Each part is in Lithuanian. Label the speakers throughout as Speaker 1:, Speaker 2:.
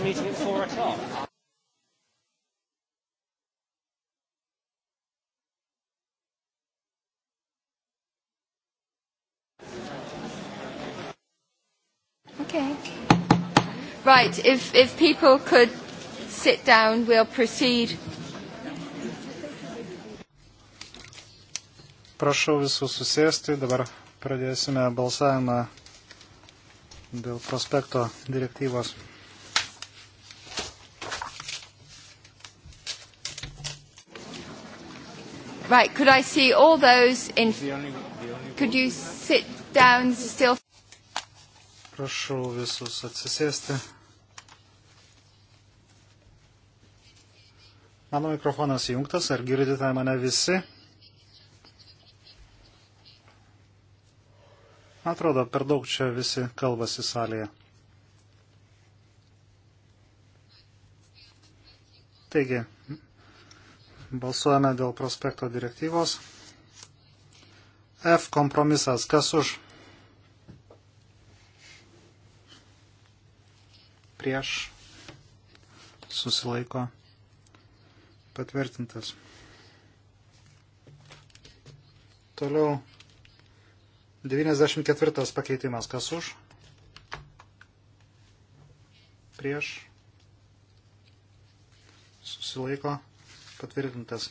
Speaker 1: the meeting at four o'clock. Okay.
Speaker 2: Right, if, if people could sit down, we'll proceed.
Speaker 1: Prašau visus susėsti, dabar pradėsime balsavimą dėl prospekto direktyvos.
Speaker 2: Right, could I see all those in... Could you sit down, this is still...
Speaker 1: Prašau visus atsisėsti. Mano mikrofonas įjungtas, ar girdite mane visi? Man atrodo, per daug čia visi kalbasi salėje. Taigi, Balsuojame dėl prospekto direktyvos. F kompromisas. Kas už? Prieš. Susilaiko. Patvirtintas. Toliau. 94 pakeitimas. Kas už? Prieš. Susilaiko patvirtintas.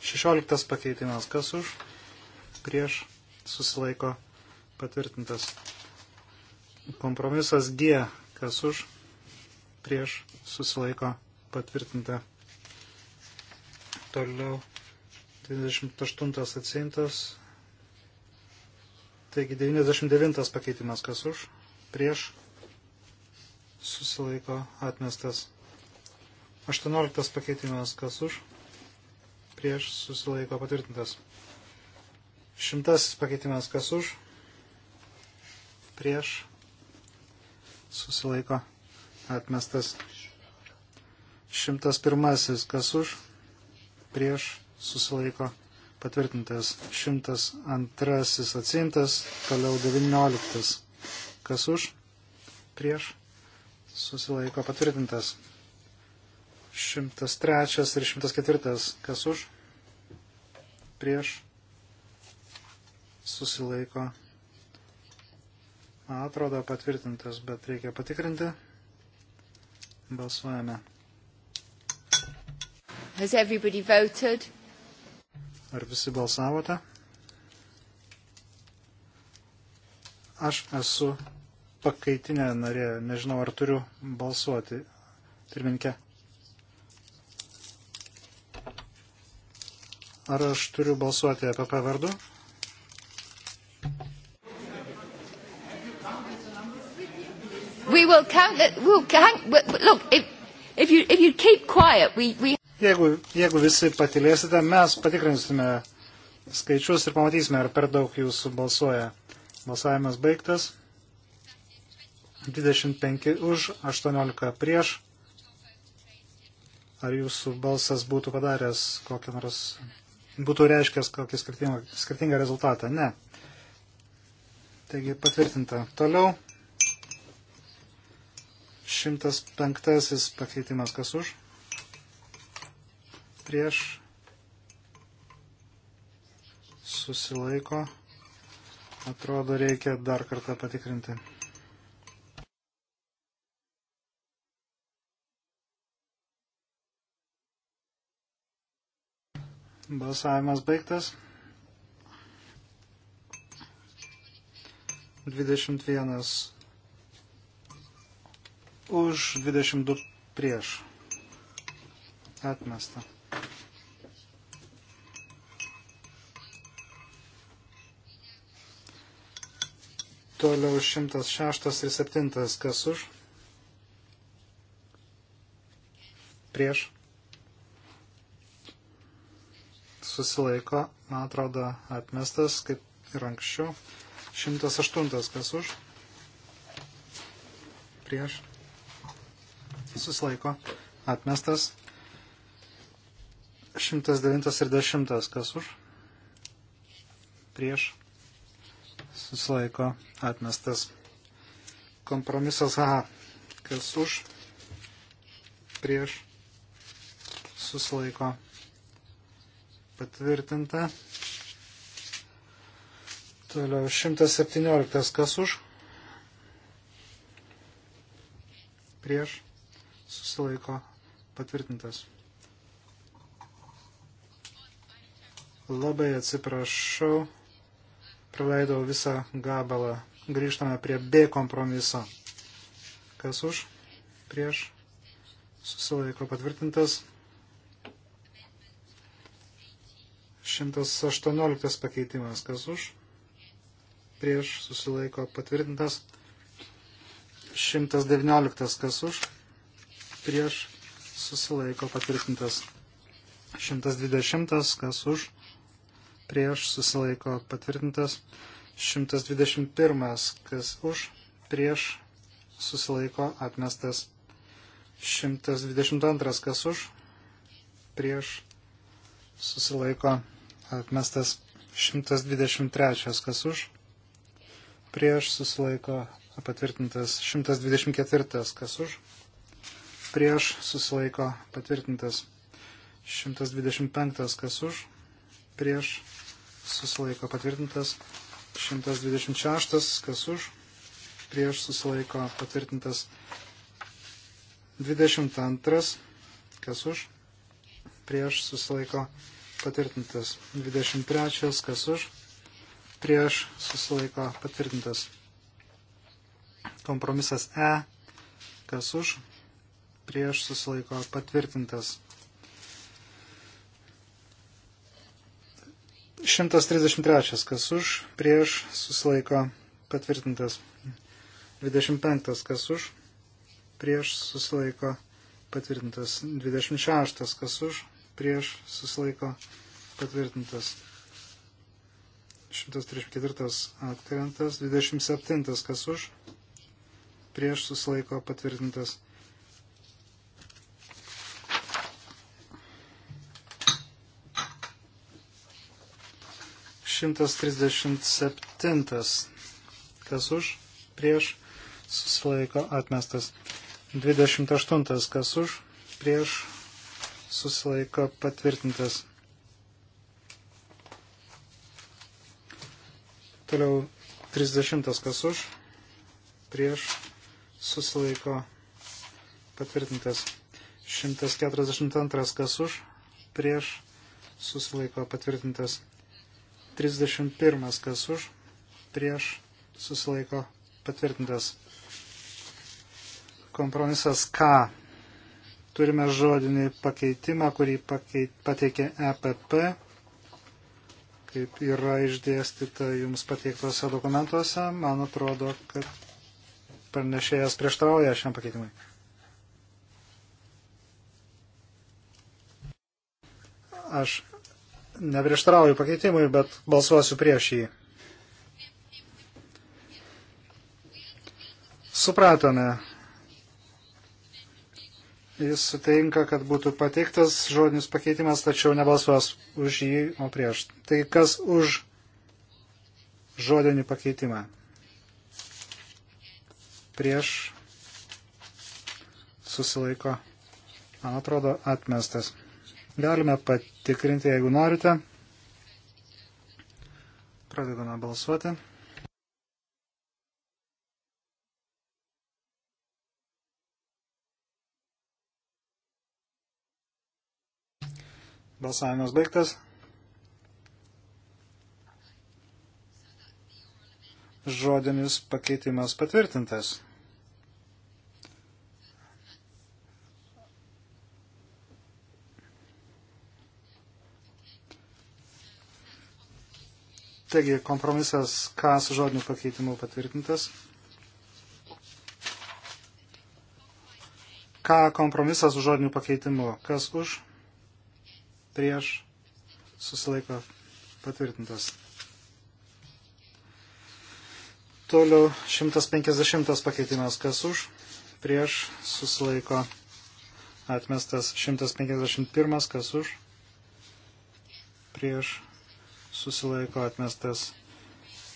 Speaker 1: 16 pakeitimas, kas už, prieš, susilaiko, patvirtintas. Kompromisas G, kas už, prieš, susilaiko, patvirtinta. Toliau 28 atsiimtas. Taigi 99 pakeitimas, kas už, prieš, susilaiko, atmestas. 18 pakeitimas, kas už, prieš susilaiko patvirtintas. Šimtasis pakeitimas, kas už, prieš susilaiko atmestas. Šimtas pirmasis, kas už, prieš susilaiko patvirtintas. Šimtas antrasis atsimtas, toliau devynioliktas, kas už, prieš susilaiko patvirtintas. 103 ir 104. Kas už? Prieš? Susilaiko. Man atrodo patvirtintas, bet reikia patikrinti. Balsuojame.
Speaker 2: Has everybody voted?
Speaker 1: Ar visi balsavote? Aš esu pakaitinė narė, nežinau ar turiu balsuoti. Pirminkė, Ar aš turiu balsuoti apie pavardu?
Speaker 3: We'll we'll
Speaker 2: we,
Speaker 1: we... Jeigu, jeigu visi patilėsite, mes patikrinsime skaičius ir pamatysime, ar per daug jūsų balsuoja. Balsavimas baigtas. 25 už, 18 prieš. Ar jūsų balsas būtų padaręs kokią nors būtų reiškęs kokį skirtingą, skirtingą rezultatą. Ne. Taigi patvirtinta. Toliau. 105 pakeitimas kas už. Prieš. Susilaiko. Atrodo, reikia dar kartą patikrinti. Balsavimas baigtas. 21 už 22 prieš. Atmesta. Toliau 106 ir 7 kas už. Prieš. susilaiko, man atrodo, atmestas kaip ir anksčiau. 108 kas už, prieš, susilaiko, atmestas. 109 ir 10 kas už, prieš, susilaiko, atmestas. Kompromisas A, kas už, prieš, susilaiko, atmestas patvirtinta. Toliau 117 kas už. Prieš susilaiko patvirtintas. Labai atsiprašau, praleidau visą gabalą. Grįžtame prie B kompromiso. Kas už? Prieš susilaiko patvirtintas. 118 pakeitimas, kas už, prieš susilaiko patvirtintas, 119 kas už, prieš susilaiko patvirtintas, 120 kas už, prieš susilaiko patvirtintas, 121 kas už, prieš susilaiko atmestas, 122 kas už, prieš susilaiko atmestas atmestas 123, kas už, prieš susilaiko patvirtintas 124, kas už, prieš susilaiko patvirtintas 125, kas už, prieš susilaiko patvirtintas 126, kas už, prieš susilaiko patvirtintas 22, kas už, prieš susilaiko patvirtintas patvirtintas. 23 kas už, prieš susilaiko patvirtintas. Kompromisas E kas už, prieš susilaiko patvirtintas. 133 kas už, prieš susilaiko patvirtintas. 25 kas už, prieš susilaiko patvirtintas. 26 kas už, prieš susilaiko patvirtintas. 134 atkrentas, 27 kas už, prieš susilaiko patvirtintas. Šimtas trisdešimt septintas, kas už, prieš, susilaiko atmestas. Dvidešimt aštuntas, kas už, prieš, susilaiko patvirtintas. Toliau 30 kas už, prieš susilaiko patvirtintas. 142 kas už, prieš susilaiko patvirtintas. 31 kas už, prieš susilaiko patvirtintas. Kompromisas K Turime žodinį pakeitimą, kurį pakeit, pateikė EPP, kaip yra išdėstyta jums pateiktose dokumentuose. Man atrodo, kad pranešėjas prieštrauja šiam pakeitimui. Aš neprieštrauju pakeitimui, bet balsuosiu prieš jį. Supratome, Jis sutinka, kad būtų pateiktas žodinis pakeitimas, tačiau nebalsuos už jį, o prieš. Tai kas už žodinį pakeitimą? Prieš susilaiko, man atrodo, atmestas. Galime patikrinti, jeigu norite. Pradedame balsuoti. Balsavimas baigtas. Žodinis pakeitimas patvirtintas. Taigi, kompromisas K su žodiniu pakeitimu patvirtintas. K kompromisas su žodiniu pakeitimu. Kas už? prieš susilaiko patvirtintas. Toliau 150 pakeitimas, kas už, prieš susilaiko atmestas 151, kas už, prieš susilaiko atmestas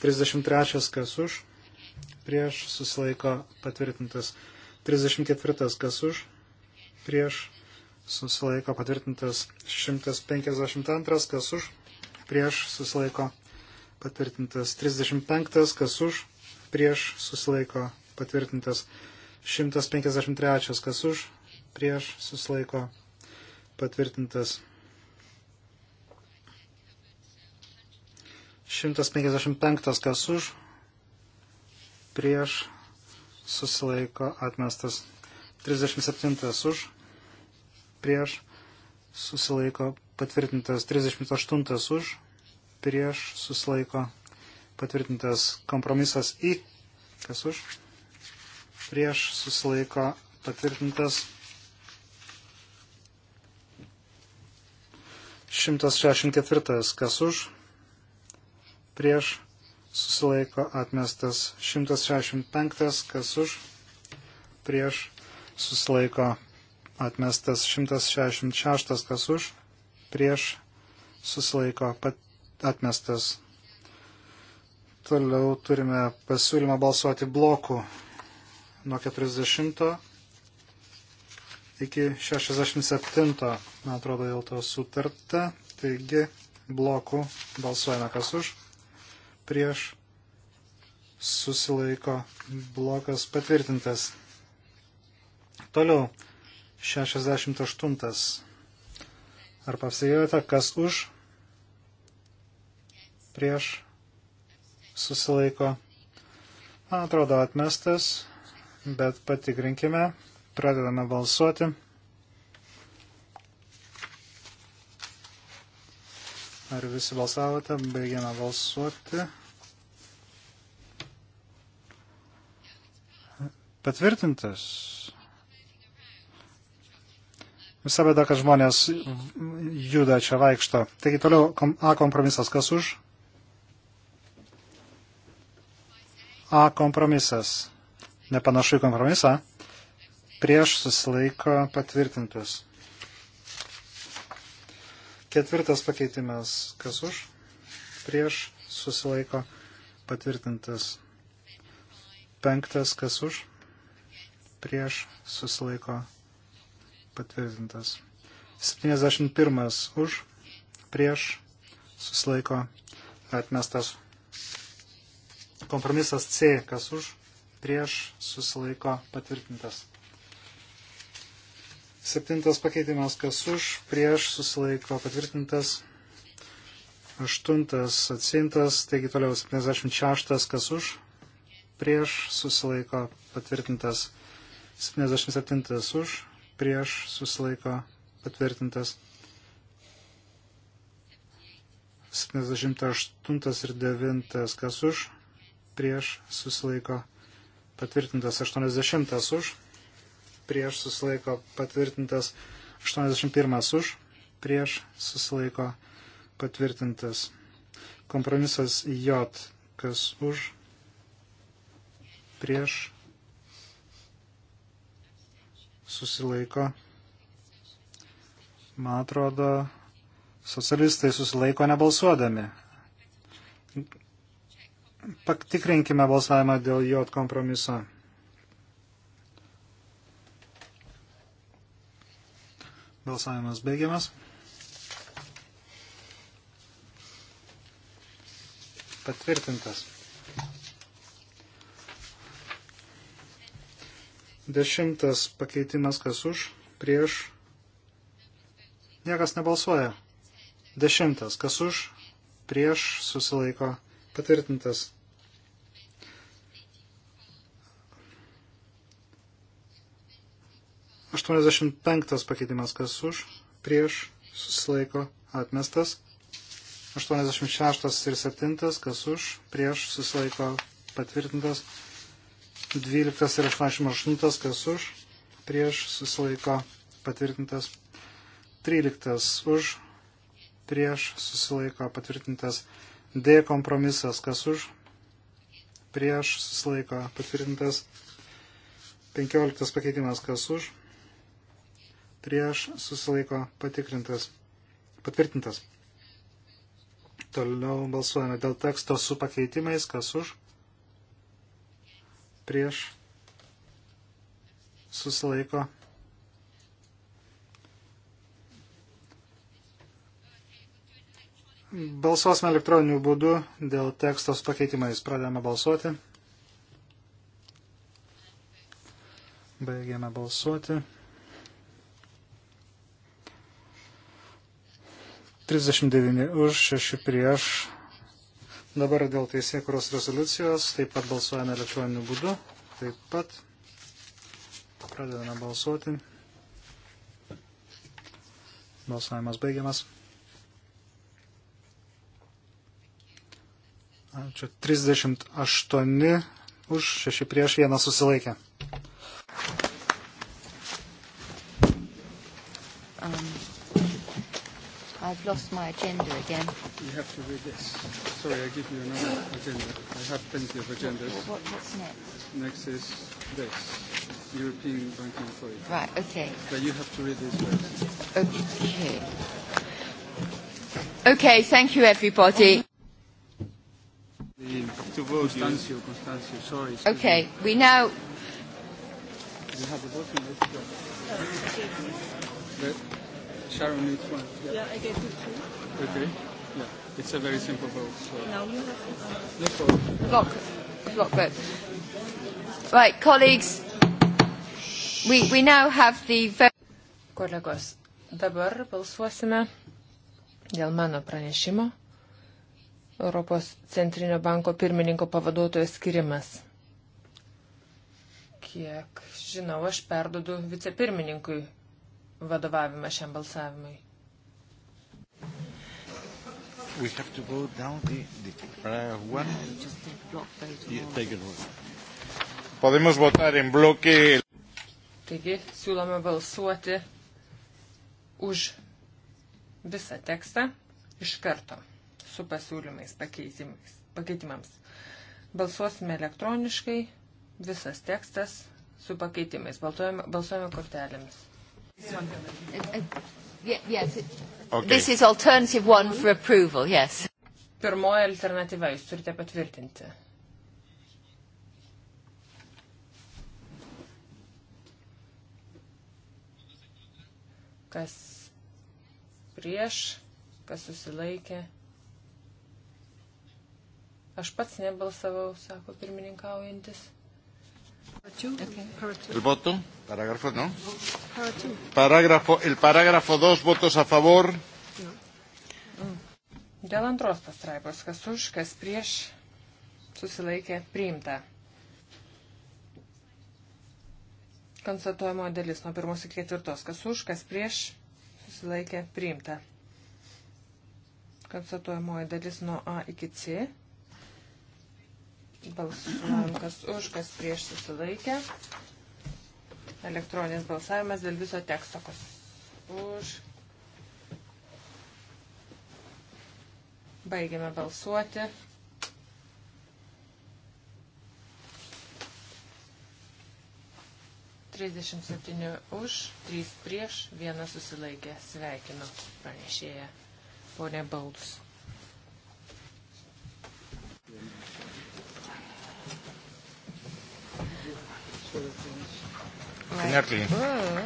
Speaker 1: 33, kas už, prieš susilaiko patvirtintas 34, kas už, prieš susilaiko patvirtintas 152, kas už, prieš susilaiko patvirtintas 35, kas už, prieš susilaiko patvirtintas 153, kas už, prieš susilaiko patvirtintas 155, kas už, prieš susilaiko atmestas 37 už prieš, susilaiko patvirtintas 38 už, prieš, susilaiko patvirtintas kompromisas į, kas už, prieš, susilaiko patvirtintas 164, kas už, prieš, susilaiko atmestas 165, kas už, prieš, susilaiko atmestas 166, kas už, prieš susilaiko atmestas. Toliau turime pasiūlymą balsuoti blokų nuo 40 iki 67, man atrodo, dėl to sutarta. Taigi blokų balsuojame kas už, prieš susilaiko blokas patvirtintas. Toliau 68. Ar pasijėjote, kas už, prieš, susilaiko? Man atrodo atmestas, bet patikrinkime, pradedame balsuoti. Ar visi balsavote? Baigiame balsuoti. Patvirtintas. Visa bėda, kad žmonės juda čia vaikšto. Taigi toliau A kompromisas. Kas už? A kompromisas. Nepanašu į kompromisą. Prieš susilaiko patvirtintas. Ketvirtas pakeitimas. Kas už? Prieš susilaiko patvirtintas. Penktas. Kas už? Prieš susilaiko patvirtintas patvirtintas. 71 už, prieš, susilaiko, atmestas. Kompromisas C, kas už, prieš, susilaiko, patvirtintas. Septintas pakeitimas, kas už, prieš, susilaiko, patvirtintas. Aštuntas atsintas, taigi toliau 76, kas už, prieš, susilaiko, patvirtintas. 77 už, prieš susilaiko patvirtintas. 78 ir 9 kas už, prieš susilaiko patvirtintas 80 už, prieš susilaiko patvirtintas 81 už, prieš susilaiko patvirtintas kompromisas J kas už, prieš susilaiko. Man atrodo, socialistai susilaiko nebalsuodami. Patikrinkime balsavimą dėl jo kompromiso. Balsavimas baigiamas. Patvirtintas. Dešimtas pakeitimas kas už, prieš. Niekas nebalsuoja. Dešimtas kas už, prieš susilaiko patvirtintas. Aštuoniasdešimt penktas pakeitimas kas už, prieš susilaiko atmestas. 86 ir 7, kas už, prieš susilaiko patvirtintas. 12 ir 88, kas už, prieš susilaiko patvirtintas. 13 už, prieš susilaiko patvirtintas. D kompromisas, kas už, prieš susilaiko patvirtintas. 15 pakeitimas, kas už, prieš susilaiko patikrintas. Patvirtintas. Toliau balsuojame dėl teksto su pakeitimais, kas už prieš susilaiko. Balsuosime elektroniniu būdu dėl teksto su pakeitimais. Pradėjome balsuoti. Baigėme balsuoti. 39 už, 6 prieš, Dabar dėl teisėkuros rezoliucijos taip pat balsuojame elektroniniu būdu. Taip pat pradedame balsuoti. Balsavimas baigiamas. Čia 38 už 6 prieš 1 susilaikė. I've lost my agenda again. You have to read this. Sorry, I give you another agenda. I have plenty of agendas. What, what's next? Next is
Speaker 3: this, European Banking Authority. Right, okay. But you have to read this first. Okay.
Speaker 2: Okay, thank you everybody.
Speaker 3: The, to vote Constancio, Constancio, sorry. Okay, me.
Speaker 2: we now... You
Speaker 3: have the voting list. But Sharon needs one. Yeah,
Speaker 2: yeah I gave you two. Okay.
Speaker 3: Yeah. It's a very simple vote. So. Now you have Let's vote. Block, block vote.
Speaker 2: Right, colleagues. We, we now have the vote. Kolegos, dabar balsuosime dėl mano pranešimo. Europos centrinio banko pirmininko pavaduotojo skirimas. Kiek žinau, aš perdodu vicepirmininkui vadovavimą šiam balsavimui.
Speaker 1: We have to go down the, the uh, one. Just take block vote. Yeah, take it. Podemos votar en bloque.
Speaker 2: Taigi, siūlome balsuoti už visą tekstą iš karto su pasiūlymais pakeitimams. Balsuosime elektroniškai, visas tekstas su pakeitimais. Balsuojame, balsuojame kortelėmis. Okay. Approval, yes. Pirmoji alternatyva, jūs turite patvirtinti. Kas prieš, kas susilaikė. Aš pats nebalsavau, sako pirmininkaujantis. El voto,
Speaker 1: parágrafo, ¿no? Parágrafo, el parágrafo 2, votos a favor.
Speaker 2: Dėl antros pastraipos, kas už, kas prieš, susilaikė priimta. Konstatuojamo dalis nuo pirmos iki ketvirtos, kas už, kas prieš, susilaikė priimta. Konstatuojamoji dalis nuo A iki C, Balsuojam, kas už, kas prieš susilaikę. Elektroninis balsavimas dėl viso teksto, kas už. Baigiame balsuoti. Trisdešimt septyni už, trys prieš, vienas susilaikė. Sveikinu pranešėją ponę Baldus.
Speaker 1: Right. Señor Clean. Oh, oh,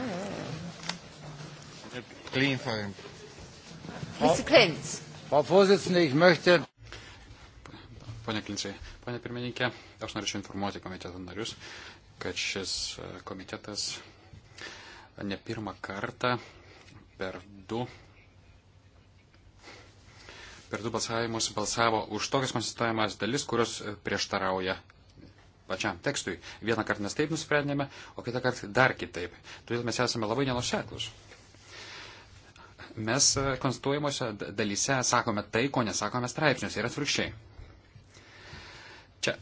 Speaker 1: oh.
Speaker 3: Clean vor dem.
Speaker 1: Mr. Klintz.
Speaker 3: Frau Vorsitzende, ich möchte. Pone Klinsai, pone pirmininkė, aš norėčiau informuoti komiteto narius, kad šis e, komitetas ne pirmą kartą per du, per du balsavimus balsavo už tokias konstatavimas dalis, kurios e, prieštarauja pačiam tekstui. Vieną kartą mes taip nusprendėme, o kitą kartą dar kitaip. Todėl mes esame labai nenuseklus. Mes e, konstatuojimuose dalyse sakome tai, ko nesakome straipsniuose ir atvirkščiai. Čia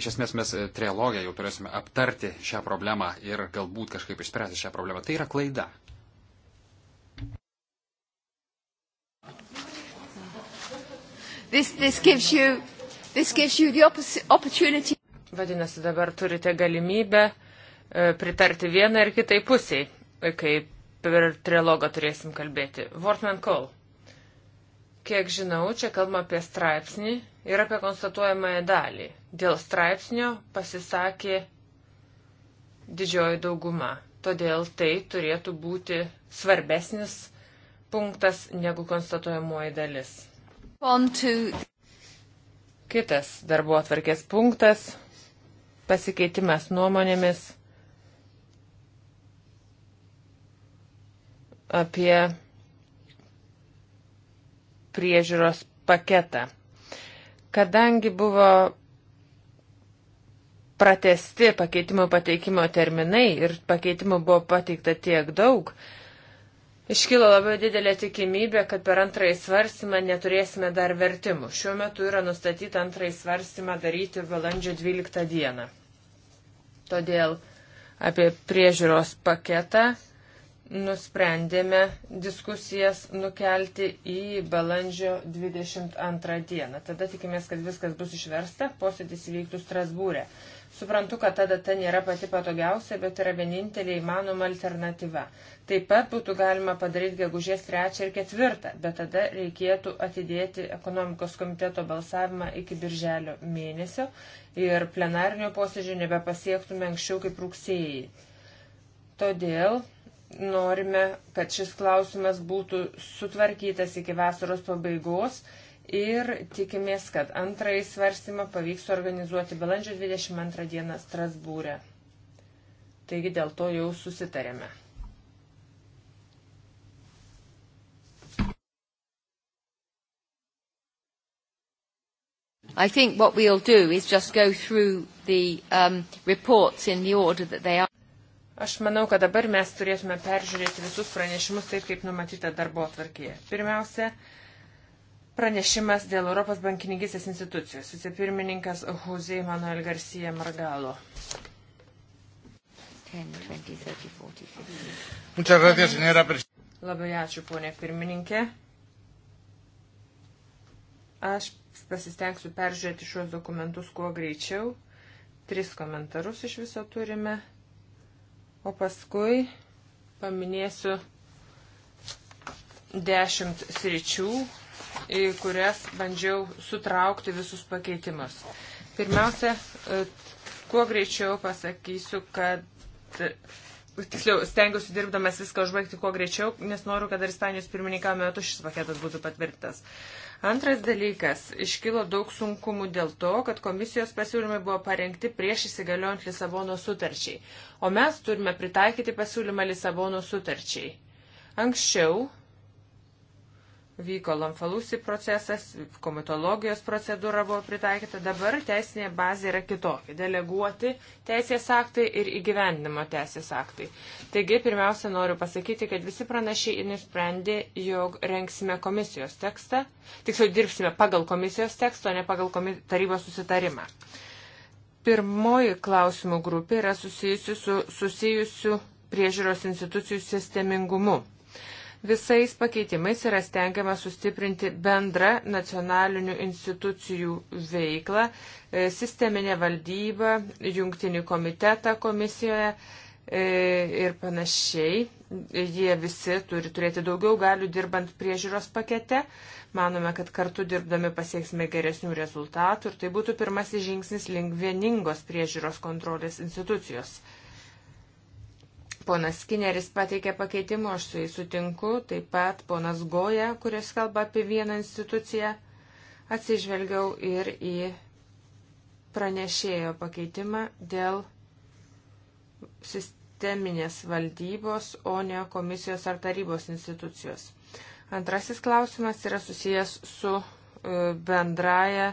Speaker 3: iš esmės mes e, trialogiją jau turėsime aptarti šią problemą ir galbūt kažkaip išspręsti šią problemą. Tai yra klaida.
Speaker 2: This, this gives you, this gives you the opportunity. Vadinasi, dabar turite galimybę e, pritarti vieną ir kitai pusiai, kai per trilogą turėsim kalbėti. Wortman Call. Kiek žinau, čia kalbama apie straipsnį ir apie konstatuojamąją dalį. Dėl straipsnio pasisakė didžioji dauguma. Todėl tai turėtų būti svarbesnis punktas negu konstatuojamoji dalis. Kitas darbo atvarkės punktas pasikeitimas nuomonėmis apie priežiūros paketą. Kadangi buvo pratesti pakeitimo pateikimo terminai ir pakeitimų buvo pateikta tiek daug, Iškilo labai didelė tikimybė, kad per antrąjį svarstymą neturėsime dar vertimų. Šiuo metu yra nustatyta antrąjį svarstymą daryti balandžio 12 dieną. Todėl apie priežiūros paketą nusprendėme diskusijas nukelti į balandžio 22 dieną. Tada tikimės, kad viskas bus išversta, posėdis įvyktų Strasbūrė. Suprantu, kad ta data nėra pati patogiausia, bet yra vienintelė įmanoma alternatyva. Taip pat būtų galima padaryti gegužės 3 ir 4, bet tada reikėtų atidėti ekonomikos komiteto balsavimą iki birželio mėnesio ir plenarnio posėdžio nebepasiektume anksčiau kaip rugsėjai. Todėl norime, kad šis klausimas būtų sutvarkytas iki vasaros pabaigos ir tikimės, kad antrąjį svarstymą pavyks organizuoti balandžio 22 dieną Strasbūrė. Taigi dėl to jau susitarėme. I think what we'll do is just go through the um, reports in the order that they are. Aš manau, kad dabar mes turėtume peržiūrėti visus pranešimus taip, kaip numatyta darbo atvarkėje. Pirmiausia, pranešimas dėl Europos bankininkistės institucijos. Vicepirmininkas Jose Manuel Garcia Margalo. 10, 20, 30,
Speaker 1: 40, gracias,
Speaker 2: Labai ačiū, ponė pirmininkė. Aš pasistengsiu peržiūrėti šios dokumentus kuo greičiau. Tris komentarus iš viso turime. O paskui paminėsiu dešimt sričių, į kurias bandžiau sutraukti visus pakeitimus. Pirmiausia, e, kuo greičiau pasakysiu, kad. E, tiksliau, stengiuosi dirbdamas viską užbaigti kuo greičiau, nes noriu, kad dar Ispanijos pirmininkavimo metu šis paketas būtų patvirtintas. Uh, Antras dalykas, iškilo daug sunkumų dėl to, kad komisijos pasiūlymai buvo parengti prieš įsigaliojant Lisabono sutarčiai, o mes turime pritaikyti pasiūlymą Lisabono sutarčiai. Anksčiau Vyko Lamfalusi procesas, komitologijos procedūra buvo pritaikyta, dabar teisinė bazė yra kitokia - deleguoti teisės aktai ir įgyvendinimo teisės aktai. Taigi, pirmiausia, noriu pasakyti, kad visi pranašiai nusprendė, jog renksime komisijos tekstą, tiksliau dirbsime pagal komisijos tekstą, o ne pagal tarybos susitarimą pirmoji klausimų grupė yra susijusi su susijusiu priežiūros institucijų sistemingumu. Visais pakeitimais yra stengiama sustiprinti bendrą nacionalinių institucijų veiklą, e, sisteminę valdybą, jungtinį komitetą komisijoje e, ir panašiai. Jie visi turi turėti daugiau galių dirbant priežiūros pakete. Manome, kad kartu dirbdami pasieksime geresnių rezultatų ir tai būtų pirmasis žingsnis link vieningos priežiūros kontrolės institucijos. Ponas Skineris pateikė pakeitimų, aš su jais sutinku, taip pat ponas Goja, kuris kalba apie vieną instituciją, atsižvelgiau ir į pranešėjo pakeitimą dėl sisteminės valdybos, o ne komisijos ar tarybos institucijos. Antrasis klausimas yra susijęs su e, bendraja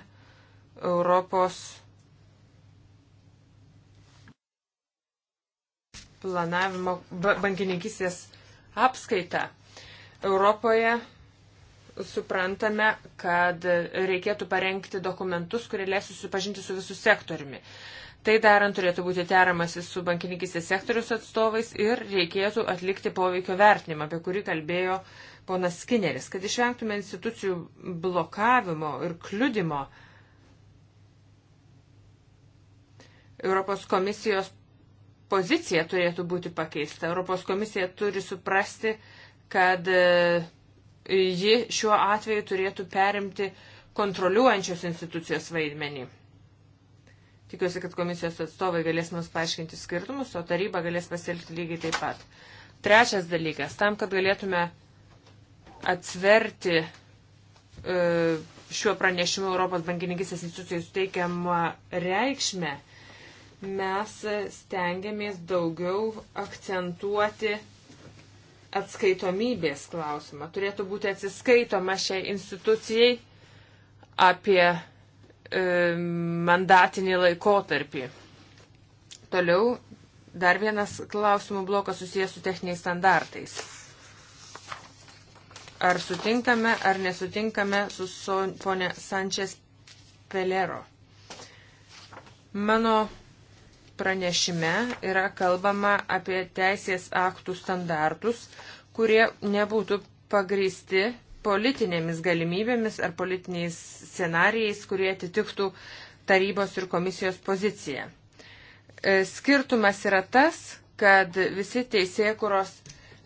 Speaker 2: Europos planavimo bankininkysės apskaitą. Europoje suprantame, kad reikėtų parengti dokumentus, kurie leis susipažinti su visų sektoriumi. Tai darant turėtų būti deramasi su bankininkistės sektorius atstovais ir reikėtų atlikti poveikio vertinimą, apie kurį kalbėjo ponas Skineris, kad išvengtume institucijų blokavimo ir kliudimo. Europos komisijos pozicija turėtų būti pakeista. Europos komisija turi suprasti, kad e, ji šiuo atveju turėtų perimti kontroliuojančios institucijos vaidmenį. Tikiuosi, kad komisijos atstovai galės mums paaiškinti skirtumus, o taryba galės pasielgti lygiai taip pat. Trečias dalykas, tam, kad galėtume atsverti e, šiuo pranešimu Europos bankininkistės institucijai suteikiamą reikšmę, mes stengiamės daugiau akcentuoti atskaitomybės klausimą. Turėtų būti atsiskaitoma šiai institucijai apie e, mandatinį laikotarpį. Toliau dar vienas klausimų blokas susijęs su techniniais standartais. Ar sutinkame, ar nesutinkame su so, ponė Sančias Pelero? Mano pranešime yra kalbama apie teisės aktų standartus, kurie nebūtų pagristi politinėmis galimybėmis ar politiniais scenarijais, kurie atitiktų tarybos ir komisijos poziciją. E, skirtumas yra tas, kad visi teisėkuros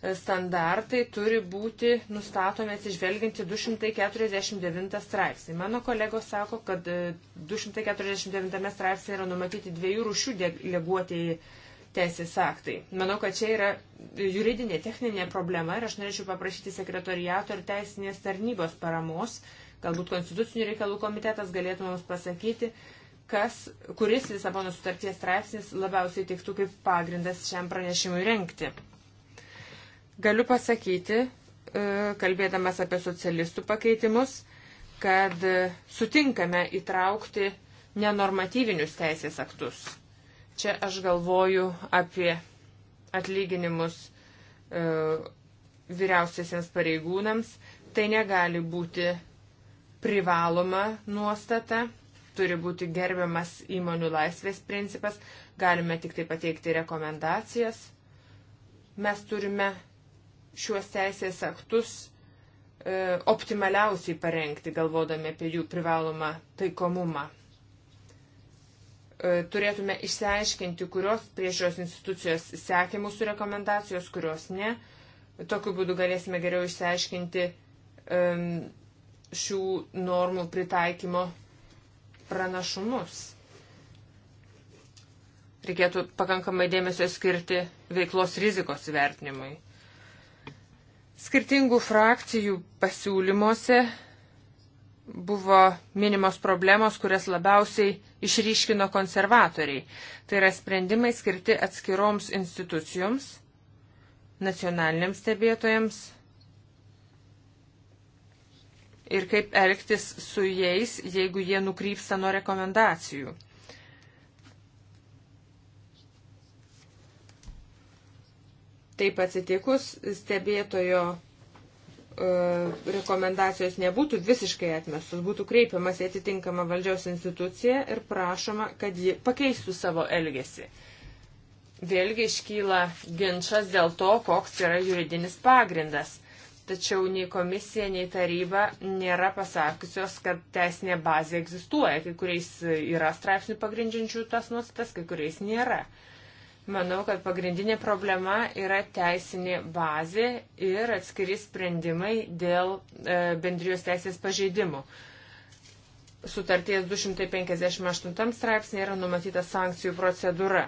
Speaker 2: standartai turi būti nustatomi atsižvelginti 249 straipsnį. Mano kolegos sako, kad 249 e, straipsnė yra numatyti dviejų rušių deleguotieji teisės aktai. Manau, kad čia yra juridinė, techninė problema ir aš norėčiau paprašyti sekretoriato ir teisinės tarnybos paramos. Galbūt konstitucinių reikalų komitetas galėtų mums pasakyti, kas, kuris Lisabono sutarties straipsnis labiausiai tiktų kaip pagrindas šiam pranešimui renkti. Galiu pasakyti, e, kalbėdamas apie socialistų pakeitimus, kad e, sutinkame įtraukti nenormatyvinius teisės aktus. Čia aš galvoju apie atlyginimus e, vyriausiasiems pareigūnams. Tai negali būti privaloma nuostata, turi būti gerbiamas įmonių laisvės principas, galime tik tai pateikti rekomendacijas. Mes turime šiuos teisės aktus e, optimaliausiai parengti, galvodami apie jų privalomą taikomumą. E, turėtume išsiaiškinti, kurios priežiūros institucijos sekė mūsų rekomendacijos, kurios ne. Tokiu būdu galėsime geriau išsiaiškinti e, šių normų pritaikymo pranašumus. Reikėtų pakankamai dėmesio skirti veiklos rizikos vertinimui. Skirtingų frakcijų pasiūlymuose buvo minimos problemos, kurias labiausiai išryškino konservatoriai. Tai yra sprendimai skirti atskiroms institucijoms, nacionaliniams stebėtojams ir kaip elgtis su jais, jeigu jie nukrypsta nuo rekomendacijų. Taip atsitikus, stebėtojo e, rekomendacijos nebūtų visiškai atmestos, būtų kreipiamas į atitinkamą valdžios instituciją ir prašoma, kad ji pakeistų savo elgesį. Vėlgi iškyla ginčas dėl to, koks yra juridinis pagrindas. Tačiau nei komisija, nei taryba nėra pasakusios, kad teisinė bazė egzistuoja. Kai kuriais yra straipsnių pagrindžiančių tas nuostatas, kai kuriais nėra. Uh, Manau, kad pagrindinė problema yra teisinė bazė ir atskiri sprendimai dėl e, bendrijos teisės pažeidimų. Sutarties 258 straipsnė yra numatyta sankcijų procedūra.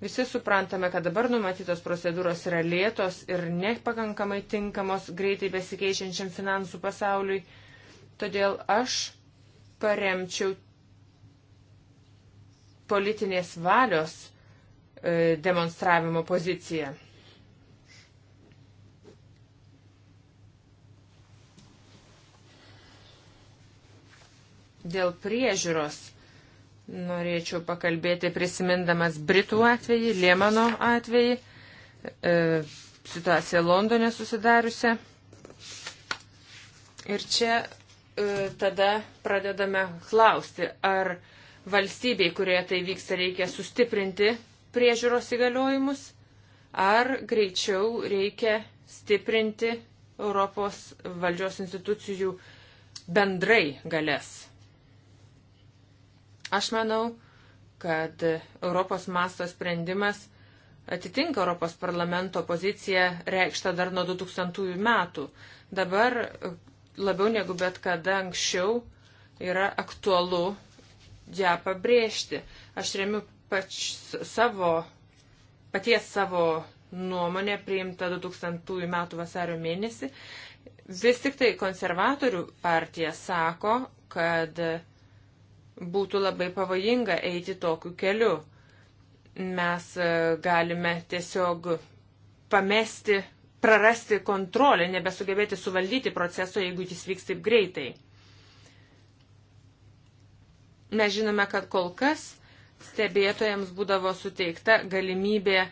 Speaker 2: Visi suprantame, kad dabar numatytos procedūros yra lėtos ir nepakankamai tinkamos greitai besikeičiančiam finansų pasauliui. Todėl aš paremčiau politinės valios E, demonstravimo poziciją. Dėl priežiūros norėčiau pakalbėti prisimindamas Britų atvejį, Liemano atvejį, e, situaciją Londone susidariusią. Ir čia e, tada pradedame klausti, ar valstybei, kurioje tai vyksta, reikia sustiprinti priežiūros įgaliojimus, ar greičiau reikia stiprinti Europos valdžios institucijų bendrai galės. Aš manau, kad Europos masto sprendimas atitinka Europos parlamento poziciją reikštą dar nuo 2000 metų. Dabar labiau negu bet kada anksčiau yra aktualu ją pabrėžti. Aš remiu pač savo, paties savo nuomonę priimta 2000 metų vasario mėnesį. Vis tik tai konservatorių partija sako, kad būtų labai pavojinga eiti tokiu keliu. Mes e, galime tiesiog pamesti, prarasti kontrolę, nebesugebėti suvaldyti proceso, jeigu jis vyks taip greitai. Mes žinome, kad kol kas stebėtojams būdavo suteikta galimybė e,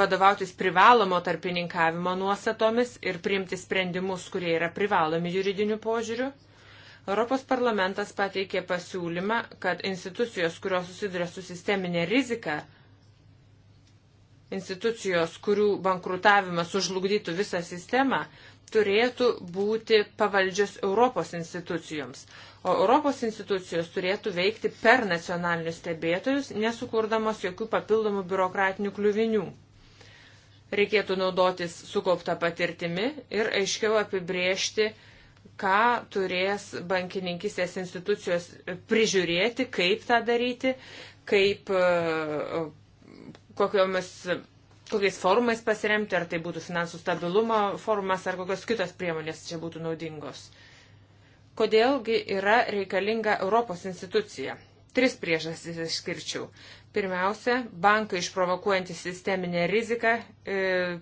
Speaker 2: vadovautis privalomo tarpininkavimo nuostatomis ir priimti sprendimus, kurie yra privalomi juridiniu požiūriu. Europos parlamentas pateikė pasiūlymą, kad institucijos, kurios susiduria su sisteminė rizika, institucijos, kurių bankrutavimas sužlugdytų visą sistemą, turėtų būti pavaldžios Europos institucijoms. O Europos institucijos turėtų veikti per nacionalinius stebėtojus, nesukurdamos jokių papildomų biurokratinių kliuvinių. Reikėtų naudotis sukauptą patirtimi ir aiškiau apibriežti, ką turės bankininkistės institucijos prižiūrėti, kaip tą daryti, kaip e, kokiomis kokiais formais pasiremti, ar tai būtų finansų stabilumo formas, ar kokios kitos priemonės čia būtų naudingos. Kodėlgi yra reikalinga Europos institucija? Tris priežastys išskirčiau. Pirmiausia, bankai išprovokuojantys sisteminę riziką e,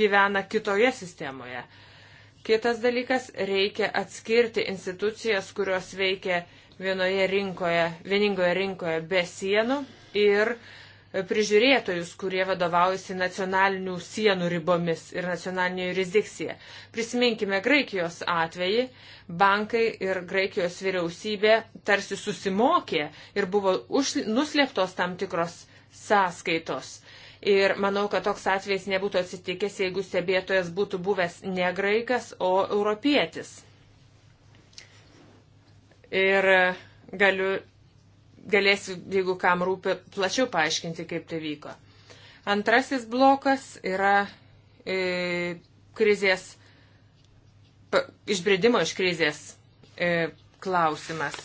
Speaker 2: gyvena kitoje sistemoje. Kitas dalykas, reikia atskirti institucijas, kurios veikia vienoje rinkoje, vieningoje rinkoje be sienų ir e, prižiūrėtojus, kurie vadovaujasi nacionalinių sienų ribomis ir nacionalinė jurisdikcija. Prisiminkime Graikijos atvejį, bankai ir Graikijos vyriausybė tarsi susimokė ir buvo už, nuslėptos tam tikros sąskaitos. Ir manau, kad toks atvejs nebūtų atsitikęs, jeigu stebėtojas būtų buvęs ne graikas, o europietis. Ir galiu galėsiu, jeigu kam rūpi, plačiau paaiškinti, kaip tai vyko. Antrasis blokas yra e, krizės, pa, išbridimo iš krizės e, klausimas.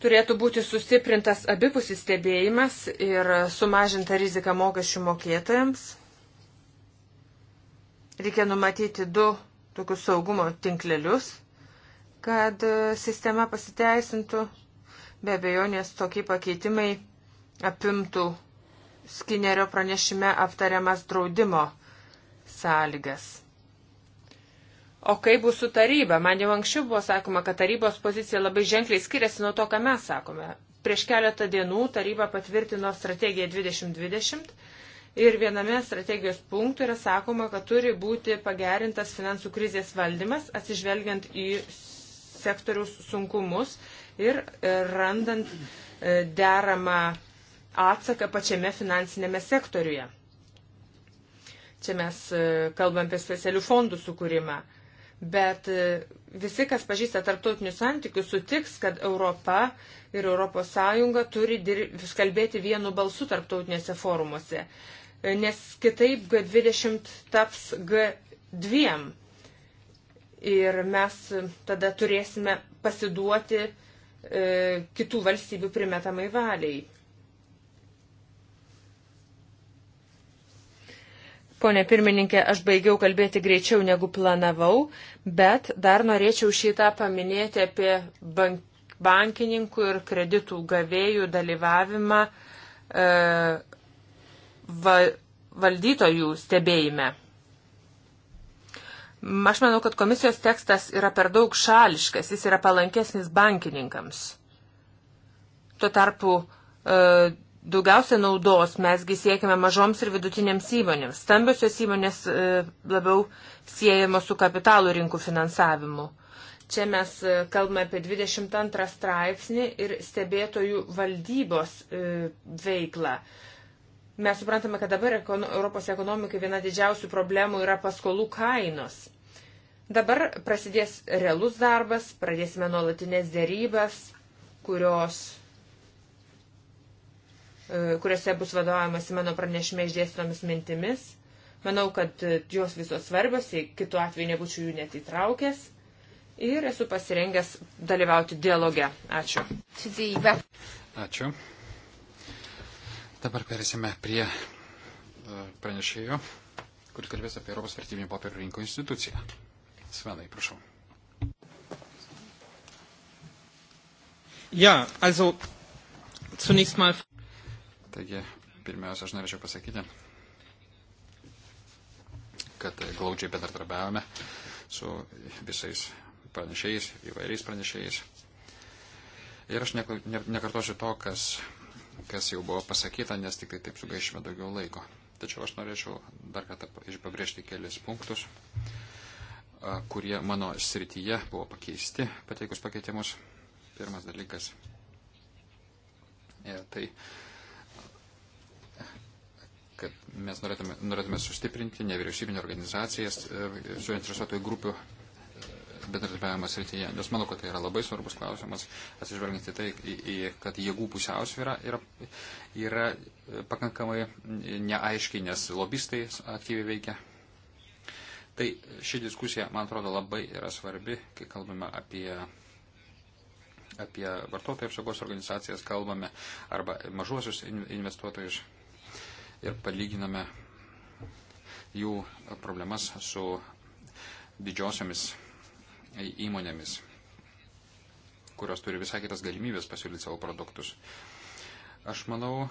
Speaker 2: Turėtų būti sustiprintas abipusis stebėjimas ir sumažinta rizika mokesčių mokėtojams. Reikia numatyti du tokius saugumo tinklelius, kad e, sistema pasiteisintų Be abejo, nes tokie pakeitimai apimtų Skinerio pranešime aptariamas draudimo sąlygas. O kaip bus su taryba? Man jau anksčiau buvo sakoma, kad tarybos pozicija labai ženkliai skiriasi nuo to, ką mes sakome. Prieš keletą dienų taryba patvirtino strategiją 2020 ir viename strategijos punktų yra sakoma, kad turi būti pagerintas finansų krizės valdymas, atsižvelgiant į sektoriaus sunkumus ir e, randant e, deramą atsaką pačiame finansinėme sektoriuje. Čia mes e, kalbam apie specialių fondų sukūrimą. Bet visi, kas pažįsta tarptautinius santykius, sutiks, kad Europa ir ES turi kalbėti vienu balsu tarptautinėse forumuose. Nes kitaip G20 taps G2. Ir mes tada turėsime pasiduoti uh, e, kitų valstybių primetamai valiai. Pone pirmininkė, aš baigiau kalbėti greičiau negu planavau, bet dar norėčiau šitą paminėti apie bank, bankininkų ir kreditų gavėjų dalyvavimą e, va, valdytojų stebėjime. Aš manau, kad komisijos tekstas yra per daug šališkas, jis yra palankesnis bankininkams. Tuo tarpu e, daugiausia naudos mesgi siekime mažoms ir vidutinėms įmonėms. Stambiosios įmonės e, labiau siejamos su kapitalų rinkų finansavimu. Čia mes e, kalbame apie 22 straipsnį ir stebėtojų valdybos e, veiklą. E, Mes suprantame, kad dabar ekono, Europos ekonomikai viena didžiausių problemų yra paskolų kainos. Dabar prasidės realus darbas, pradėsime nuolatinės dėrybas, kurios, e, kuriuose bus vadovaujamasi mano pranešime išdėstomis mintimis. Manau, kad e, jos visos svarbios, kitu atveju nebūčiau jų net įtraukęs. Ir esu pasirengęs dalyvauti dialoge. Ačiū.
Speaker 3: Ačiū. Dabar perėsime prie e, pranešėjo, kuris kalbės apie Europos vertybinio popierų rinkų instituciją. Svenai, prašau. Ja, also zunächst mal. Taigi, pirmiausia, aš norėčiau pasakyti, kad glaudžiai bendradarbiavome su visais pranešėjais, įvairiais pranešėjais. Ir aš nekartosiu to, kas kas jau buvo pasakyta, nes tik tai taip sugaišime daugiau laiko. Tačiau aš norėčiau dar kartą išpabrėžti kelis punktus, kurie mano srityje buvo pakeisti, pateikus pakeitimus. Pirmas dalykas. E, tai kad mes norėtume, norėtume sustiprinti nevyriausybinio organizacijas, e, suinteresuotojų grupių bendradarbiavimo srityje, nes manau, kad tai yra labai svarbus klausimas, atsižvelgiant į tai, į, į, kad jėgų pusiausvyrą yra, yra e, pakankamai neaiški, nes lobistai aktyviai veikia. Tai ši diskusija, man atrodo, labai yra svarbi, kai kalbame apie apie vartotojų apsaugos organizacijas kalbame arba mažuosius investuotojus ir palyginame jų problemas su didžiosiamis įmonėmis, kurios turi visai kitas galimybės pasiūlyti savo produktus. Aš manau,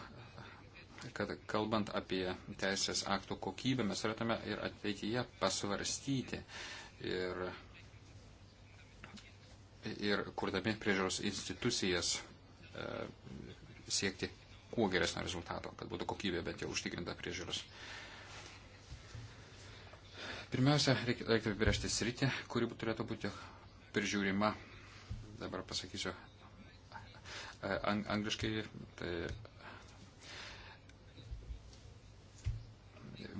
Speaker 3: kad kalbant apie teisės aktų kokybę, mes turėtume ir ateityje pasvarstyti ir, ir kurdami priežiūros institucijas e, siekti kuo geresnio rezultato, kad būtų kokybė bent jau užtikrinta priežiūros Pirmiausia, reikėtų apibrėžti sritį, kuri turėtų būti prižiūrima. Dabar pasakysiu ang angliškai. Tai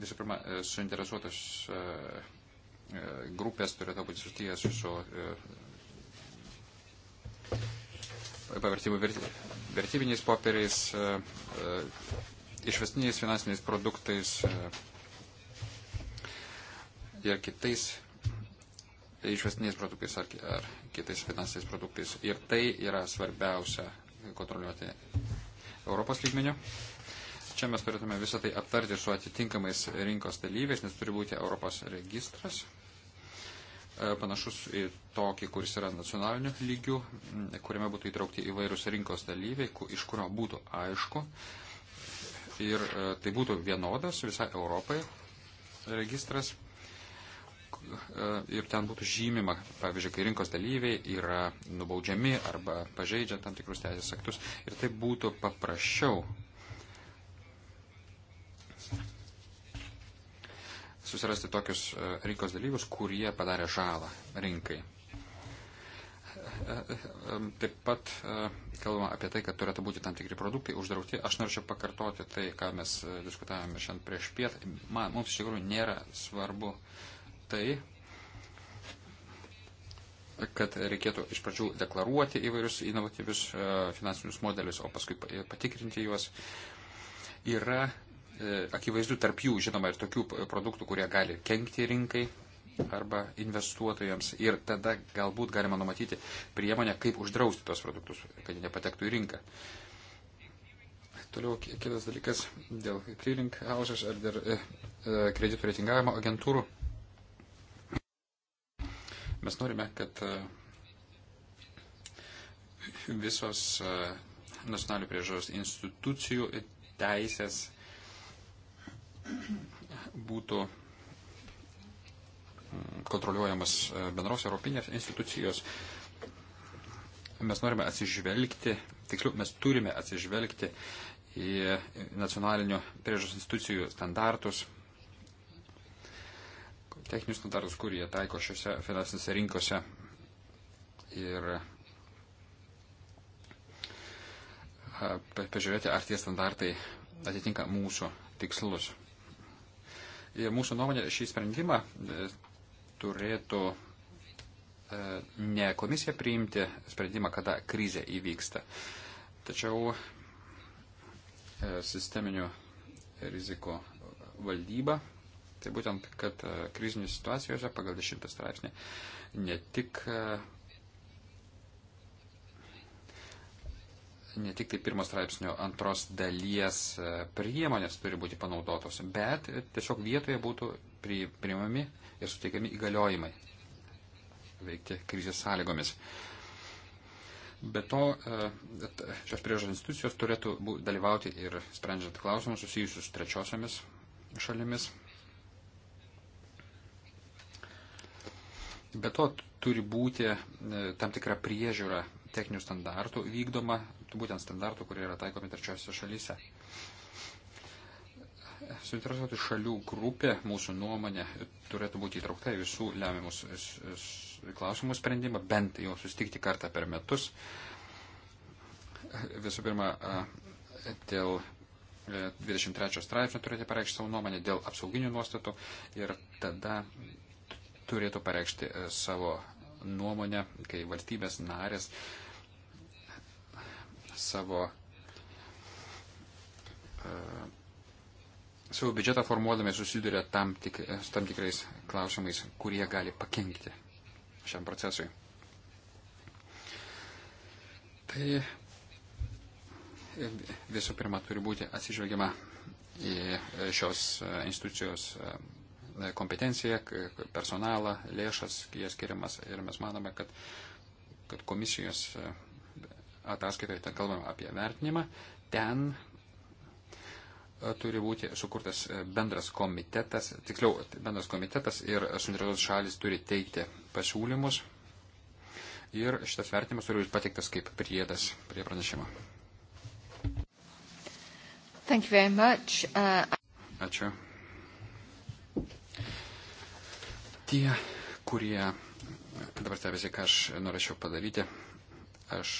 Speaker 3: visų pirma, e, suinteresuotos e, e, grupės turėtų būti susijęs su pavertimų vertybiniais popieriais, išvestiniais finansiniais produktais, ir kitais išvestiniais produktais ar, ar kitais finansiniais produktais. Ir tai yra svarbiausia kontroliuoti Europos lygmeniu. Čia mes turėtume visą tai aptarti su atitinkamais rinkos dalyviais, nes turi būti Europos registras, e, panašus į tokį, kuris yra nacionaliniu lygiu, kuriame būtų įtraukti įvairūs rinkos dalyviai, iš kurio būtų aišku. Ir e, tai būtų vienodas visai Europai registras E, ir ten būtų žymima, pavyzdžiui, kai rinkos dalyviai yra nubaudžiami arba pažeidžia tam tikrus teisės aktus ir tai būtų paprasčiau susirasti tokius e, rinkos dalyvius, kurie padarė žalą rinkai. E, taip pat kalbama apie tai, kad turėtų būti tam tikri produktai uždrauti. Aš norėčiau pakartoti tai, ką mes diskutavome šiandien prieš pietą. Man, mums iš tikrųjų nėra svarbu uh, tai, kad reikėtų iš pradžių deklaruoti įvairius inovatyvius e, finansinius modelius, o paskui patikrinti juos. Yra e, akivaizdu tarp jų, žinoma, ir tokių produktų, kurie gali kenkti rinkai arba investuotojams. Ir tada galbūt galima numatyti priemonę, kaip uždrausti tos produktus, kad jie nepatektų į rinką. Toliau kitas dalykas dėl clearing houses ar dėl e, kreditų reitingavimo agentūrų. Mes norime, kad e, visos e, nacionalinių priežos institucijų teisės būtų mm, kontroliuojamas e, bendros europinės institucijos. Mes norime atsižvelgti, tiksliau, mes turime atsižvelgti į nacionalinių priežos institucijų standartus, techninius standartus, kur jie taiko šiuose finansinėse rinkose. Ir pažiūrėti, ar tie standartai atitinka mūsų tikslus. Ir mūsų nuomonė šį sprendimą e, turėtų e, ne komisija priimti sprendimą, kada krizė įvyksta. Tačiau e, sisteminių riziko valdyba Tai būtent, kad e, krizinėse situacijose pagal 10 straipsnį ne tik, e, ne tik tai pirmo straipsnio antros dalies e, priemonės turi būti panaudotos, bet tiesiog vietoje būtų priimami ir suteikiami įgaliojimai veikti krizės sąlygomis. Be to, šios priežas institucijos turėtų dalyvauti ir sprendžiant klausimus susijusius trečiosiamis šalimis, Be to turi būti e, tam tikra priežiūra techninių standartų vykdoma, būtent standartų, kurie yra taikomi trečiosiuose šalyse. Suinteresuotų šalių grupė, mūsų nuomonė, turėtų būti įtraukta į visų lemiamus klausimų sprendimą, bent jau sustikti kartą per metus. Visų pirma, e, dėl 23 e, straipsnio turėti pareikšti savo nuomonę dėl apsauginių nuostatų ir tada turėtų pareikšti e, savo nuomonę, kai valstybės narės savo, e, savo biudžetą formuodami susiduria tam, tik, e, tam tikrais klausimais, kurie gali pakengti šiam procesui. Tai visų pirma turi būti atsižvelgiama į šios institucijos kompetenciją, personalą, lėšas, jie skiriamas ir mes manome, kad, kad komisijos e, ataskaitoje, ten kalbame apie vertinimą, ten e, turi būti sukurtas e, bendras komitetas, tiksliau, tai bendras komitetas ir suinteresuotos šalis turi teikti pasiūlymus. Ir šitas vertinimas turi būti pateiktas kaip priedas prie pranešimo. Uh, Ačiū. Tie, kurie dabar stebėsi, ką aš norėčiau padaryti, aš,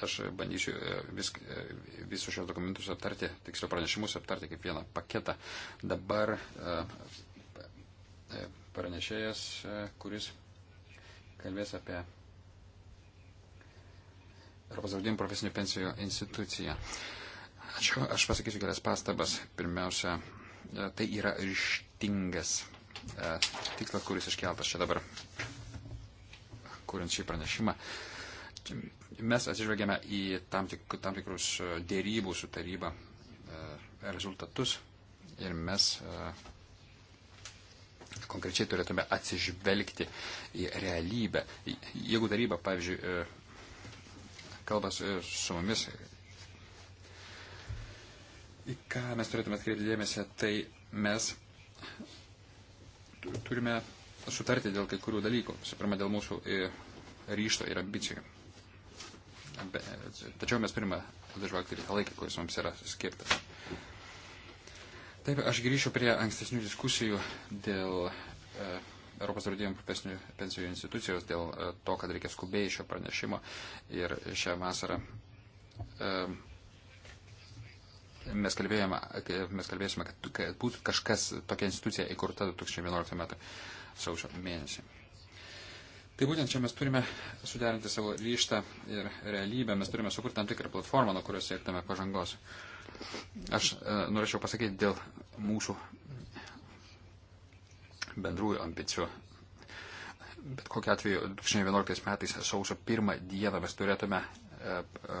Speaker 3: aš bandysiu e, vis, e, visus šios dokumentus aptarti, tiksliau pranešimus aptarti kaip vieną paketą. Dabar e, pranešėjas, kuris kalbės apie Europos draudimų profesinių pensijų instituciją. Ačiū, aš pasakysiu kelias pastabas. Pirmiausia, tai yra ryštingas E, tikslą, kuris iškeltas čia dabar, kuriant šį pranešimą. Mes atsižvelgėme į tam, tik, tam tikrus dėrybų su taryba e, rezultatus ir mes e, konkrečiai turėtume atsižvelgti į realybę. Jeigu taryba, pavyzdžiui, kalba su mumis, į ką mes turėtume atkreipti dėmesį, tai mes turime sutarti dėl kai kurių dalykų. Visų pirma, dėl mūsų e, ryšto ir ambicijų. Be, tačiau mes turime atsižvelgti ir tą laiką, kuris mums yra skirtas. Taip, aš grįšiu prie ankstesnių diskusijų dėl e, Europos draudimų profesinių pensijų institucijos, dėl e, to, kad reikia skubiai šio pranešimo ir šią vasarą. E, mes, kalbėjome, mes kalbėsime, kad, kad būtų kažkas tokia institucija įkurta 2011 metų sausio mėnesį. Tai būtent čia mes turime suderinti savo ryštą ir realybę, mes turime sukurti tam tikrą platformą, nuo kurios siektume pažangos. Aš e, norėčiau pasakyti dėl mūsų bendrųjų ambicijų. Bet kokiu atveju 2011 metais sausio pirmą dieną mes turėtume e, e,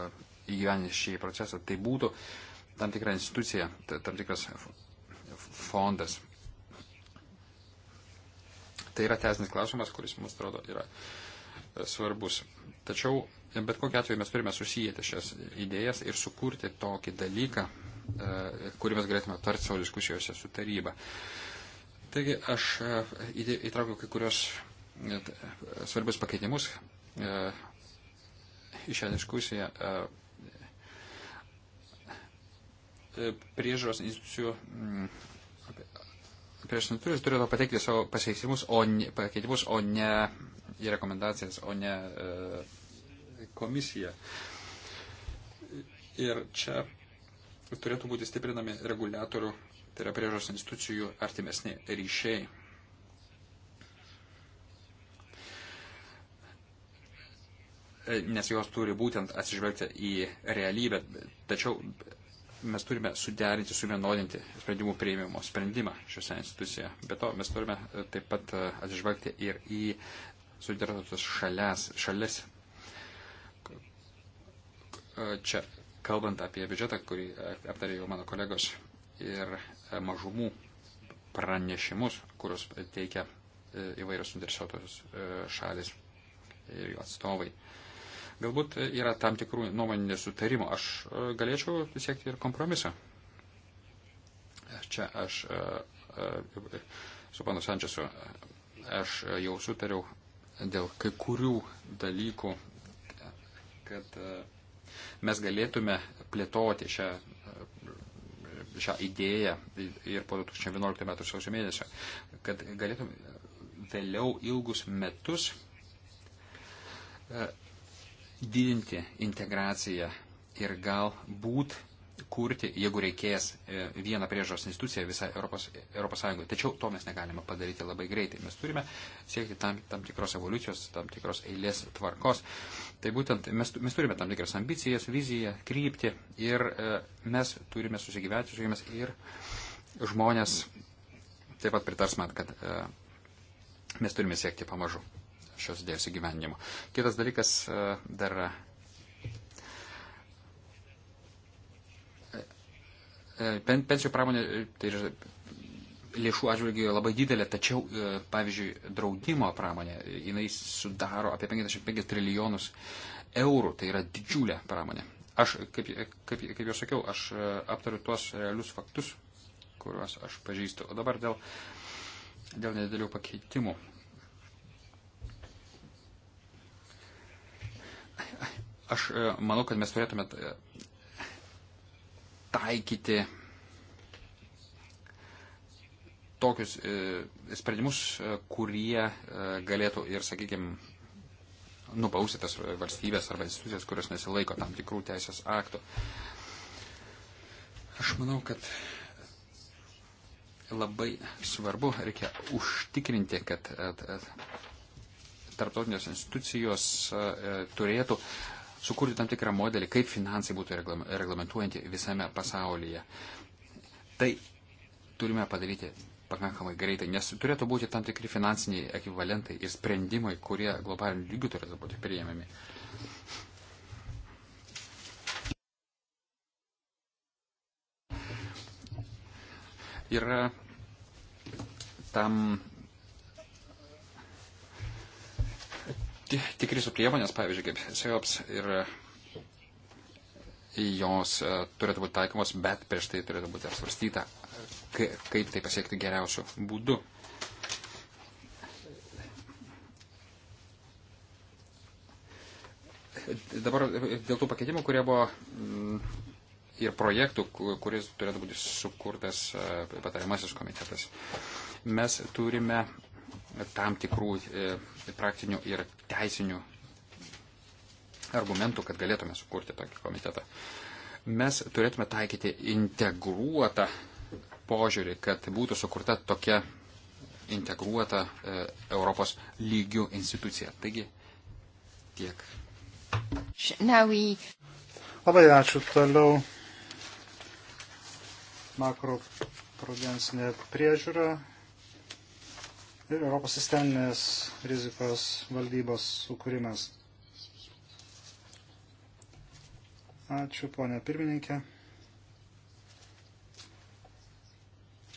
Speaker 3: įgyveninti šį procesą. Tai būtų e, tam tikra institucija, tam tikras fondas. Tai yra teisinis klausimas, kuris mums atrodo yra e, svarbus. Tačiau bet kokiu atveju mes turime susijęti šias idėjas ir sukurti tokį dalyką, e, kurį mes galėtume aptarti savo diskusijose su taryba. Taigi aš e, įtraukiau kai kurios svarbius pakeitimus į šią diskusiją E, priežiūros institucijų mm, prieš institucijos turėtų pateikti savo pasieksimus, o ne, pakeitimus, o ne į rekomendacijas, o ne e, komisiją. Ir čia turėtų būti stiprinami reguliatorių, tai yra priežos institucijų artimesni ryšiai. E, nes jos turi būtent atsižvelgti į realybę. Tačiau mes turime suderinti, suvienodinti sprendimų prieimimo sprendimą šiuose institucijoje. Be to, mes turime e, taip pat e, atsižvelgti ir į suderintus šalias. šalis. E, čia kalbant apie biudžetą, kurį aptarė jau mano kolegos, ir mažumų pranešimus, kuriuos teikia įvairios suinteresuotos šalis ir jų atstovai. Uh, Galbūt yra tam tikrų nuomonių nesutarimų. Aš e, galėčiau siekti ir kompromiso. Čia aš e, e, su panu Sančiasu, aš jau sutariau dėl kai kurių dalykų, kad mes galėtume plėtoti šią, šią idėją ir po 2011 metų sausio mėnesio, kad galėtume vėliau ilgus metus didinti integraciją ir galbūt kurti, jeigu reikės, e, vieną priežos instituciją visą Europos, Europos Sąjungoje. Tačiau to mes negalime padaryti labai greitai. Mes turime siekti tam, tam tikros evoliucijos, tam tikros eilės tvarkos. Tai būtent mes, mes turime tam tikras ambicijas, viziją, kryptį ir e, mes turime susigyventi su jomis ir žmonės taip pat pritars man, kad e, mes turime siekti pamažu šios idėjos įgyvendinimo. Kitas dalykas e, dar e, pen, pensijų pramonė tai ir lėšų atžvilgių labai didelė, tačiau, e, pavyzdžiui, draudimo pramonė, jinai sudaro apie 55 trilijonus eurų, tai yra didžiulė pramonė. Aš, kaip, kaip, kaip jau sakiau, aš aptariu tuos realius faktus, kuriuos aš pažįstu. O dabar dėl, dėl nedidelių pakeitimų Aš e, manau, kad mes turėtume e, taikyti tokius e, sprendimus, kurie galėtų ir, sakykime, nubausti tas valstybės arba institucijas, kurios nesilaiko tam tikrų teisės aktų. Aš manau, kad labai svarbu reikia užtikrinti, kad tarptautinės institucijos e, e, turėtų sukurti tam tikrą modelį, kaip finansai būtų reglamentuojanti visame pasaulyje. Tai turime padaryti pakankamai greitai, nes turėtų būti tam tikri finansiniai ekvivalentai ir sprendimai, kurie globaliniu lygiu turėtų būti priėmami. Yra tam tikri su priemonės, pavyzdžiui, kaip SEOPS ir jos e, turėtų būti taikomos, bet prieš tai turėtų būti apsvarstyta, kaip tai pasiekti geriausių būdų. Dabar dėl tų pakeitimų, kurie buvo mm, ir projektų, kuris turėtų būti sukurtas e, patariamasis komitetas. Mes turime tam tikrų e, praktinių ir teisinių argumentų, kad galėtume sukurti tokį komitetą. Mes turėtume taikyti integruotą požiūrį, kad būtų sukurta tokia integruota e, Europos lygių institucija. Taigi
Speaker 1: tiek. We... Labai ačiū toliau. Makro prudensinė priežiūra ir Europos sisteminės rizikos valdybos sukūrimas. Ačiū, ponė pirmininkė.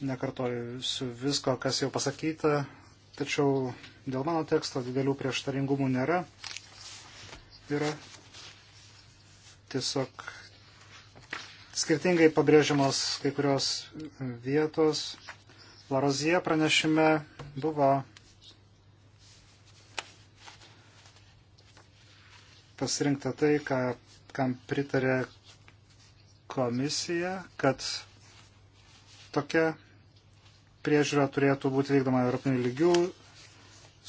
Speaker 1: Nekartoju su visko, kas jau pasakyta, tačiau dėl mano teksto didelių prieštaringumų nėra. Yra tiesiog skirtingai pabrėžiamos kai kurios vietos Larozija pranešime buvo pasirinkta tai, ką, kam pritarė komisija, kad tokia priežiūra turėtų būti vykdoma Europinių lygių,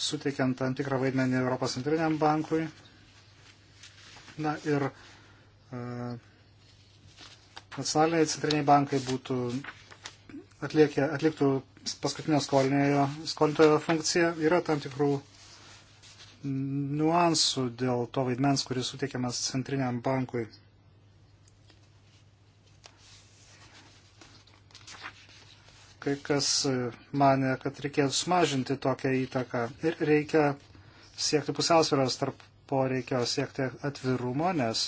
Speaker 1: suteikiant tam tikrą vaidmenį Europos centriniam bankui. Na ir e, nacionaliniai centriniai bankai būtų atliekė, atliktų paskutinio skolintojo funkciją, yra tam tikrų niuansų dėl to vaidmens, kuris suteikiamas centriniam bankui. Kai kas mane, kad reikėtų sumažinti tokią įtaką ir reikia siekti pusiausvėros tarp poreikio siekti atvirumo, nes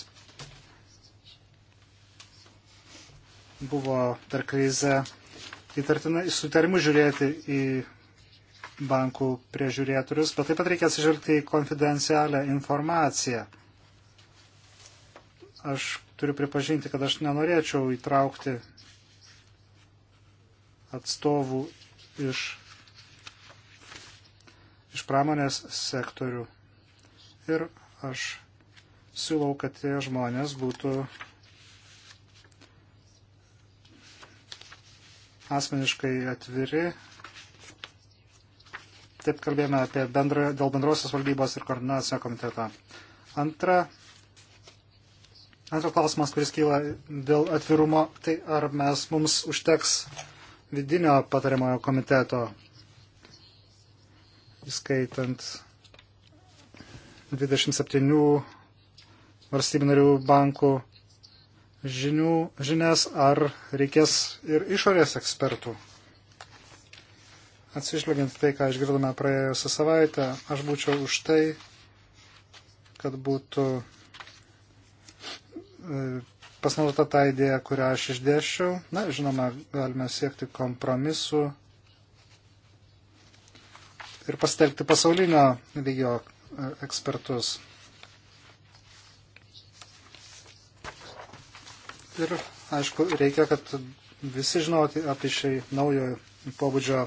Speaker 1: buvo per krizę sutarimu žiūrėti į bankų priežiūrėtorius, bet taip pat reikia atsižvelgti į konfidencialią informaciją. Aš turiu pripažinti, kad aš nenorėčiau įtraukti atstovų iš, iš pramonės sektorių. Ir aš siūlau, kad tie žmonės būtų asmeniškai atviri. Taip kalbėjome apie bendro, dėl bendrosios valdybos ir koordinacinio komiteto. Antra, antras klausimas, kuris kyla dėl atvirumo, tai ar mes mums užteks vidinio patariamojo komiteto, įskaitant 27 valstybių narių bankų žinių, žinias, ar reikės ir išorės ekspertų. Atsižvelgiant tai, ką išgirdome praėjusią savaitę, aš būčiau už tai, kad būtų e, pasinaudota ta idėja, kurią aš išdėščiau. Na, žinoma, galime siekti kompromisų ir pasitelkti pasaulinio lygio e, ekspertus. Ir, aišku, reikia, kad visi žinoti apie šį naujo pobūdžio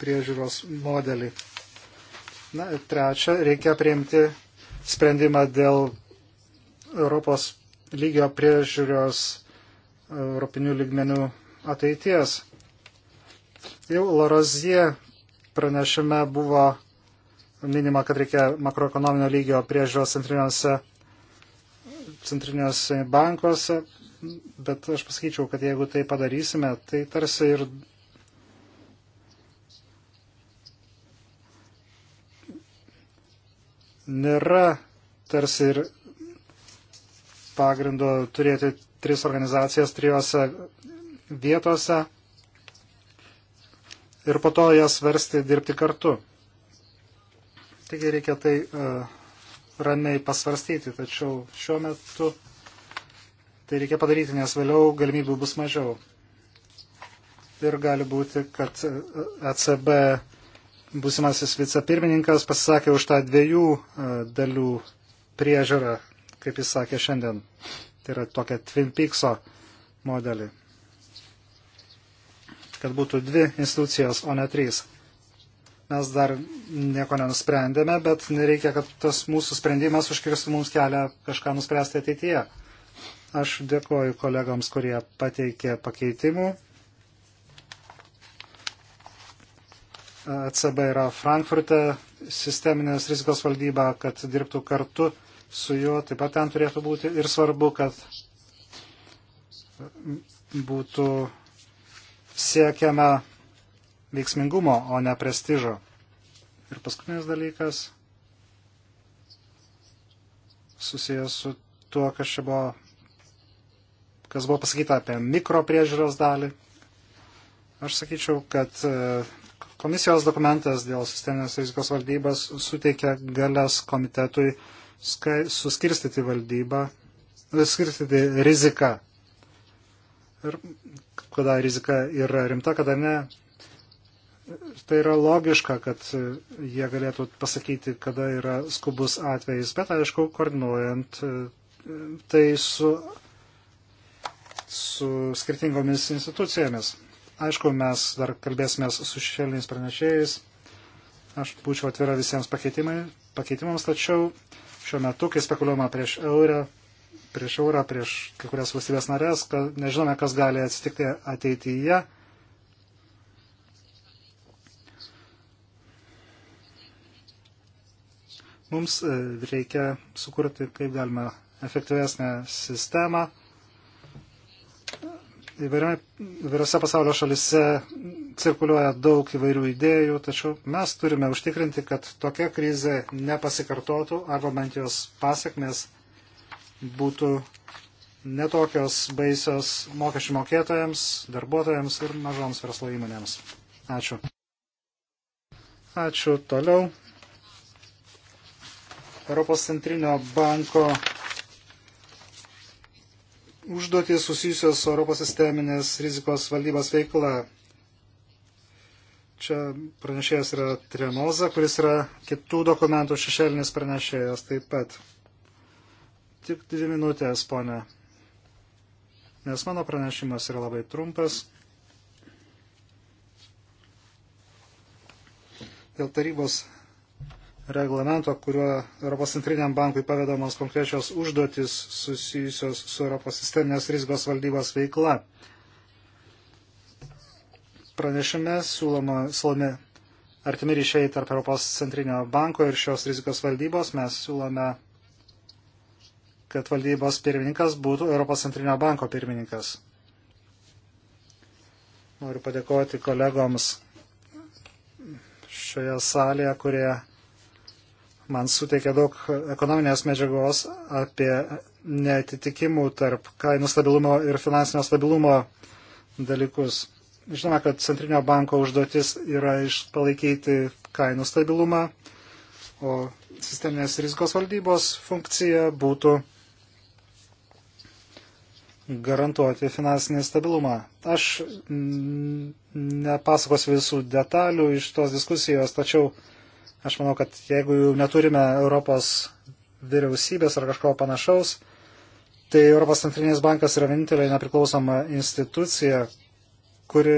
Speaker 1: priežiūros modelį. Na ir trečia, reikia priimti sprendimą dėl Europos lygio priežiūros Europinių lygmenių ateities. Jau Lorozie pranešime buvo minima, kad reikia makroekonominio lygio priežiūros centriniuose centrinėse bankuose, bet aš pasakyčiau, kad jeigu tai padarysime, tai tarsi ir nėra tarsi ir pagrindo turėti tris organizacijas trijose vietose ir po to jas versti dirbti kartu. Taigi reikia tai uh, ramiai pasvarstyti, tačiau šiuo metu tai reikia padaryti, nes vėliau galimybių bus mažiau. Ir gali būti, kad ECB būsimasis vicepirmininkas pasisakė už tą dviejų e, dalių priežiūrą, kaip jis sakė šiandien. Tai yra tokia Twin Peakso modelį. Kad būtų dvi institucijos, o ne trys mes dar nieko nenusprendėme, bet nereikia, kad tas mūsų sprendimas užkirstų mums kelią kažką nuspręsti ateityje. Aš dėkoju kolegams, kurie pateikė pakeitimų. ECB yra Frankfurte, sisteminės rizikos valdyba, kad dirbtų kartu su juo, taip pat ten turėtų būti ir svarbu, kad būtų siekiama veiksmingumo, o ne prestižo. Ir paskutinis dalykas susijęs su tuo, kas čia buvo, kas buvo pasakyta apie mikropriežiūros dalį. Aš sakyčiau, kad e, komisijos dokumentas dėl sisteminės rizikos valdybas suteikia galias komitetui skai, suskirstyti valdybą, suskirstyti riziką. Ir kada rizika yra rimta, kada ne, tai yra logiška, kad jie galėtų pasakyti, kada yra skubus atvejis, bet aišku, koordinuojant e, tai su, su skirtingomis institucijomis. Aišku, mes dar kalbėsime su šešėliniais pranešėjais. Aš būčiau atvira visiems pakeitimams, tačiau šiuo metu, kai spekuliuojama prieš eurą, prieš eurą, prieš kai kurias valstybės narės, kad nežinome, kas gali atsitikti ateityje Mums e, reikia sukurti kaip galima efektyvesnę sistemą. Įvairiose pasaulio šalise cirkuliuoja daug įvairių idėjų, tačiau mes turime užtikrinti, kad tokia krizė nepasikartotų arba bent jos pasiekmes būtų netokios baisios mokesčių mokėtojams, darbuotojams ir mažoms verslo įmonėms. Ačiū. Ačiū toliau. Europos centrinio banko užduotis susijusios su Europos sisteminės rizikos valdybos veikla. Čia pranešėjas yra Tremoza, kuris yra kitų dokumentų šešėlinis pranešėjas taip pat. Tik dvi minutės, ponė. Nes mano pranešimas yra labai trumpas. Dėl tarybos reglamento, kuriuo Europos centriniam bankui pavedamos konkrečios užduotis susijusios su Europos sisteminės rizikos valdybos veikla. Pranešime siūloma, siūlomi artimi ryšiai tarp Europos centrinio banko ir šios rizikos valdybos. Mes siūlome, kad valdybos pirmininkas būtų Europos centrinio banko pirmininkas. Noriu padėkoti kolegoms šioje salėje, kurie man suteikė daug ekonominės medžiagos apie netitikimų tarp kainų stabilumo ir finansinio stabilumo dalykus. Žinoma, kad Centrinio banko užduotis yra išpalaikyti kainų stabilumą, o sisteminės rizikos valdybos funkcija būtų garantuoti finansinį stabilumą. Aš nepasakos visų detalių iš tos diskusijos, tačiau Aš manau, kad jeigu jau neturime Europos vyriausybės ar kažko panašaus, tai Europos centrinės bankas yra vienintelė nepriklausoma institucija, kuri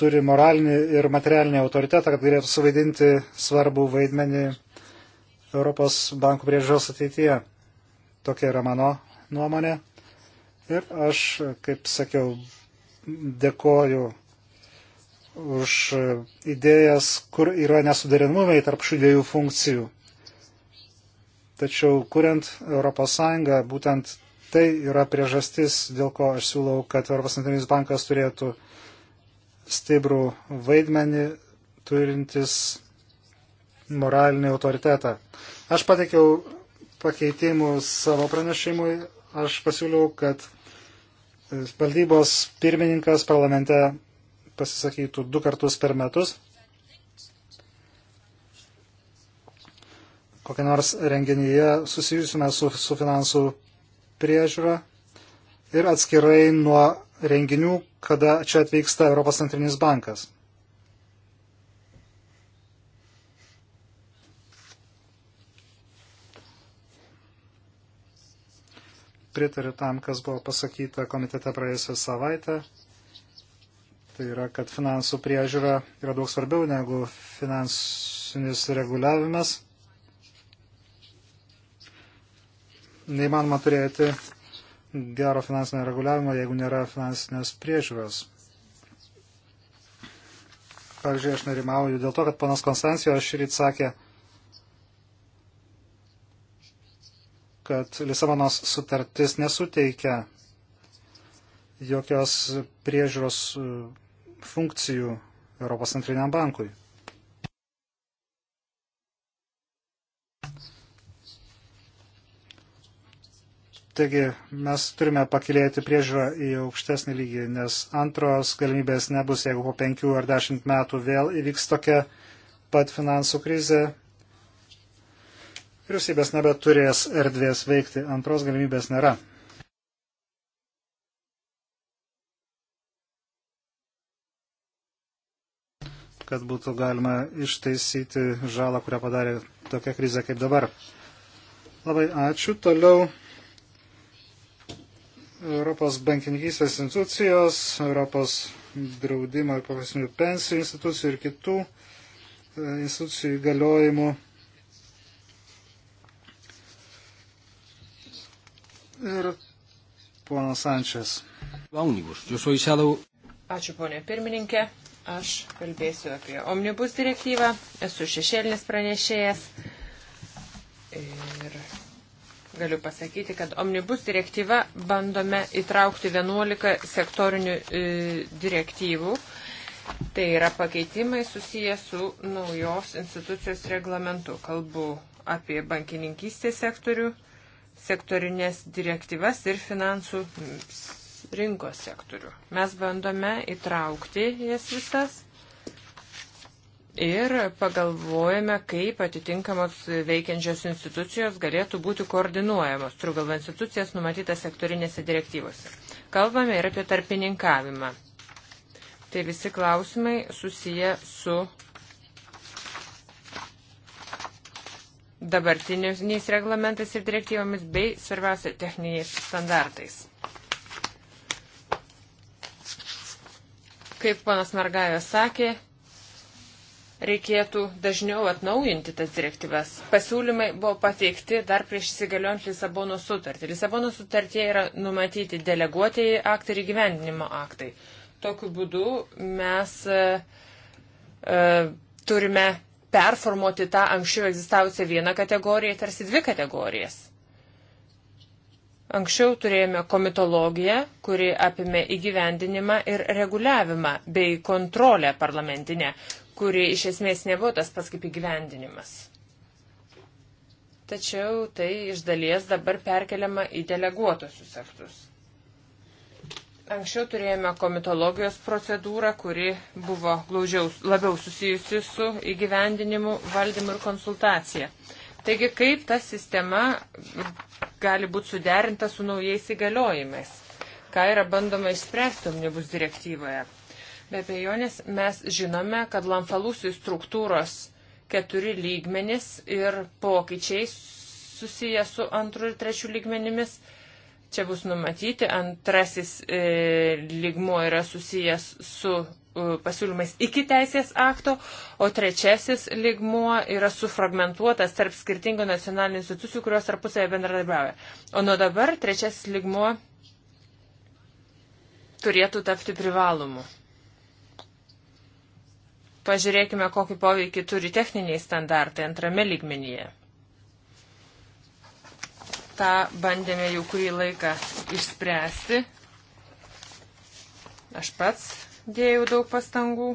Speaker 1: turi moralinį ir materialinį autoritetą, kad galėtų suvaidinti svarbų vaidmenį Europos bankų priežiūros ateityje. Tokia yra mano nuomonė. Ir aš, kaip sakiau, dėkoju už e, idėjas, kur yra nesuderinumai tarp šių dviejų funkcijų. Tačiau kuriant ES, būtent tai yra priežastis, dėl ko aš siūlau, kad ES bankas turėtų stiprų vaidmenį, turintis moralinį autoritetą. Aš pateikiau pakeitimų savo pranešimui, aš pasiūliau, kad valdybos pirmininkas parlamente pasisakytų du kartus per metus. Kokia nors renginyje susijusime su, su finansų priežiūra ir atskirai nuo renginių, kada čia atvyksta Europos centrinis bankas. pritariu tam, kas buvo pasakyta komitete praėjusią savaitę. Tai yra, kad finansų priežiūra yra daug svarbiau negu finansinis reguliavimas. Neįmanoma turėti gero finansinio reguliavimo, jeigu nėra finansinės priežiūros. Pavyzdžiui, aš nerimauju dėl to, kad panas Konstancijo šį rytą sakė, kad Lisabonos sutartis nesuteikia jokios priežiūros funkcijų Europos centriniam bankui. Taigi mes turime pakilėti priežiūrą į aukštesnį lygį, nes antros galimybės nebus, jeigu po penkių ar dešimt metų vėl įvyks tokia pat finansų krizė. Vyriausybės nebeturės erdvės veikti, antros galimybės nėra. kad būtų galima ištaisyti žalą, kurią padarė tokia krizė kaip dabar. Labai ačiū. Toliau Europos bankininkystės institucijos, Europos draudimo ir profesinių pensijų institucijų ir kitų e, institucijų įgaliojimų. Ir ponas Sančias. Ačiū,
Speaker 2: ponė pirmininkė. Aš kalbėsiu apie omnibus direktyvą, esu šešėlinis pranešėjas ir galiu pasakyti, kad omnibus direktyva bandome įtraukti 11 sektorinių e, direktyvų. Tai yra pakeitimai susiję su naujos institucijos reglamentu. Kalbu apie bankininkystės sektorių, sektorinės direktyvas ir finansų rinkos sektorių. Mes bandome įtraukti jas visas ir pagalvojame, kaip atitinkamos veikiančios institucijos galėtų būti koordinuojamos, turiu galvą institucijas numatytas sektorinėse direktyvose. Kalbame ir apie tarpininkavimą. Tai visi klausimai susiję su dabartiniais reglamentais ir direktyvomis bei svarbiausia techniniais standartais. Kaip panas Margavė sakė, reikėtų dažniau atnaujinti tas direktyvas. Pasiūlymai buvo pateikti dar prieš įsigaliojant Lisabono sutartį. Lisabono sutartie yra numatyti deleguotieji aktai ir gyvendinimo aktai. Tokiu būdu mes e, e, turime performuoti tą anksčiau egzistavusią vieną kategoriją, tarsi dvi kategorijas. Anksčiau turėjome komitologiją, kuri apimė įgyvendinimą ir reguliavimą bei kontrolę parlamentinę, kuri iš esmės nebuvo tas pats kaip įgyvendinimas. Tačiau tai iš dalies dabar perkeliama į deleguotosius aktus. Anksčiau turėjome komitologijos procedūrą, kuri buvo glaudžiau, labiau susijusi su įgyvendinimu, valdymu ir konsultacija. Taigi, kaip ta sistema gali būti suderinta su naujais įgaliojimais? Ką yra bandoma išspręsti omnibus direktyvoje? Be abejonės, mes žinome, kad lamfalusių struktūros keturi lygmenis ir pokyčiai susiję su antru ir trečiu lygmenimis. Čia bus numatyti, antrasis e, lygmo yra susijęs su E, pasiūlymais iki teisės akto, o trečiasis ligmuo yra sufragmentuotas tarp skirtingų nacionalinių institucijų, kurios tarpusavėje bendradarbiauja. O nuo dabar trečiasis ligmuo turėtų tapti privalomu. Pažiūrėkime, kokį poveikį turi techniniai standartai antrame lygmenyje. Ta bandėme jau kurį laiką išspręsti. Aš pats dėjau daug pastangų.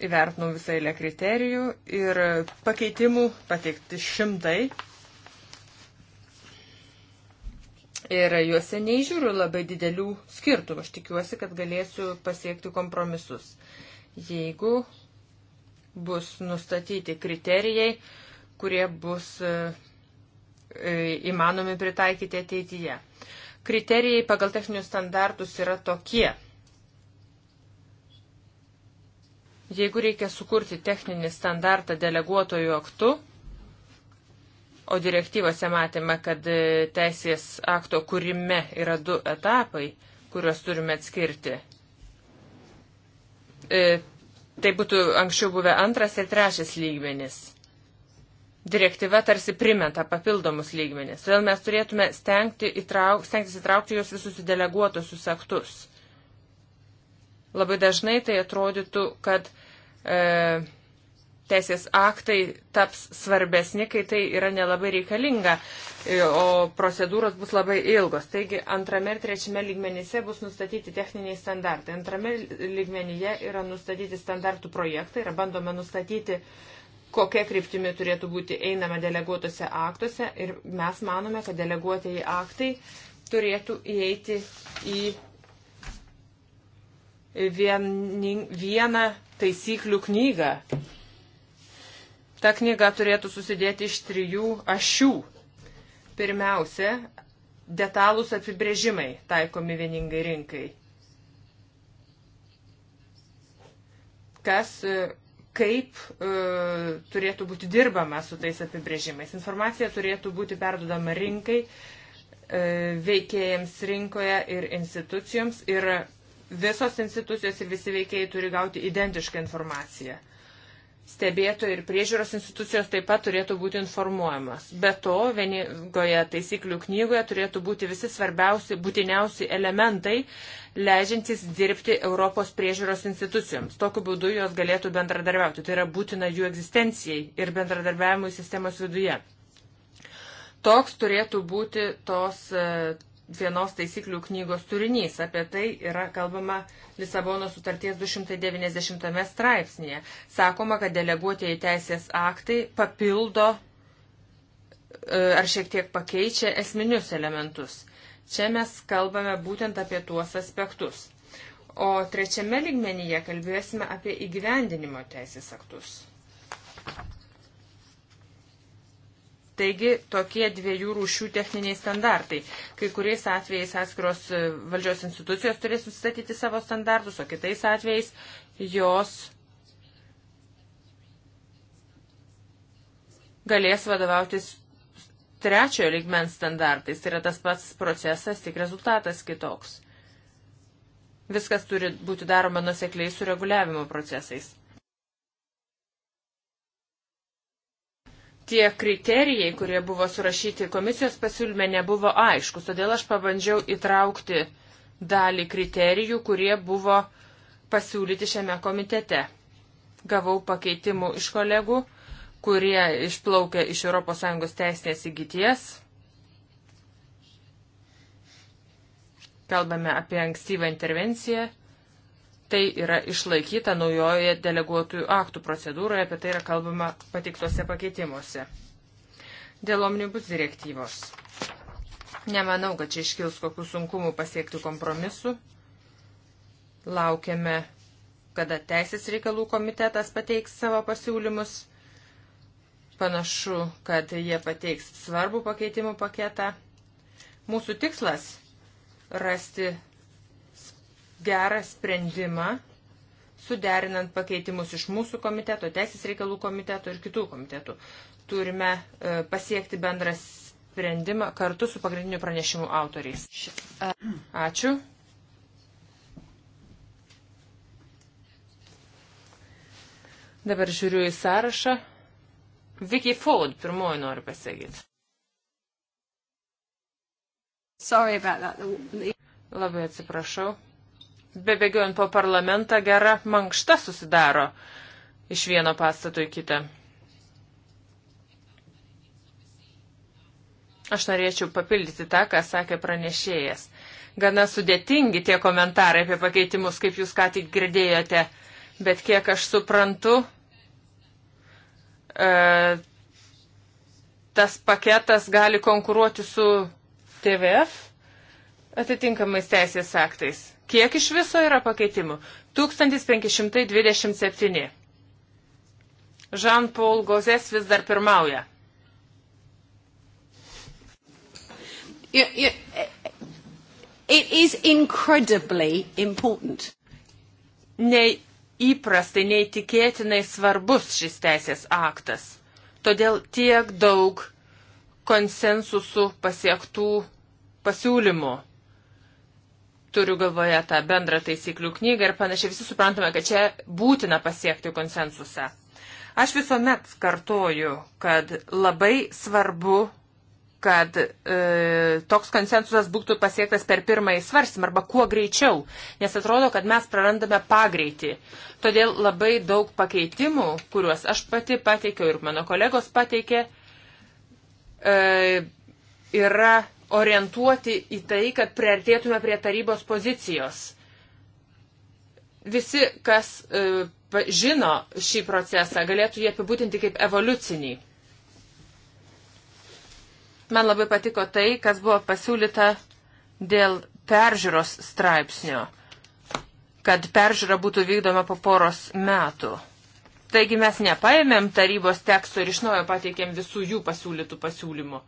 Speaker 2: Įvertinau visą eilę kriterijų ir pakeitimų pateikti šimtai. Ir juose neižiūriu labai didelių skirtumų. Aš tikiuosi, kad galėsiu pasiekti kompromisus. Jeigu bus nustatyti kriterijai, kurie bus e, įmanomi pritaikyti ateityje. Kriterijai pagal techninius standartus yra tokie. Jeigu reikia sukurti techninį standartą deleguotojų aktu, o direktyvose matėme, kad e, teisės akto kūrime yra du etapai, kuriuos turime atskirti. E, tai būtų anksčiau buvę antras ir trečias lygmenis direktyva tarsi primeta papildomus lygmenis. Todėl mes turėtume stengti įtrauk, stengtis įtraukti juos visus į deleguotusius aktus. Labai dažnai tai atrodytų, kad e, teisės aktai taps svarbesni, kai tai yra nelabai reikalinga, e, o procedūros bus labai ilgos. Taigi antrame ir trečiame lygmenyse bus nustatyti techniniai standartai. Antrame lygmenyje yra nustatyti standartų projektai, yra bandoma nustatyti uh, kokia kryptimi turėtų būti einama deleguotose aktuose ir mes manome, kad deleguotieji aktai turėtų įeiti į vien, vieną taisyklių knygą. Ta knyga turėtų susidėti iš trijų ašių. Pirmiausia, detalūs apibrėžimai taikomi vieningai rinkai. Kas kaip e, turėtų būti dirbama su tais apibrėžimais. Informacija turėtų būti perdodama rinkai, e, veikėjams rinkoje ir institucijoms ir visos institucijos ir visi veikėjai turi gauti identišką informaciją. E, stebėtojai ir priežiūros institucijos taip pat turėtų būti informuojamas. Be to, vienoje taisyklių knygoje turėtų būti visi svarbiausi, būtiniausi elementai, leidžiantis dirbti Europos priežiūros institucijoms. Tokiu būdu jos galėtų bendradarbiauti. Tai yra būtina jų egzistencijai ir bendradarbiavimui sistemos viduje. Toks turėtų būti tos vienos taisyklių knygos turinys. Apie tai yra kalbama Lisabono sutarties 290 straipsnėje. Sakoma, kad deleguotieji teisės aktai papildo e, ar šiek tiek pakeičia esminius elementus. Čia mes kalbame būtent apie tuos aspektus. O trečiame ligmenyje kalbėsime apie įgyvendinimo teisės aktus. Taigi tokie dviejų rūšių techniniai standartai. Kai kuriais atvejais atskiros e, valdžios institucijos turės nustatyti savo standartus, o kitais atvejais jos galės vadovautis trečiojo ligmens standartais. Tai yra tas pats procesas, tik rezultatas kitoks. Viskas turi būti daroma nusekliai su reguliavimo procesais. tie kriterijai, kurie buvo surašyti komisijos pasiūlyme, nebuvo aiškus. Todėl aš pabandžiau įtraukti dalį kriterijų, kurie buvo pasiūlyti šiame komitete. Gavau pakeitimų iš kolegų, kurie išplaukia iš ES teisinės įgyties. Kalbame apie ankstyvą intervenciją Tai yra išlaikyta naujoje deleguotųjų aktų procedūroje, apie tai yra kalbama patiktose pakeitimuose. Dėl omnibus direktyvos. Nemanau, kad čia iškils kokių sunkumų pasiekti kompromisu. Laukiame, kada Teisės reikalų komitetas pateiks savo pasiūlymus. Panašu, kad jie pateiks svarbų pakeitimų paketą. Mūsų tikslas - rasti gerą sprendimą, suderinant pakeitimus iš mūsų komiteto, Teisės reikalų komiteto ir kitų komitetų. Turime e, pasiekti bendrą sprendimą kartu su pagrindiniu pranešimu autoriais. Ačiū. Dabar žiūriu į sąrašą. Vicky Ford pirmoji noriu pasakyti. Sorry about that. Labai atsiprašau bebėgiojant po parlamentą, gera mankšta susidaro iš vieno pastato į kitą. Aš norėčiau papildyti tą, ką sakė pranešėjas. Gana sudėtingi tie komentarai apie pakeitimus, kaip jūs ką tik girdėjote, bet kiek aš suprantu, e, tas paketas gali konkuruoti su TVF atitinkamais teisės aktais. Kiek iš viso yra pakeitimų? 1527. Jean-Paul Gozes vis dar pirmauja. Neįprastai, neįtikėtinai svarbus šis teisės aktas. Todėl tiek daug konsensusų pasiektų pasiūlymų turiu galvoje tą bendrą taisyklių knygą ir panašiai visi suprantame, kad čia būtina pasiekti konsensusą. Aš visuomet kartoju, kad labai svarbu, kad e, toks konsensusas būtų pasiektas per pirmąjį svarstymą arba kuo greičiau, nes atrodo, kad mes prarandame pagreitį. Todėl labai daug pakeitimų, kuriuos aš pati pateikiau ir mano kolegos pateikė, e, yra orientuoti į tai, kad priartėtume prie tarybos pozicijos. Visi, kas e, žino šį procesą, galėtų jį apibūtinti kaip evoliucinį. Man labai patiko tai, kas buvo pasiūlyta dėl peržiūros straipsnio, kad peržiūra būtų vykdoma po poros metų. Taigi mes nepaėmėm tarybos teksto ir iš naujo pateikėm visų jų pasiūlytų pasiūlymų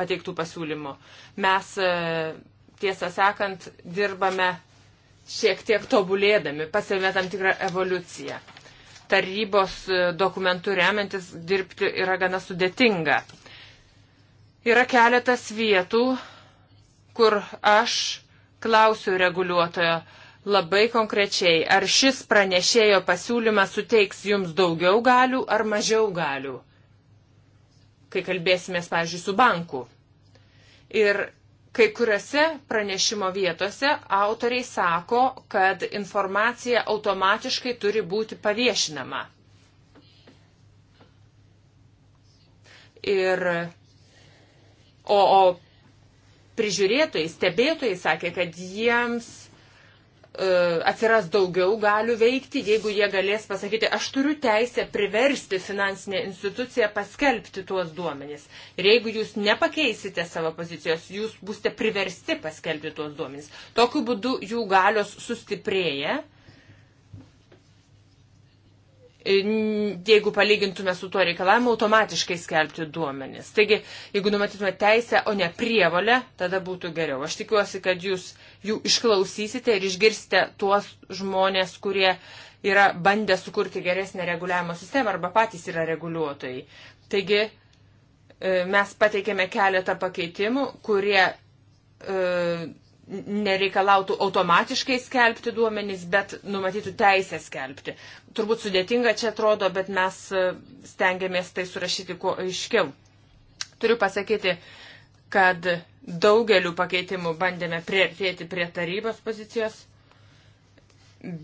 Speaker 2: pateiktų pasiūlymų. Mes, e, tiesą sakant, dirbame šiek tiek tobulėdami, pasėmė tam tikrą evoliuciją. Tarybos e, dokumentų remiantis dirbti yra gana sudėtinga. Yra keletas vietų, kur aš klausiu reguliuotojo, labai konkrečiai, ar šis pranešėjo pasiūlymas suteiks jums daugiau galių ar mažiau galių kai kalbėsime, pavyzdžiui, su banku. Ir kai kuriuose pranešimo vietose autoriai sako, kad informacija automatiškai turi būti paviešinama. Ir, o, o prižiūrėtojai, stebėtojai sakė, kad jiems E, atsiras daugiau galių veikti, jeigu jie galės pasakyti, aš turiu teisę priversti finansinę instituciją paskelbti tuos duomenys. Ir jeigu jūs nepakeisite savo pozicijos, jūs būsite priversti paskelbti tuos duomenys. Tokiu būdu jų galios sustiprėja jeigu palygintume su tuo reikalavimu, automatiškai skelbti duomenis. Taigi, jeigu numatytume teisę, o ne prievalę, tada būtų geriau. Aš tikiuosi, kad jūs jų išklausysite ir išgirsite tuos žmonės, kurie yra bandę sukurti geresnę reguliavimo sistemą arba patys yra reguliuotojai. Taigi, e, mes pateikėme keletą pakeitimų, kurie e, nereikalautų automatiškai skelbti duomenys, bet numatytų teisę skelbti. Turbūt sudėtinga čia atrodo, bet mes e, stengiamės tai surašyti kuo aiškiau. Turiu pasakyti, kad daugeliu pakeitimų bandėme prieartėti prie tarybos pozicijos,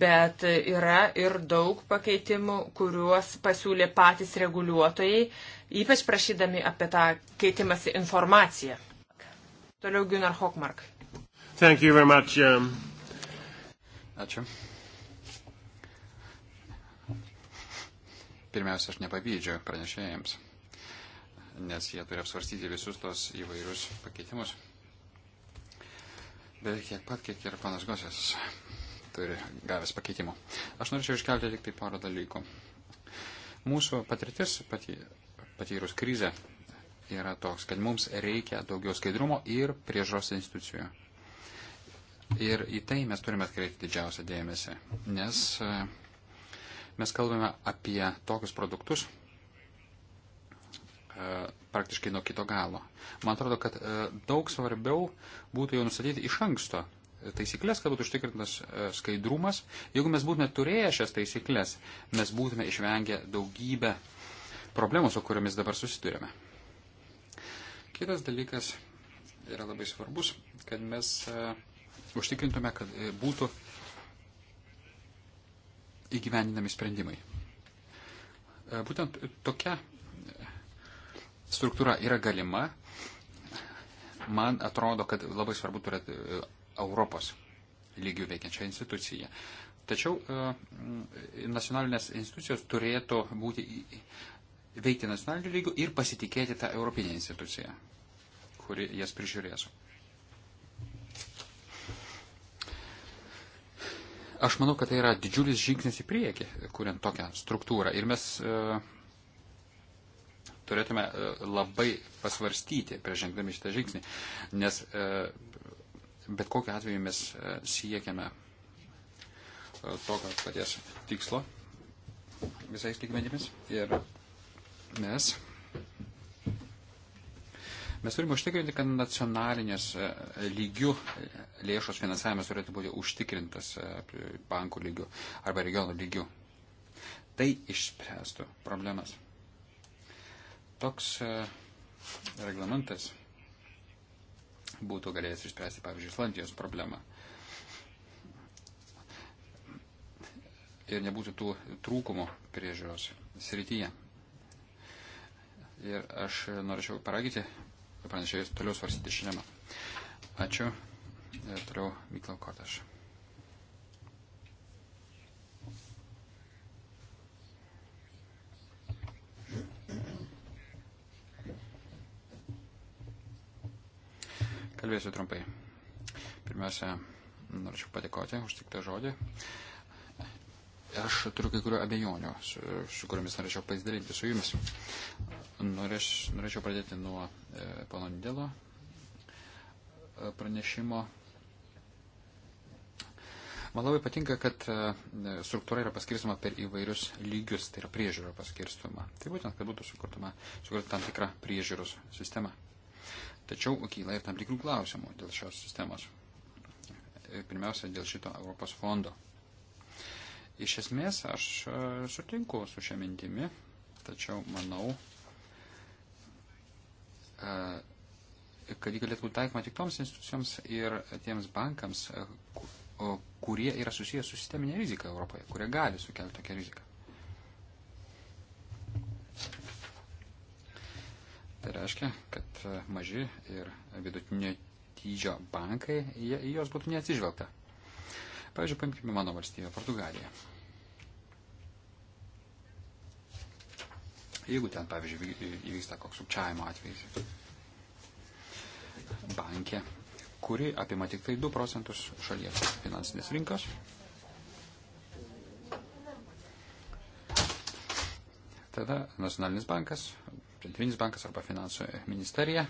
Speaker 2: bet yra ir daug pakeitimų, kuriuos pasiūlė patys reguliuotojai, ypač prašydami apie tą keitimąsi informaciją. Toliau Gunnar Hockmark.
Speaker 3: Thank you very much. Um... Ačiū. Pirmiausia, aš nepavydžiu pranešėjams, nes jie turi apsvarstyti visus tos įvairius pakeitimus. Beveik tiek pat, kiek ir panas Gosės turi gavęs pakeitimų. Aš norėčiau iškelti tik tai porą dalykų. Mūsų patirtis pati, patyrus krizę yra toks, kad mums reikia daugiau skaidrumo ir priežos institucijų. Ir į tai mes turime atkreipti didžiausią dėmesį, nes e, mes kalbame apie tokius produktus e, praktiškai nuo kito galo. Man atrodo, kad e, daug svarbiau būtų jau nustatyti iš anksto taisyklės, kad būtų užtikrintas skaidrumas. Jeigu mes būtume turėję šias taisyklės, mes būtume išvengę daugybę problemų, su kuriomis dabar susidurėme. Kitas dalykas yra labai svarbus, kad mes užtikrintume, kad e, būtų įgyvendinami sprendimai. E, būtent tokia e, struktūra yra galima. Man atrodo, kad labai svarbu turėti Europos lygių veikiančią instituciją. Tačiau nacionalinės institucijos turėtų būti veikti nacionaliniu lygiu ir pasitikėti tą europinę instituciją, kuri jas prižiūrės. Aš manau, kad tai yra didžiulis žingsnis į priekį, kuriant tokią struktūrą. Ir mes e, turėtume e, labai pasvarstyti prieš žengdami šitą žingsnį, nes e, bet kokiu atveju mes e, siekiame e, tokio paties tikslo visais lygmenimis. Ir mes Mes turime užtikrinti, kad nacionalinės e, lygių e, lėšos finansavimas turėtų būti užtikrintas e, bankų lygių arba regionų lygių. Tai išspręstų problemas. Toks reglamentas būtų galėjęs išspręsti, pavyzdžiui, Islandijos problemą. Ir nebūtų tų trūkumų priežiūros srityje. Ir aš norėčiau paragyti pranešėjus toliau svarstyti šiandieną. Ačiū. Ir toliau Miklau Kotaš. Kalbėsiu trumpai. Pirmiausia, norėčiau padėkoti už tik tą žodį. Uh, Aš turiu kai kurių abejonių, su, su kuriomis norėčiau pasidalinti su jumis. Norėš, norėčiau pradėti nuo e, pono Dėlo e, pranešimo. Man labai patinka, kad e, struktūra yra paskirstoma per įvairius lygius, tai yra priežiūra paskirstoma. Tai būtent, kad būtų sukurtama, sukurta tam tikra priežiūros sistema. Tačiau kyla ir tam tikrų klausimų dėl šios sistemos. Pirmiausia, dėl šito Europos fondo Iš esmės aš e, sutinku su šia mintimi, tačiau manau, e, kad ji galėtų būti taikoma tik toms institucijoms ir tiems bankams, e, kurie yra susijęs su sisteminė rizika Europoje, kurie gali sukelti tokią riziką. Tai reiškia, kad maži ir vidutinio dydžio bankai, jie, jos būtų neatsižvelgta. Pavyzdžiui, paimkime mano valstybę, Portugaliją. jeigu ten, pavyzdžiui, įvyksta koks sukčiavimo atvejis bankė, kuri apima tik tai 2 procentus šalies finansinės rinkos. Tada nacionalinis bankas, centrinis bankas arba finansų ministerija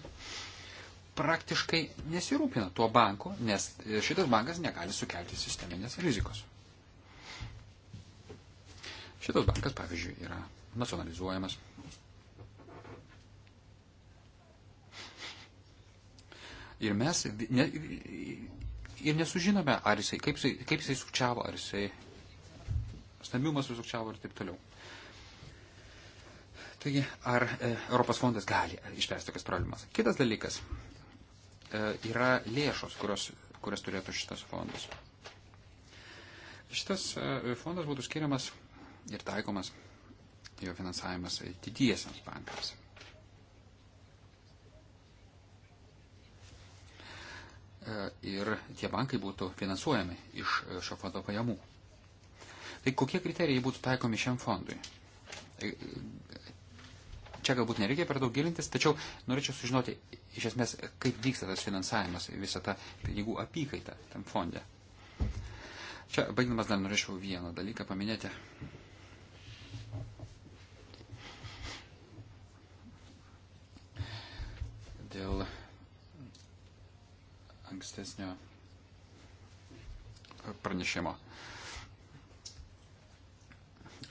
Speaker 3: praktiškai nesirūpina tuo banku, nes šitas bankas negali sukelti sisteminės rizikos. Šitas bankas, pavyzdžiui, yra nacionalizuojamas. Ir mes ne, ir nesužinome, ar jisai, kaip jisai, kaip jisai sukčiavo, ar jisai stambiumas sukčiavo ir taip toliau. Taigi, ar e, Europos fondas gali išspręsti tokias problemas? Kitas dalykas e, yra lėšos, kurios, kurias turėtų šitas fondas. Šitas e, fondas būtų skiriamas ir taikomas jo finansavimas didiesiams bankams. E, ir tie bankai būtų finansuojami iš šio fondo pajamų. Tai kokie kriterijai būtų taikomi šiam fondui? E, čia galbūt nereikia per daug gilintis, tačiau norėčiau sužinoti iš esmės, kaip vyksta tas finansavimas, visa ta pinigų apykaita tam fonde. Čia, baigdamas, dar norėčiau vieną dalyką paminėti. dėl ankstesnio pranešimo.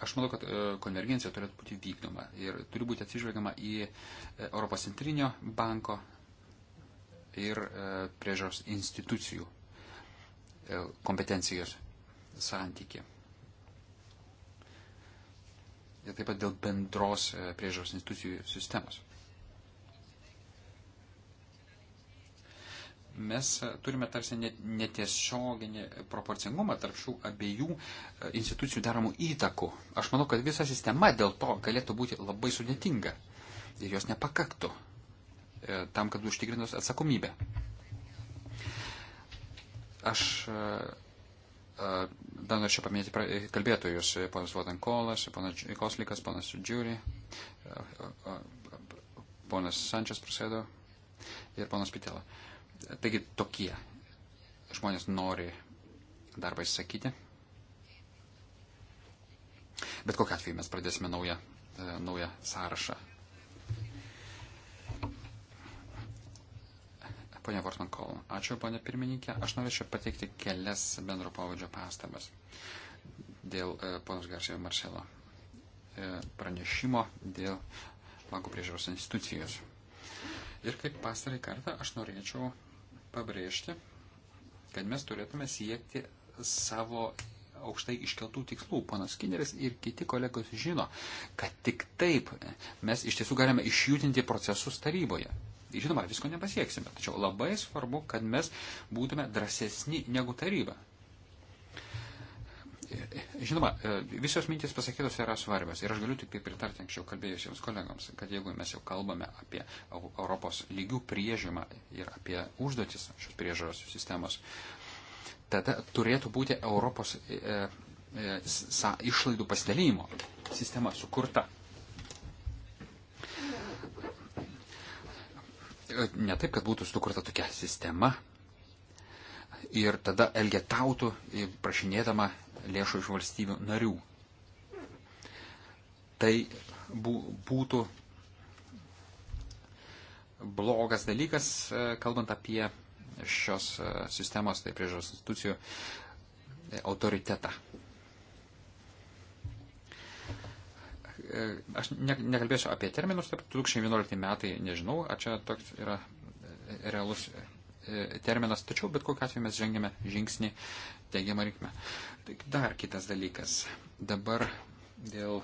Speaker 3: Aš manau, kad e, konvergencija turėtų būti vykdoma ir turi būti atsižvelgiama į e, Europos centrinio banko ir e, priežos institucijų kompetencijos santyki. Ir taip pat dėl bendros priežos institucijų sistemos. mes turime tarsi netiesioginį proporcingumą tarp šių abiejų e, institucijų daromų įtakų. Aš manau, kad visa sistema dėl to galėtų būti labai sudėtinga ir jos nepakaktų e, tam, kad užtikrinus atsakomybę. Aš e, dar norėčiau paminėti kalbėtojus, ponas Vodankolas, ponas Koslikas, ponas Džiūri, ponas Sančias Prusėdo ir ponas Pitela. Uh, Taigi tokie žmonės nori darbą išsakyti. Bet kokiu atveju mes pradėsime naują, e, naują sąrašą. Pone Vortman Kol, ačiū, ponė pirmininkė. Aš norėčiau pateikti kelias bendro pavadžio pastabas dėl e, ponos Garsijo Marcelo e, pranešimo dėl bankų priežiūros institucijos. Ir kaip pastarai kartą aš norėčiau pabrėžti, kad mes turėtume siekti savo aukštai iškeltų tikslų. Panas Skinneris ir kiti kolegos žino, kad tik taip mes iš tiesų galime išjudinti procesus taryboje. Žinoma, visko nepasieksime, tačiau labai svarbu, kad mes būtume drąsesni negu taryba. Žinoma, e, visos mintys pasakytos yra svarbios ir aš galiu tik tai pritarti anksčiau kalbėjusiems kolegams, kad jeigu mes jau kalbame apie Europos lygių priežimą ir apie užduotis šios priežaros sistemos, tada turėtų būti Europos e, e, sa, išlaidų pasidalymo sistema sukurta. E, ne taip, kad būtų sukurta tokia sistema, ir tada elgetautų, e, prašinėdama lėšų iš valstybių narių. Tai būtų blogas dalykas, e, kalbant apie šios e, sistemos, tai priežos institucijų e, autoritetą. Aš ne, nekalbėsiu apie terminus, taip 2011 metai, nežinau, ar čia toks yra realus E, terminas, tačiau bet kokiu atveju mes žengėme žingsnį teigiamą linkmę. Dar kitas dalykas. Dabar dėl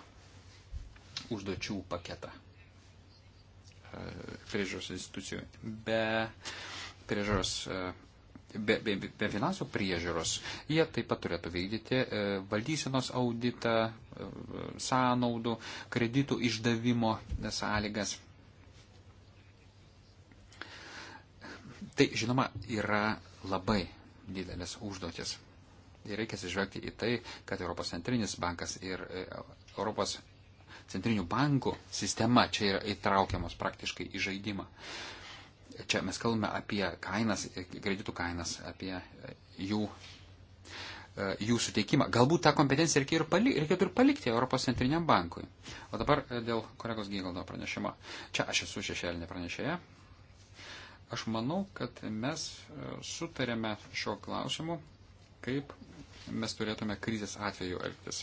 Speaker 3: užduočių paketą e, priežiūros institucijų. Be priežiūros, e, be, be, be finansų priežiūros, jie taip pat turėtų vykdyti valdysenos auditą, sąnaudų, kreditų išdavimo sąlygas. Tai, žinoma, yra labai didelės užduotis. Ir reikia atsižvelgti į tai, kad Europos centrinis bankas ir e, Europos centrinių bankų sistema čia yra įtraukiamos praktiškai į žaidimą. Čia mes kalbame apie kainas, e, kreditų kainas, apie e, jų, jų suteikimą. Galbūt tą kompetenciją reikėtų ir, pali, reikėtų ir palikti Europos centriniam bankui. O dabar dėl kolegos Gygaldo pranešimo. Čia aš esu šešėlinė pranešėja Aš manau, kad mes e, sutarėme šio klausimu, kaip mes turėtume krizės atveju elgtis.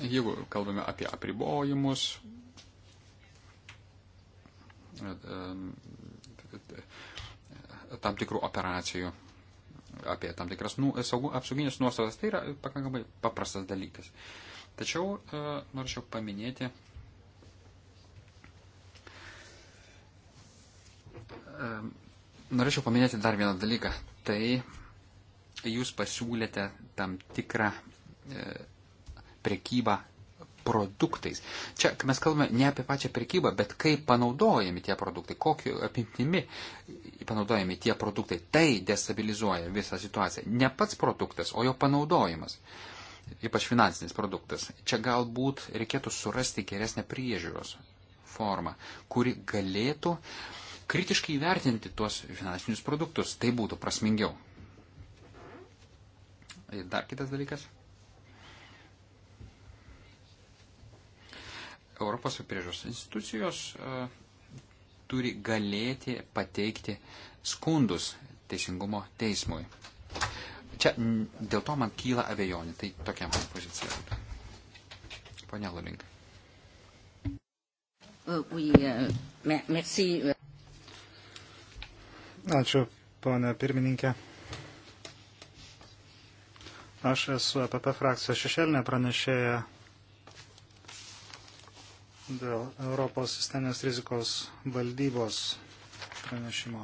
Speaker 3: Jeigu kalbame apie apribojimus, e, e, tam tikrų operacijų, apie tam tikras nu, saugų, apsauginės nuostatas, tai yra pakankamai paprastas dalykas. Tačiau e, norėčiau paminėti norėčiau paminėti dar vieną dalyką. Tai jūs pasiūlėte tam tikrą e, prekybą produktais. Čia mes kalbame ne apie pačią prekybą, bet kaip panaudojami tie produktai, kokiu apimtimi panaudojami tie produktai. Tai destabilizuoja visą situaciją. Ne pats produktas, o jo panaudojimas. Ypač finansinis produktas. Čia galbūt reikėtų surasti geresnę priežiūros formą, kuri galėtų uh, kritiškai vertinti tuos finansinius produktus. Tai būtų prasmingiau. Ir dar kitas dalykas. Europos priežos institucijos uh, turi galėti pateikti skundus teisingumo teismui. Čia dėl to man kyla abejonė. Tai
Speaker 1: tokia mano pozicija būtų. Pone Lulinkai. Euh, oui, euh, merci. Euh. Ačiū, ponė pirmininkė. Aš esu APP e frakcijos šešėlinė pranešėja dėl Europos sisteminės rizikos valdybos pranešimo.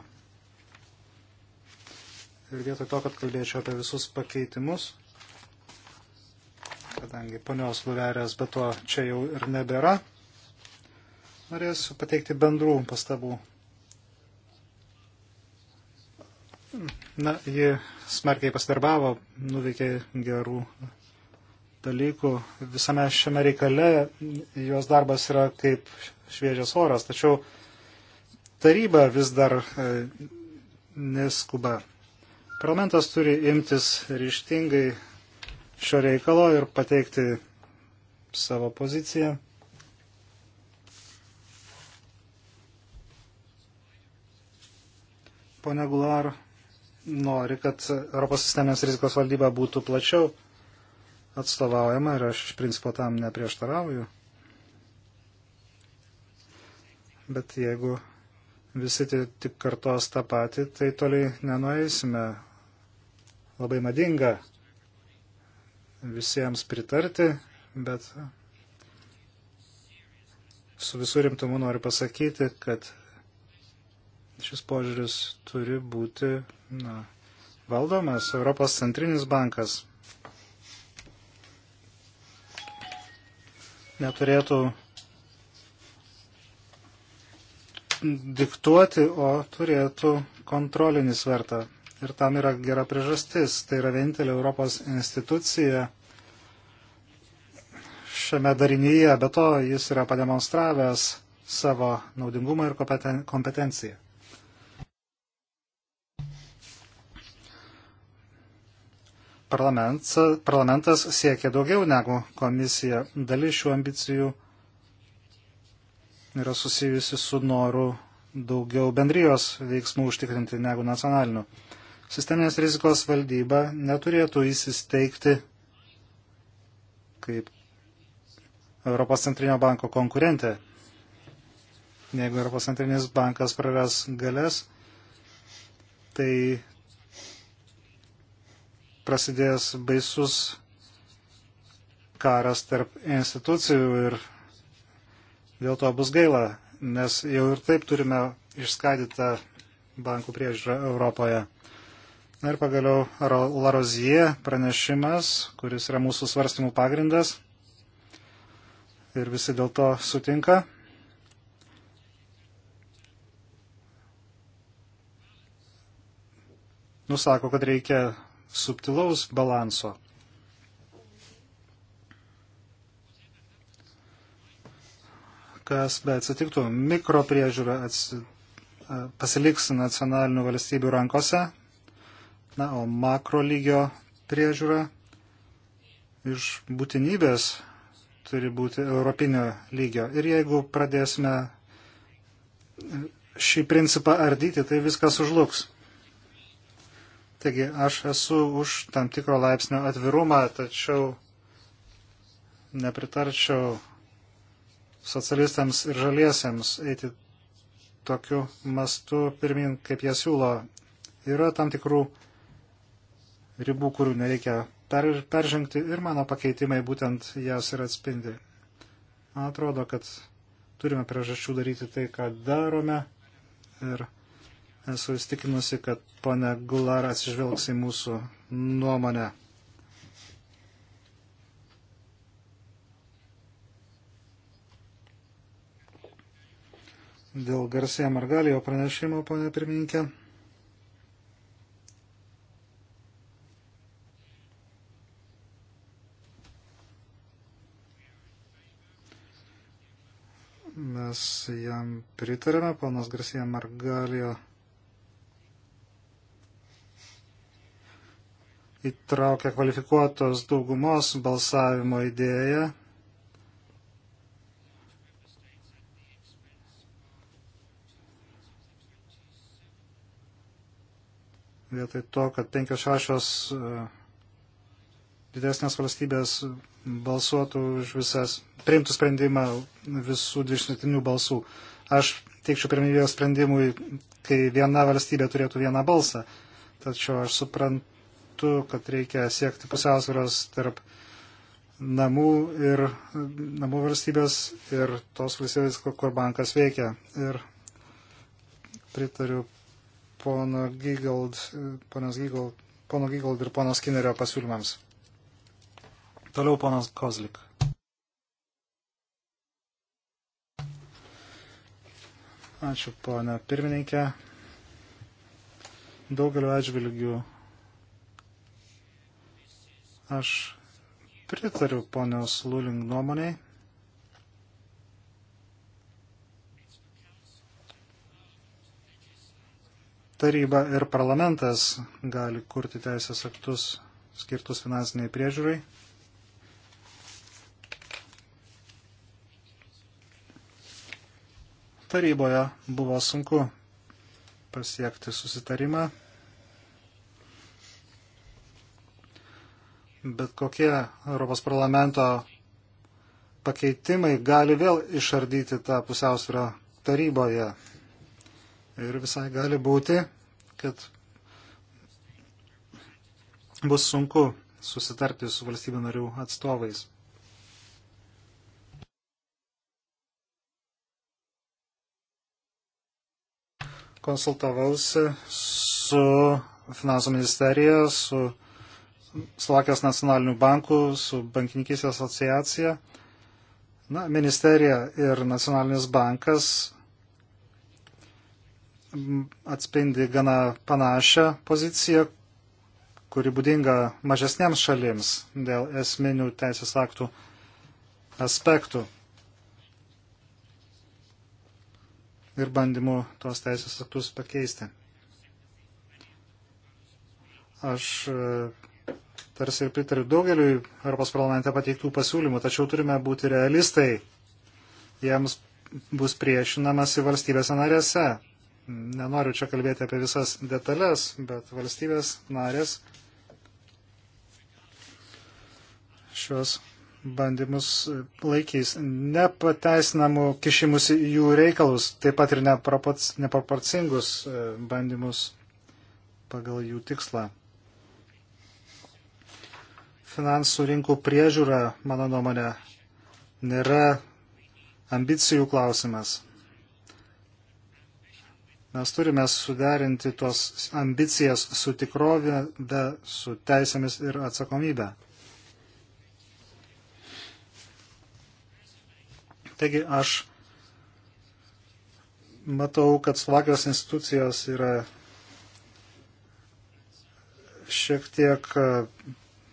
Speaker 1: Ir vietoj to, kad kalbėčiau apie visus pakeitimus, kadangi ponios Luverės be to čia jau ir nebėra, norėsiu pateikti bendrų pastabų Na, ji smarkiai pasidarbavo, nuveikė gerų dalykų. Visame šiame reikale jos darbas yra kaip šviežias oras, tačiau taryba vis dar e, neskuba. Parlamentas turi imtis ryštingai šio reikalo ir pateikti savo poziciją. Pone Gular nori, kad Europos sisteminės rizikos valdyba būtų plačiau atstovaujama ir aš iš principo tam neprieštarauju. Bet jeigu visi tik kartos tą patį, tai toliai nenueisime. Labai madinga visiems pritarti, bet su visų rimtumu noriu pasakyti, kad šis požiūris turi būti na, valdomas Europos centrinis bankas. Neturėtų diktuoti, o turėtų kontrolinį svertą. Ir tam yra gera priežastis. Tai yra vienintelė Europos institucija šiame darinyje, be to jis yra pademonstravęs savo naudingumą ir kompetenciją. parlamentas siekia daugiau negu komisija. Dalis šių ambicijų yra susijusi su noru daugiau bendrijos veiksmų užtikrinti negu nacionalinių. Sisteminės rizikos valdyba neturėtų įsisteigti kaip Europos centrinio banko konkurentė. Jeigu Europos centrinis bankas praras galės, tai prasidės baisus karas tarp institucijų ir dėl to bus gaila, nes jau ir taip turime išskaidytą bankų priežiūrą Europoje. Na ir pagaliau Larozie pranešimas, kuris yra mūsų svarstymų pagrindas ir visi dėl to sutinka. Nusako, kad reikia subtilaus balanso. Kas be atsitiktų, mikropriežiūra ats... pasiliks nacionalinių valstybių rankose, na, o makro lygio priežiūra iš būtinybės turi būti europinio lygio. Ir jeigu pradėsime šį principą ardyti, tai viskas užluks. Taigi aš esu už tam tikro laipsnio atvirumą, tačiau nepritarčiau socialistams ir žaliesiems eiti tokiu mastu pirmin, kaip jie siūlo. Yra tam tikrų ribų, kurių nereikia per, peržengti ir mano pakeitimai būtent jas ir atspindi. Man atrodo, kad turime priežasčių daryti tai, ką darome ir Esu įstikinusi, kad ponia Gular atsižvelgs į mūsų nuomonę. Dėl garsėje Margalijo pranešimo, ponia pirmininkė. mes jam pritarėme, panas Garcija Margalijo įtraukia kvalifikuotos daugumos balsavimo idėją. Vietoj to, kad penkios šešios e, didesnės valstybės balsuotų už visas, priimtų sprendimą visų dvišnitinių balsų. Aš teikčiau pirmybės sprendimui, kai viena valstybė turėtų vieną balsą. Tačiau aš suprantu kartu, kad reikia siekti pusiausvėros tarp namų ir namų valstybės ir tos valstybės, kur bankas veikia. Ir pritariu pono Gigold, ponas Gigold, pono Gigold ir pono Skinnerio pasiūlymams. Toliau ponas Kozlik. Ačiū, ponia pirmininkė. Daugeliu atžvilgių Aš pritariu ponios Luling nuomoniai. Taryba ir parlamentas gali kurti teisės aktus skirtus finansiniai priežiūrai. Taryboje buvo sunku pasiekti susitarimą. bet kokie Europos parlamento pakeitimai gali vėl išardyti tą pusiausvyrą taryboje. Ir visai gali būti, kad bus sunku susitarti su valstybių narių atstovais. Konsultavausi su finansų ministerija, su Slovakijos nacionalinių bankų, su bankininkysės asociacija. Na, ministerija ir nacionalinis bankas atspindi gana panašią poziciją, kuri būdinga mažesniems šalims dėl esminių teisės aktų aspektų ir bandymų tuos teisės aktus pakeisti. Aš tarsi ir pritariu daugeliu Europos parlamente pateiktų pasiūlymų, tačiau turime būti realistai. Jiems bus priešinamasi valstybėse narėse. Nenoriu čia kalbėti apie visas detalės, bet valstybės narės šios bandymus laikys nepateisinamų kišimus į jų reikalus, taip pat ir neproporcingus e, bandymus pagal jų tikslą finansų rinkų priežiūra, mano nuomonė, nėra ambicijų klausimas. Mes turime suderinti tuos ambicijas su tikrovė, su teisėmis ir atsakomybė. Taigi aš matau, kad Slovakijos institucijos yra šiek tiek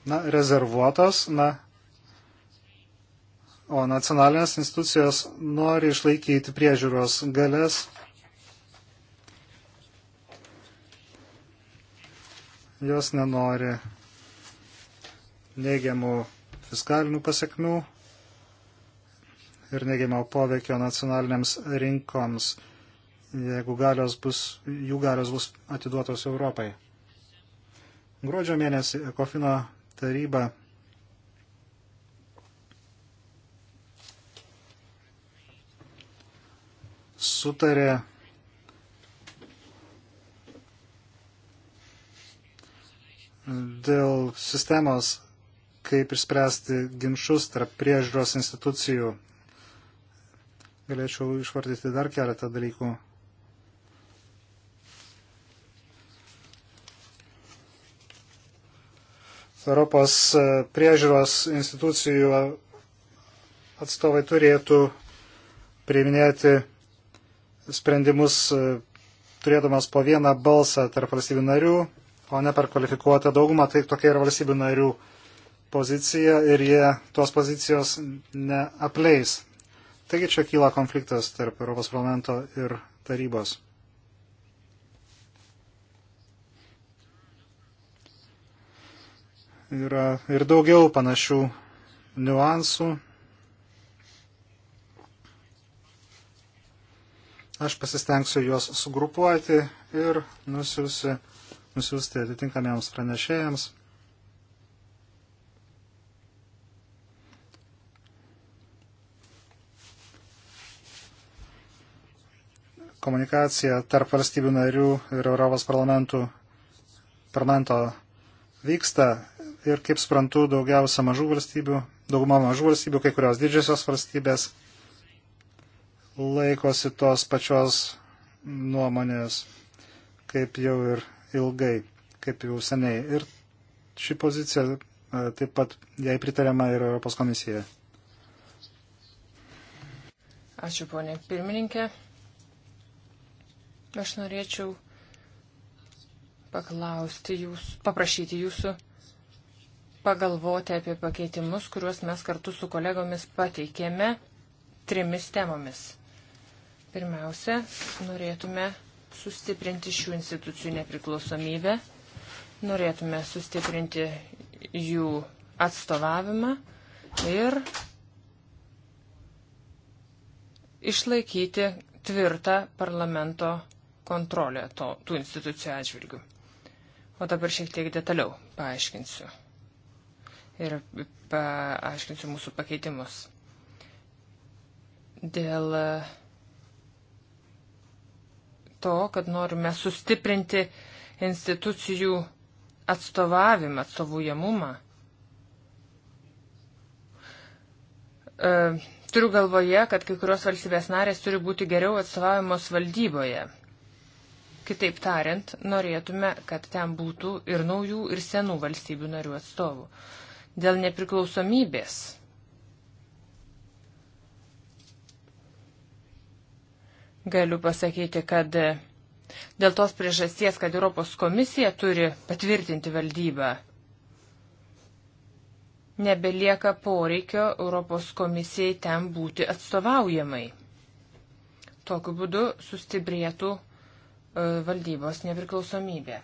Speaker 1: na, rezervuotos, na, o nacionalinės institucijos nori išlaikyti priežiūros galės. Jos nenori neigiamų fiskalinių pasiekmių ir neigiamo poveikio nacionaliniams rinkoms, jeigu galios bus, jų galios bus atiduotos Europai. Gruodžio mėnesį Ekofino taryba sutarė dėl sistemos, kaip išspręsti ginčius tarp priežiūros institucijų. Galėčiau išvardyti dar keletą dalykų. Europos e, priežiūros institucijų atstovai turėtų priiminėti sprendimus e, turėdamas po vieną balsą tarp valstybių narių, o ne per kvalifikuotą daugumą. Tai tokia yra valstybių narių pozicija ir jie tos pozicijos neapleis. Taigi čia kyla konfliktas tarp Europos parlamento ir tarybos. yra ir daugiau panašių niuansų. Aš pasistengsiu juos sugrupuoti ir nusiusi, nusiųsti atitinkamiems pranešėjams. komunikacija tarp valstybių narių ir Europos parlamento vyksta ir, kaip suprantu, daugiausia mažų valstybių, dauguma mažų valstybių, kai kurios didžiosios valstybės laikosi tos pačios nuomonės, kaip jau ir ilgai, kaip jau seniai. Ir ši pozicija e, taip pat jai pritariama ir Europos komisija.
Speaker 2: Ačiū, ponė pirmininkė. Aš norėčiau paklausti jūs, paprašyti jūsų pagalvoti apie pakeitimus, kuriuos mes kartu su kolegomis pateikėme trimis temomis. Pirmiausia, norėtume sustiprinti šių institucijų nepriklausomybę, norėtume sustiprinti jų atstovavimą ir išlaikyti tvirtą parlamento kontrolę to, tų institucijų atžvilgių. O dabar šiek tiek detaliau paaiškinsiu ir paaiškinsiu mūsų pakeitimus. Dėl e, to, kad norime sustiprinti institucijų atstovavimą, atstovaujamumą. E, turiu galvoje, kad kai kurios valstybės narės turi būti geriau atstovaujamos valdyboje. Kitaip tariant, norėtume, kad ten būtų ir naujų, ir senų valstybių narių atstovų. E, dėl nepriklausomybės. Galiu pasakyti, kad dėl tos priežasties, kad Europos komisija turi patvirtinti valdybą, nebelieka poreikio Europos komisijai ten būti atstovaujamai. Tokiu būdu sustiprėtų e, valdybos nepriklausomybė.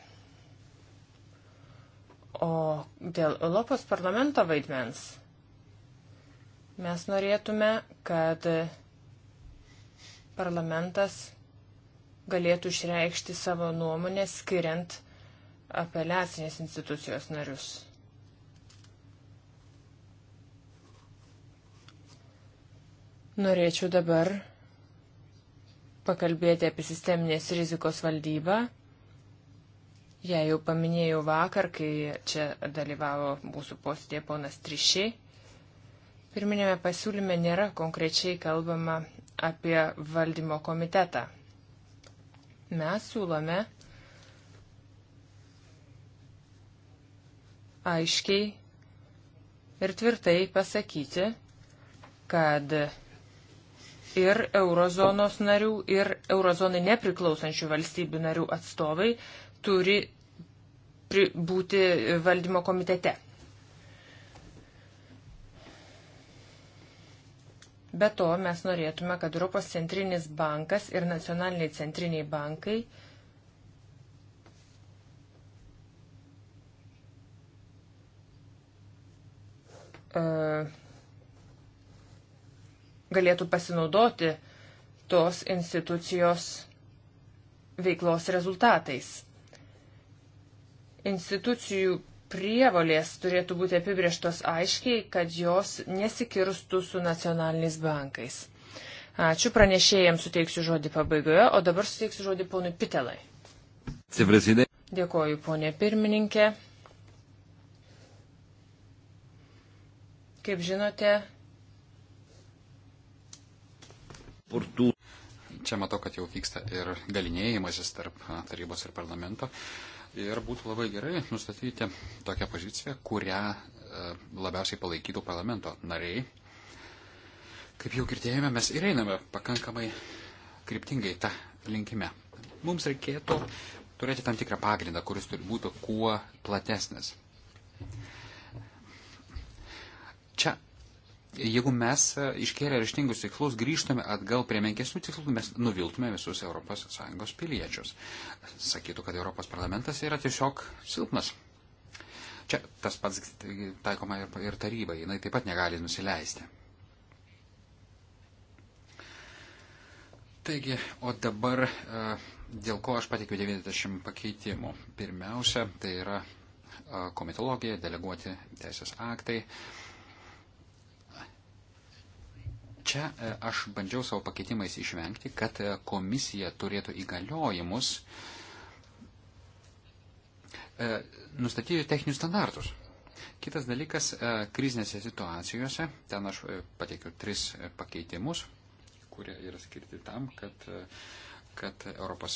Speaker 2: O dėl Europos parlamento vaidmens mes norėtume, kad parlamentas galėtų išreikšti savo nuomonę skiriant apeliacinės institucijos narius. Norėčiau dabar pakalbėti apie sisteminės rizikos valdybą Jei jau paminėjau vakar, kai čia dalyvavo mūsų postė ponas Trišė, pirminėme pasiūlyme nėra konkrečiai kalbama apie valdymo komitetą. Mes siūlome aiškiai ir tvirtai pasakyti, kad ir eurozonos narių, ir eurozonai nepriklausančių valstybių narių atstovai turi būti valdymo komitete. Be to, mes norėtume, kad Europos centrinis bankas ir nacionaliniai centriniai bankai e, galėtų pasinaudoti tos institucijos veiklos rezultatais institucijų prievalės turėtų būti apibrieštos aiškiai, kad jos nesikirstų su nacionaliniais bankais. Ačiū, pranešėjams suteiksiu žodį pabaigoje, o dabar suteiksiu žodį ponui Pitelai. Dėkoju, ponė pirmininkė. Kaip žinote.
Speaker 3: Čia matau, kad jau vyksta ir galinėjimasis tarp tarybos ir parlamento. Uh, Ir būtų labai gerai nustatyti tokią poziciją, kurią e, labiausiai palaikytų parlamento nariai. Kaip jau girdėjome, mes ir einame pakankamai kryptingai tą linkime. Mums reikėtų turėti tam tikrą pagrindą, kuris turi būti kuo platesnis. Čia jeigu mes e, iškėlę ryštingus tikslus grįžtume atgal prie menkesnių tikslų, tai mes nuviltume visus ES piliečius. Sakytų, kad Europos parlamentas yra tiesiog silpnas. Čia tas pats taikoma ir, ir taryba, jinai taip pat negali nusileisti. Taigi, o dabar e, dėl ko aš pateikiu 90 pakeitimų. Pirmiausia, tai yra e, komitologija, deleguoti teisės aktai. Čia e, aš bandžiau savo pakeitimais išvengti, kad e, komisija turėtų įgaliojimus e, nustatyti techninius standartus. Kitas dalykas, krizinėse situacijose, ten aš pateikiu tris pakeitimus, kurie yra skirti tam, kad, kad Europos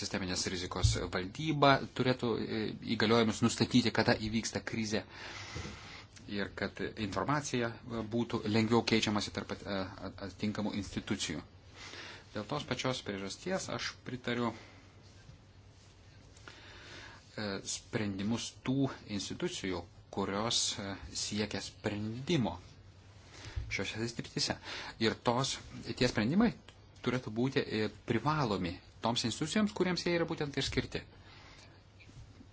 Speaker 3: sisteminės rizikos valdyba turėtų įgaliojimus nustatyti, kada įvyksta krizė ir kad informacija e, būtų lengviau keičiamasi tarp e, atitinkamų institucijų. Dėl tos pačios priežasties aš pritariu e, sprendimus tų institucijų, kurios siekia sprendimo šiuose srityse. Ir tos, tie sprendimai turėtų būti privalomi toms institucijoms, kuriems jie yra būtent ir skirti.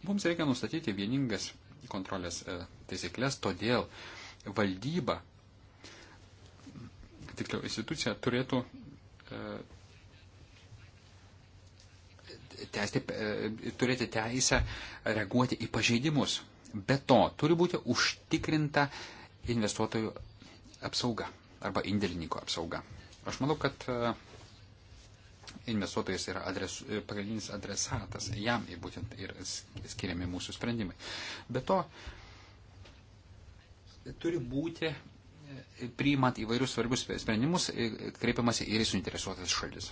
Speaker 3: Mums reikia nustatyti vieningas kontrolės e, taisyklės, todėl valdyba, tiksliau institucija, turėtų e, tęsti, e, turėti teisę reaguoti į pažeidimus. Be to, turi būti užtikrinta investuotojų apsauga arba indėlininko apsauga. Aš manau, kad investuotojas yra adres, pagrindinis adresatas, jam būtent ir skiriami mūsų sprendimai. Be to, turi būti, e, priimant įvairius svarbius sprendimus, e, kreipiamasi ir į suinteresuotas šalis.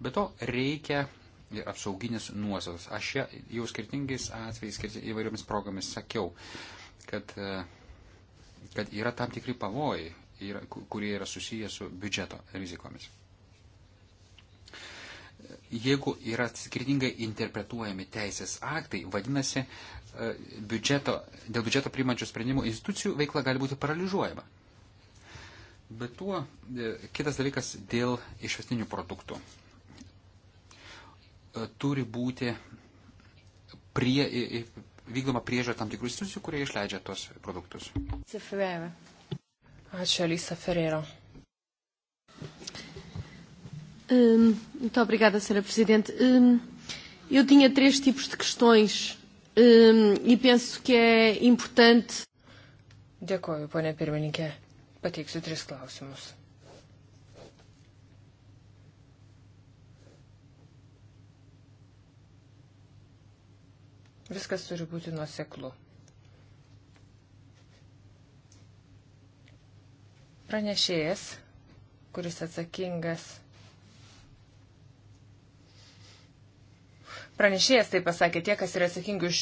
Speaker 3: Be to, reikia ir apsauginės nuostatos. Aš jau skirtingais atvejais, įvairiomis progomis sakiau, kad, e, kad yra tam tikri pavojai, kurie yra susiję su biudžeto rizikomis jeigu yra skirtingai interpretuojami teisės aktai, vadinasi, e, biudžeto, dėl biudžeto priimančių sprendimų institucijų veikla gali būti paralyžiuojama. Bet tuo e, kitas dalykas dėl išvestinių produktų. E, turi būti prie, vykdoma priežiūra tam tikrų institucijų, kurie išleidžia tuos produktus.
Speaker 2: Ačiū, Elisa Ferreira. Um, muito obrigada, Sra. Presidente. Um, eu tinha três tipos de questões um, e penso que é importante. Dėkoju, ponė pirmininkė. Pateiksiu tris klausimus. Viskas turi būti nuoseklu. Pranešėjas, kuris atsakingas Pranešėjas tai pasakė, tie, kas yra atsakingi už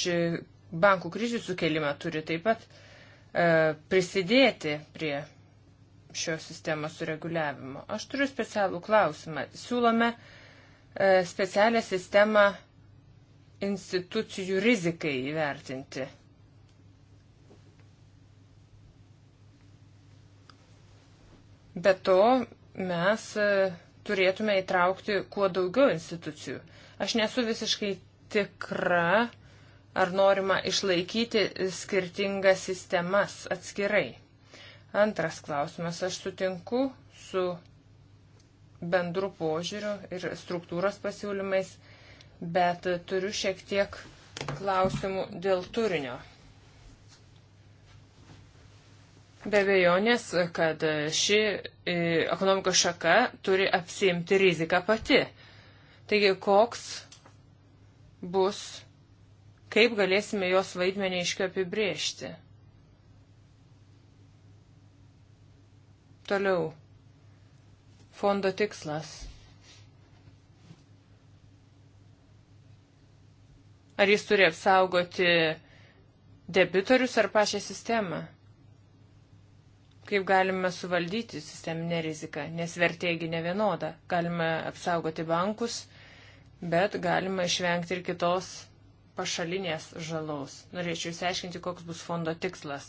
Speaker 2: bankų krizių sukelimą, turi taip pat e, prisidėti prie šios sistemos sureguliavimo. Aš turiu specialų klausimą. Siūlome e, specialią sistemą institucijų rizikai įvertinti. Be to, mes e, turėtume įtraukti kuo daugiau institucijų. E, Aš nesu visiškai tikra, ar norima išlaikyti skirtingas sistemas atskirai. Antras klausimas. Aš sutinku su bendru požiūriu ir struktūros pasiūlymais, bet turiu šiek tiek klausimų dėl turinio. Be vėjonės, kad ši e, ekonomikos šaka turi apsiimti riziką pati. Taigi, koks bus, kaip galėsime jos vaidmenį iškiai apibriežti. Toliau. Fondo tikslas. Ar jis turi apsaugoti debitorius ar pačią sistemą? Kaip galime suvaldyti sisteminę riziką, nes vertėgi ne vienoda. Galime apsaugoti bankus, bet galima išvengti ir kitos pašalinės žalos. Norėčiau įsiaiškinti, koks bus fondo tikslas.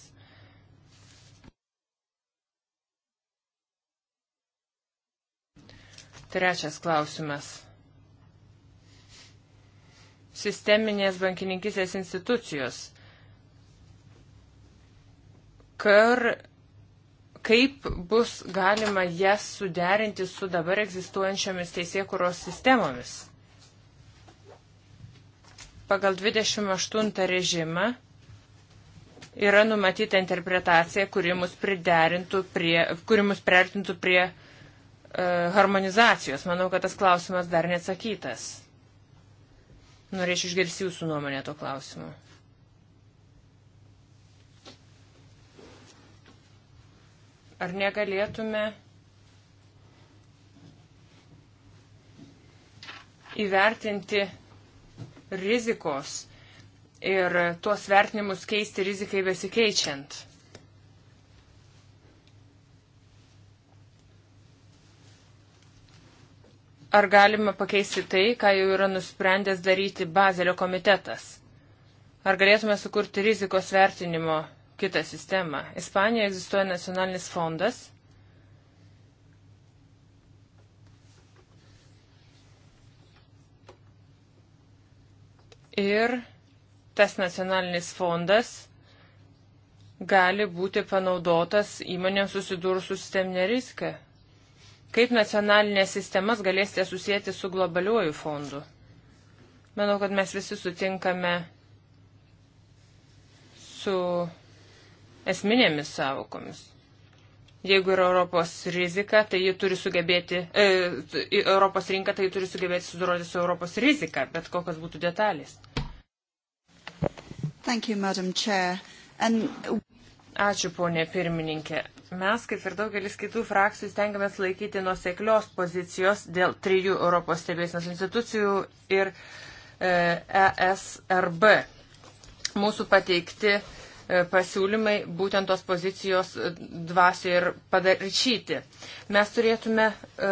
Speaker 2: Trečias klausimas. Sisteminės bankininkisės institucijos. Kar, kaip bus galima jas suderinti su dabar egzistuojančiomis teisėkuros sistemomis? pagal 28 režimą yra numatyta interpretacija, kuri mus, prie, kuri mus priartintų prie e, harmonizacijos. Manau, kad tas klausimas dar neatsakytas. Norėčiau išgirsti jūsų nuomonę to klausimu. Ar negalėtume įvertinti rizikos ir tuos vertinimus keisti rizikai besikeičiant. Ar galima pakeisti tai, ką jau yra nusprendęs daryti Bazelio komitetas? Ar galėtume sukurti rizikos vertinimo kitą sistemą? Ispanijoje egzistuoja nacionalinis fondas ir tas nacionalinis fondas gali būti panaudotas įmonėms susidūrusių sisteminė rizika. Kaip nacionalinės sistemas galėsite susijęti su globaliuoju fondu? Manau, kad mes visi sutinkame su esminėmis savokomis. Jeigu yra Europos rizika, tai ji turi sugebėti, e, Europos rinka, tai ji turi sugebėti sudoroti su Europos rizika, bet kokios būtų detalės.
Speaker 3: Thank you, Madam Chair. And...
Speaker 2: Ačiū, ponė pirmininkė. Mes, kaip ir daugelis kitų frakcijų, stengiamės laikyti nuseklios pozicijos dėl trijų Europos stebėsinos institucijų ir e, ESRB. Mūsų pateikti E, pasiūlymai būtent tos pozicijos e, dvasioje ir padarčyti. Mes turėtume e,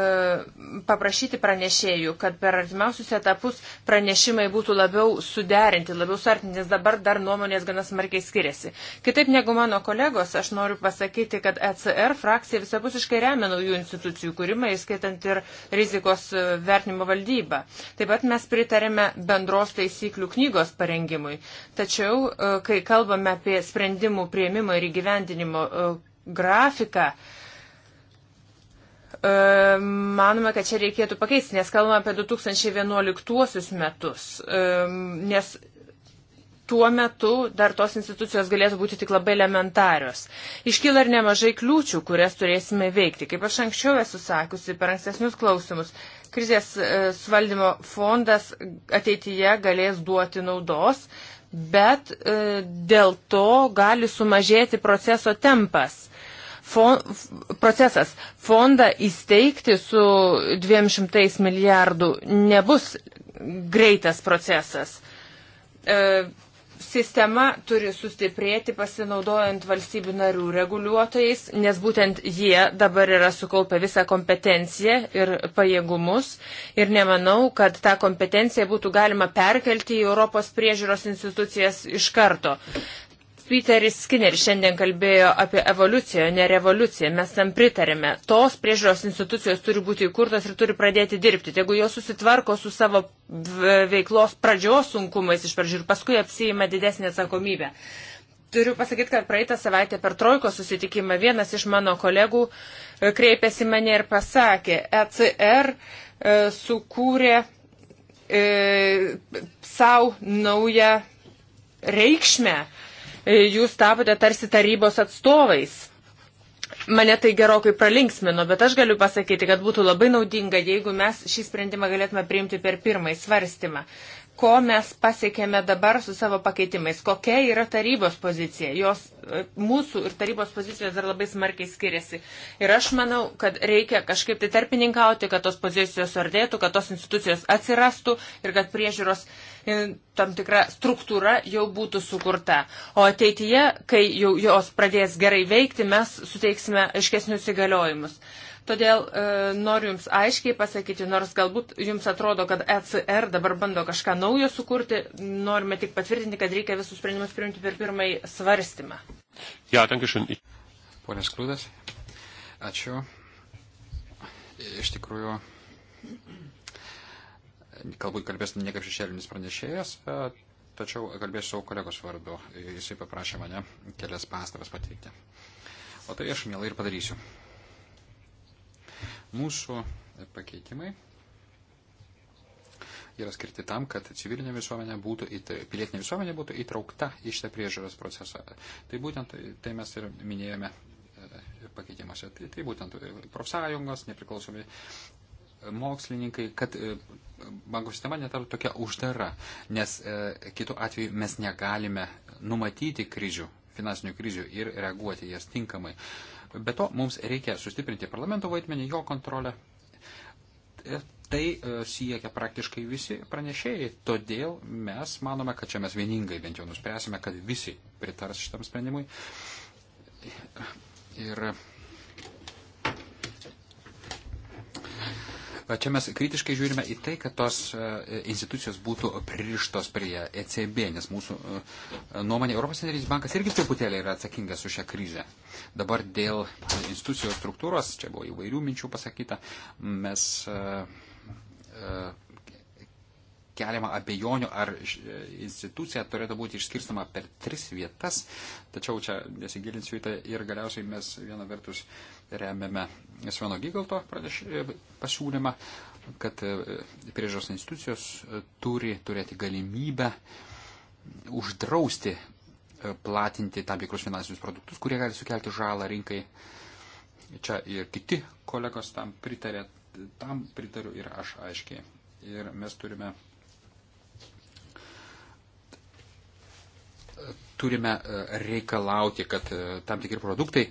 Speaker 2: paprašyti pranešėjų, kad per artimiausius etapus pranešimai būtų labiau suderinti, labiau sartinti, nes dabar dar nuomonės gana smarkiai skiriasi. Kitaip negu mano kolegos, aš noriu pasakyti, kad ECR frakcija visapusiškai remia naujų institucijų kūrimą, įskaitant ir rizikos vertinimo valdybą. Taip pat mes pritarėme bendros taisyklių knygos parengimui. Tačiau, kai kalbame apie sprendimų prieimimo ir įgyvendinimo e, grafiką, e, manome, kad čia reikėtų pakeisti, nes kalbame apie 2011 metus, e, nes tuo metu dar tos institucijos galėtų būti tik labai elementarios. Iškyla ir nemažai kliūčių, kurias turėsime veikti. Kaip aš anksčiau esu sakusi per ankstesnius klausimus, krizės suvaldymo fondas ateityje galės duoti naudos, bet e, dėl to gali sumažėti proceso tempas. Fon, procesas fondą įsteigti su 200 milijardų nebus greitas procesas. E, Sistema turi sustiprėti pasinaudojant valstybių narių reguliuotojais, nes būtent jie dabar yra sukaupę visą kompetenciją ir pajėgumus. Ir nemanau, kad tą kompetenciją būtų galima perkelti į Europos priežiūros institucijas iš karto. Peteris Skinneris šiandien kalbėjo apie evoliuciją, ne revoliuciją. Mes tam pritarėme. Tos priežiūros institucijos turi būti įkurtos ir turi pradėti dirbti. Jeigu jos susitvarko su savo veiklos pradžios sunkumais iš pradžių ir paskui apsijima didesnį atsakomybę. Turiu pasakyti, kad praeitą savaitę per trojko susitikimą vienas iš mano kolegų e, kreipėsi mane ir pasakė, ECR e, sukūrė e, savo naują reikšmę. E, E, jūs tapote tarsi tarybos atstovais. Mane tai gerokai pralinksmino, bet aš galiu pasakyti, kad būtų labai naudinga, jeigu mes šį sprendimą galėtume priimti per pirmąjį svarstymą. Ko mes pasiekėme dabar su savo pakeitimais? Kokia yra tarybos pozicija? Jos e, mūsų ir tarybos pozicijos dar labai smarkiai skiriasi. Ir aš manau, kad reikia kažkaip tai tarpininkauti, kad tos pozicijos ordėtų, kad tos institucijos atsirastų ir kad priežiūros uh, tam tikra struktūra jau būtų sukurta. O ateityje, kai jau jos pradės gerai veikti, mes suteiksime aiškesnius įgaliojimus. Todėl e, noriu Jums aiškiai pasakyti, nors galbūt Jums atrodo, kad ECR dabar bando kažką naujo sukurti, norime tik patvirtinti, kad reikia visus sprendimus priimti per pirmąjį svarstymą.
Speaker 3: Ja, Ponas Klūdas, ačiū. Iš tikrųjų, galbūt kalbėsiu ne kaip šešėlinis pranešėjas, tačiau kalbėsiu savo kolegos vardu. Jisai paprašė mane kelias pastabas pateikti. O tai aš mielai ir padarysiu. Mūsų pakeitimai yra skirti tam, kad civilinė visuomenė būtų, pilietinė visuomenė būtų įtraukta į šitą priežiūros procesą. Tai būtent tai mes ir minėjome e, pakeitimuose. Tai, tai būtent profsąjungos, nepriklausomi mokslininkai, kad e, bankų sistema netaptų tokia uždara, nes e, kitų atveju mes negalime numatyti krizių, finansinių krizių ir reaguoti jas tinkamai. Be to, mums reikia sustiprinti parlamento vaidmenį, jo kontrolę. E, tai siekia praktiškai visi pranešėjai, todėl mes manome, kad čia mes vieningai bent jau nuspręsime, kad visi pritars šitam sprendimui. Ir E, čia mes kritiškai žiūrime į tai, kad tos e, institucijos būtų pririštos prie ECB, nes mūsų e, nuomonė Europos Centrinis bankas irgi truputėlį yra atsakingas už šią krizę. Dabar dėl institucijos struktūros, čia buvo įvairių minčių pasakyta, mes keliama abejonių, ar institucija turėtų būti išskirstama per tris vietas, tačiau čia nesigilinsiu į tai ir galiausiai mes vieną vertus remiame Sveno Gygalto pasiūlymą, kad e, priežos institucijos e, turi turėti galimybę uždrausti e, platinti tam tikrus finansinius produktus, kurie gali sukelti žalą rinkai. Čia ir kiti kolegos tam pritarė, tam pritariu ir aš aiškiai. Ir mes turime turime reikalauti, kad tam tikri produktai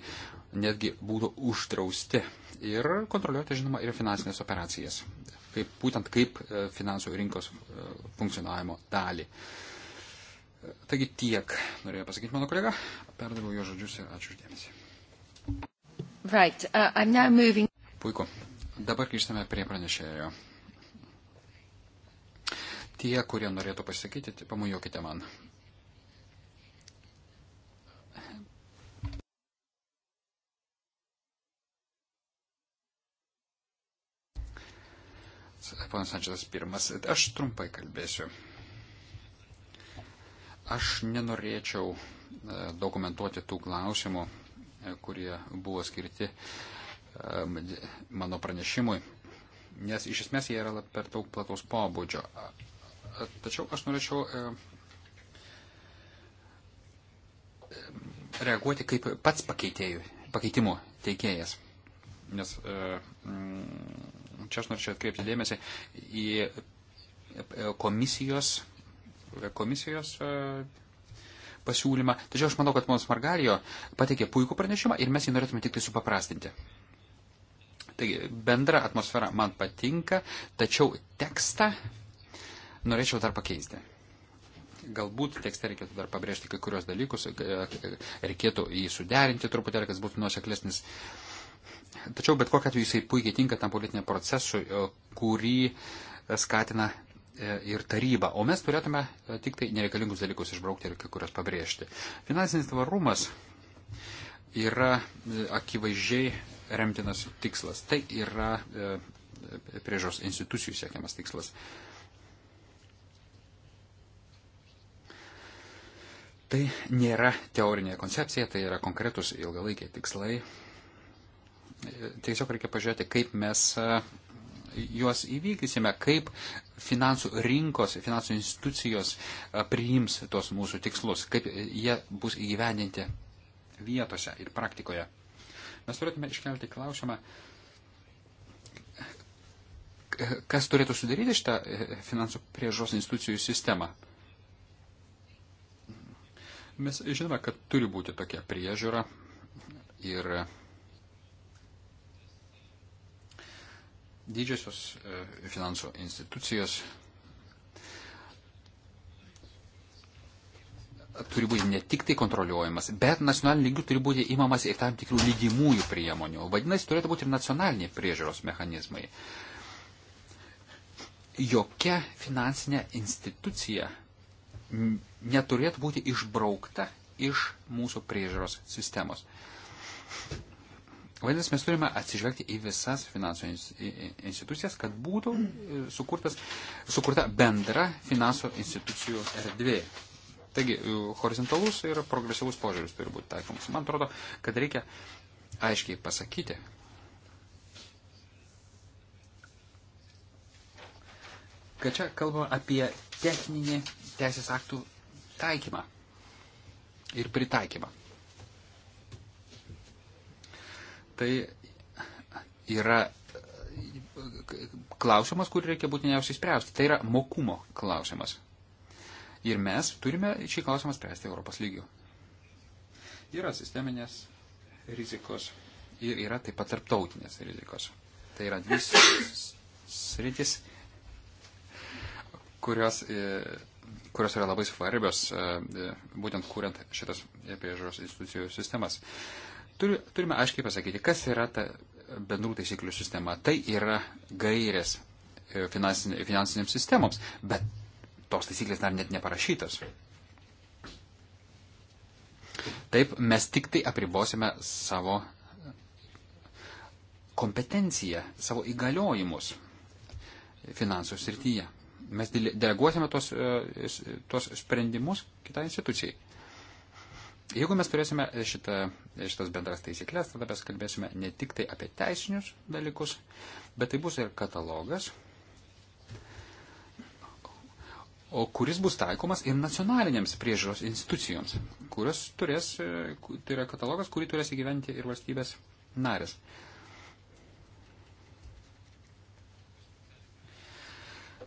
Speaker 3: netgi būtų uždrausti ir kontroliuoti, žinoma, ir finansinės operacijas, kaip, būtent kaip e, finansų rinkos e, funkcionavimo dalį. Taigi tiek norėjo pasakyti mano kolega, perdaviau jo žodžius ir ačiū uždėmesi. Right, uh, I'm now moving. Puiku. Dabar grįžtame prie pranešėjo. Tie, kurie norėtų pasakyti, tai pamujokite man. ponas Sančias pirmas. Aš trumpai kalbėsiu. Aš nenorėčiau e, dokumentuoti tų klausimų, e, kurie buvo skirti e, mano pranešimui, nes iš esmės jie yra per daug plataus pobūdžio. Tačiau aš norėčiau reaguoti kaip pats pakeitėjų, pakeitimų teikėjas. Nes e, mm, čia aš norėčiau atkreipti dėmesį į e, komisijos, e, komisijos e, pasiūlymą. Tačiau aš manau, kad ponas Margarijo pateikė puikų pranešimą ir mes jį norėtume tik tai supaprastinti. Taigi, bendra atmosfera man patinka, tačiau tekstą norėčiau dar pakeisti. Galbūt tekste reikėtų dar pabrėžti kai kurios dalykus, reikėtų jį suderinti truputėlį, kad būtų nuoseklesnis. Uh, Tačiau bet kokia atveju jisai puikiai tinka tam politiniam procesui, e, kurį e, skatina e, ir taryba. O mes turėtume tik tai nereikalingus dalykus išbraukti ir kai kurias pabrėžti. Finansinis tvarumas yra akivaizdžiai remtinas tikslas. Tai yra priežos institucijų siekiamas tikslas. Tai nėra teorinė koncepcija, tai yra konkretus ilgalaikiai tikslai, tiesiog reikia pažiūrėti, kaip mes e, juos įvykdysime, kaip finansų rinkos, finansų institucijos e, priims tuos mūsų tikslus, kaip jie bus įgyvendinti vietose ir praktikoje. Mes turėtume iškelti klausimą, kas turėtų sudaryti šitą e, finansų priežos institucijų sistemą. Mes žinome, kad turi būti tokia priežiūra ir didžiosios e, finansų institucijos turi būti ne tik tai kontroliuojamas, bet nacionaliniu lygiu turi būti imamas ir tam tikrų lygimųjų priemonių. Vadinasi, turėtų būti ir nacionaliniai priežiūros mechanizmai. Jokia finansinė institucija neturėtų būti išbraukta iš mūsų priežiūros sistemos. Vadinasi, mes turime atsižvelgti į visas finansų institucijas, kad būtų e, sukurtas, sukurta bendra finansų institucijų erdvė. Taigi, e, horizontalus ir progresyvus požiūris turi būti taikomas. Man atrodo, kad reikia aiškiai pasakyti, kad čia kalbama apie techninį teisės aktų taikymą ir pritaikymą. Tai yra klausimas, kurį reikia būtiniausiai spręsti. Tai yra mokumo klausimas. Ir mes turime šį klausimą spręsti Europos lygių. Yra sisteminės rizikos ir yra taip pat tarptautinės rizikos. Tai yra dvi sritis, kurios, e, kurios yra labai svarbios, e, būtent kuriant šitas priežiūros institucijų sistemas. Turime aiškiai pasakyti, kas yra ta bendrų taisyklių sistema. Tai yra gairės e, finansinėms sistemoms, bet tos taisyklės dar net neparašytos. Taip mes tik tai apribosime savo kompetenciją, savo įgaliojimus finansų srityje. Mes deleguosime tos, e, tos sprendimus kitai institucijai. Jeigu mes turėsime šitą, šitas bendras taisyklės, tada mes kalbėsime ne tik tai apie teisinius dalykus, bet tai bus ir katalogas, o kuris bus taikomas ir nacionalinėms priežiūros institucijoms, kurios turės, tai yra katalogas, kurį turės įgyventi ir valstybės narės.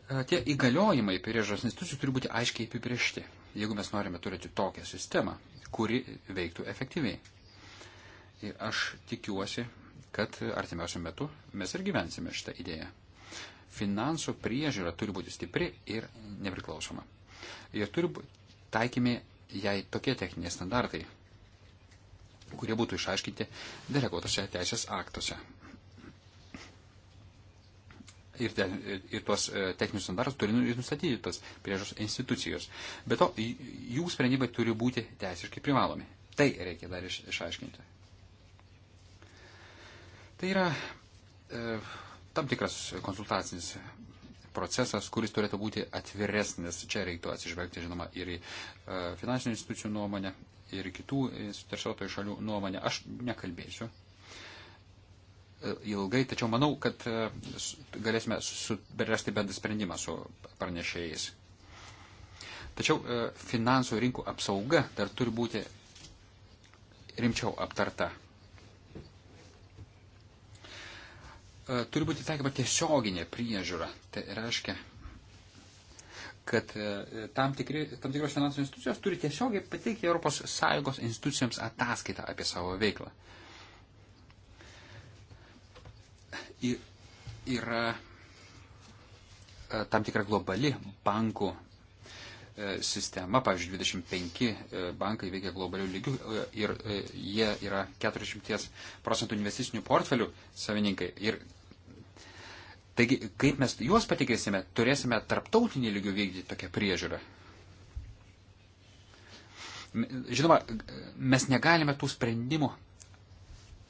Speaker 3: E, tie įgaliojimai priežos institucijų turi būti aiškiai apibriešti, jeigu mes norime turėti tokią sistemą, kuri veiktų efektyviai. Ir aš tikiuosi, kad artimiausiu metu mes ir gyvensime šitą idėją. Finansų priežiūra turi būti stipri ir nepriklausoma. Ir turi taikymė jai tokie techniniai standartai, kurie būtų išaiškinti deleguotose teisės aktuose ir, te, ir tuos e, techninius standartus turi nu, nustatyti tas priežos institucijos. Be to, jų sprendimai turi būti teisiškai privalomi. Tai reikia dar iš, išaiškinti. Tai yra e, tam tikras konsultacinis procesas, kuris turėtų būti atviresnis. Čia reiktų atsižvelgti, žinoma, ir į e, finansinių institucijų nuomonę, ir kitų e, sutaršiotojų šalių nuomonę. Aš nekalbėsiu ilgai, tačiau manau, kad e, galėsime subrėžti bendrą sprendimą su pranešėjais. Tačiau e, finansų rinkų apsauga dar turi būti rimčiau aptarta. E, turi būti taikoma tiesioginė priežiūra. Tai reiškia, kad tam, tikri, tam tikros finansų institucijos turi tiesiogiai pateikti ES institucijoms ataskaitą apie savo veiklą. Uh, yra e, tam tikra globali bankų e, sistema, pavyzdžiui, 25 e, bankai veikia globalių lygių ir jie yra 40 procentų investicinių portfelių savininkai. Ir taigi, kaip mes juos patikėsime, turėsime tarptautinį lygių vykdyti tokią priežiūrą. Žinoma, mes negalime tų sprendimų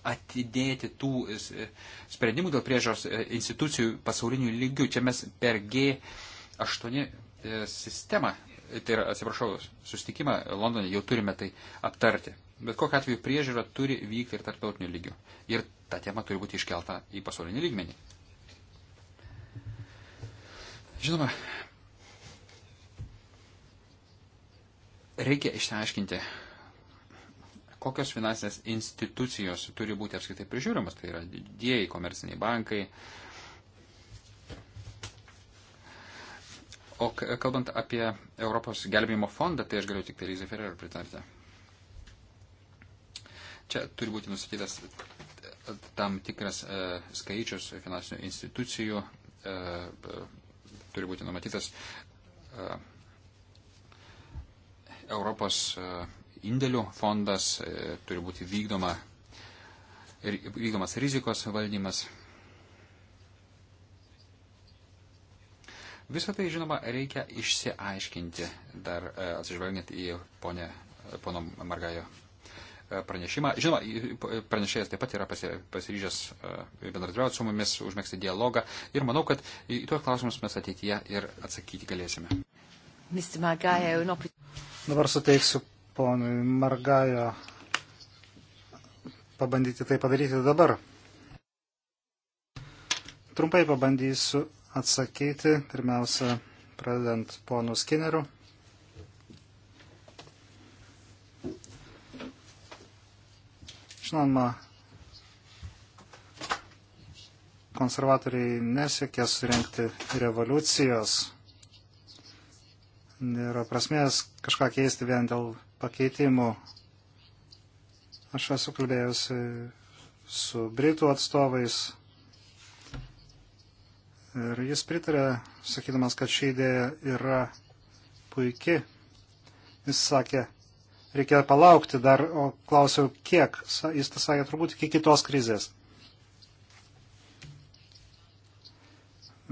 Speaker 3: atidėti tų e, sprendimų dėl priežos e, institucijų pasaulinių lygių. Čia mes per G8 e, sistemą, tai yra, atsiprašau, sustikimą Londone jau turime tai aptarti. Bet kokiu atveju priežiūra turi vykti ir tarptautiniu lygiu. Ir ta tema turi būti iškelta į pasaulinį lygmenį. Žinoma, reikia išsiaiškinti, kokios finansinės institucijos turi būti apskaitai prižiūrimas, tai yra didieji komerciniai bankai. O kalbant apie Europos gelbėjimo fondą, tai aš galiu tik tai Lizai Ferrer pritarti. Čia turi būti nustatytas tam tikras e, skaičius finansinių institucijų, e, e, turi būti numatytas e, Europos e, indėlių fondas, e, turi būti vykdoma, vykdomas rizikos valdymas. Visą tai, žinoma, reikia išsiaiškinti, dar e, atsižvelgiant į ponę, e, pono Margajo pranešimą. Žinoma, pranešėjas taip pat yra pasiryžęs bendradarbiauti su mumis, užmėgsti dialogą ir manau, kad į tuos klausimus mes ateityje ir atsakyti galėsime.
Speaker 1: Dabar suteiksiu ponui Margajo pabandyti tai padaryti dabar. Trumpai pabandysiu atsakyti, pirmiausia, pradedant ponų Skinneru. Žinoma, konservatoriai nesiekė surinkti revoliucijos. Nėra prasmės kažką keisti vien dėl pakeitimų. Aš esu kalbėjusi su Britų atstovais ir jis pritarė, sakydamas, kad ši idėja yra puiki. Jis sakė, reikia palaukti dar, o klausiau, kiek. Jis tą sakė, turbūt iki kitos krizės.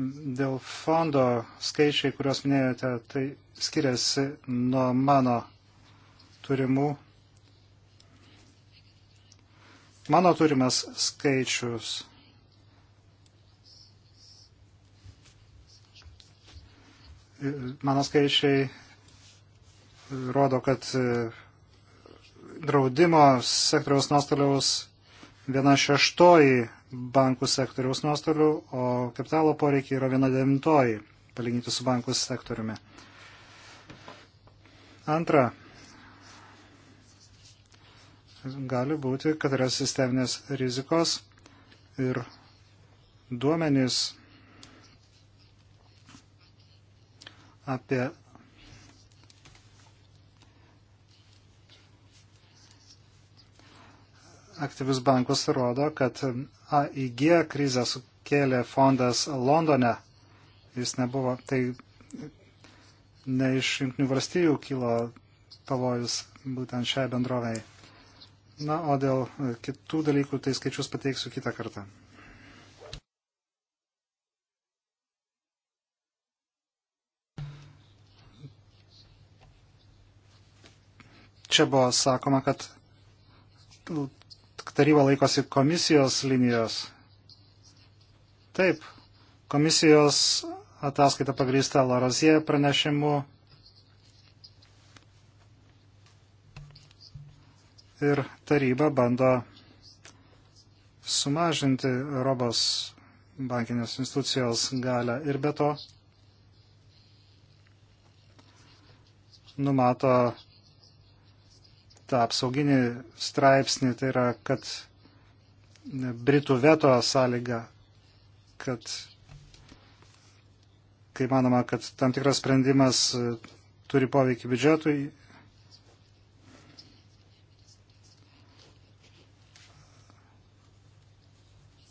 Speaker 1: Dėl fondo skaičiai, kuriuos minėjote, tai skiriasi nuo mano turimų, mano turimas skaičius. Mano skaičiai rodo, kad e, draudimo sektoriaus nuostoliaus viena šeštoji bankų sektoriaus nuostolių, o kapitalo poreikiai yra viena devintoji, palyginti su bankų sektoriumi. Antra, gali būti, kad yra sisteminės rizikos ir duomenys apie aktyvius bankus rodo, kad AIG krizę sukėlė fondas Londone. Jis nebuvo, tai ne iš jungtinių valstybių kilo pavojus būtent šiai bendrovei. Na, o dėl kitų dalykų, tai skaičius pateiksiu kitą kartą. Čia buvo sakoma, kad taryba laikosi komisijos linijos. Taip, komisijos ataskaita pagrįsta Larozie pranešimu ir taryba bando sumažinti Europos bankinės institucijos galę ir be to numato tą apsauginį straipsnį, tai yra, kad Britų veto sąlyga, kad kai manoma, kad tam tikras sprendimas turi poveikį biudžetui,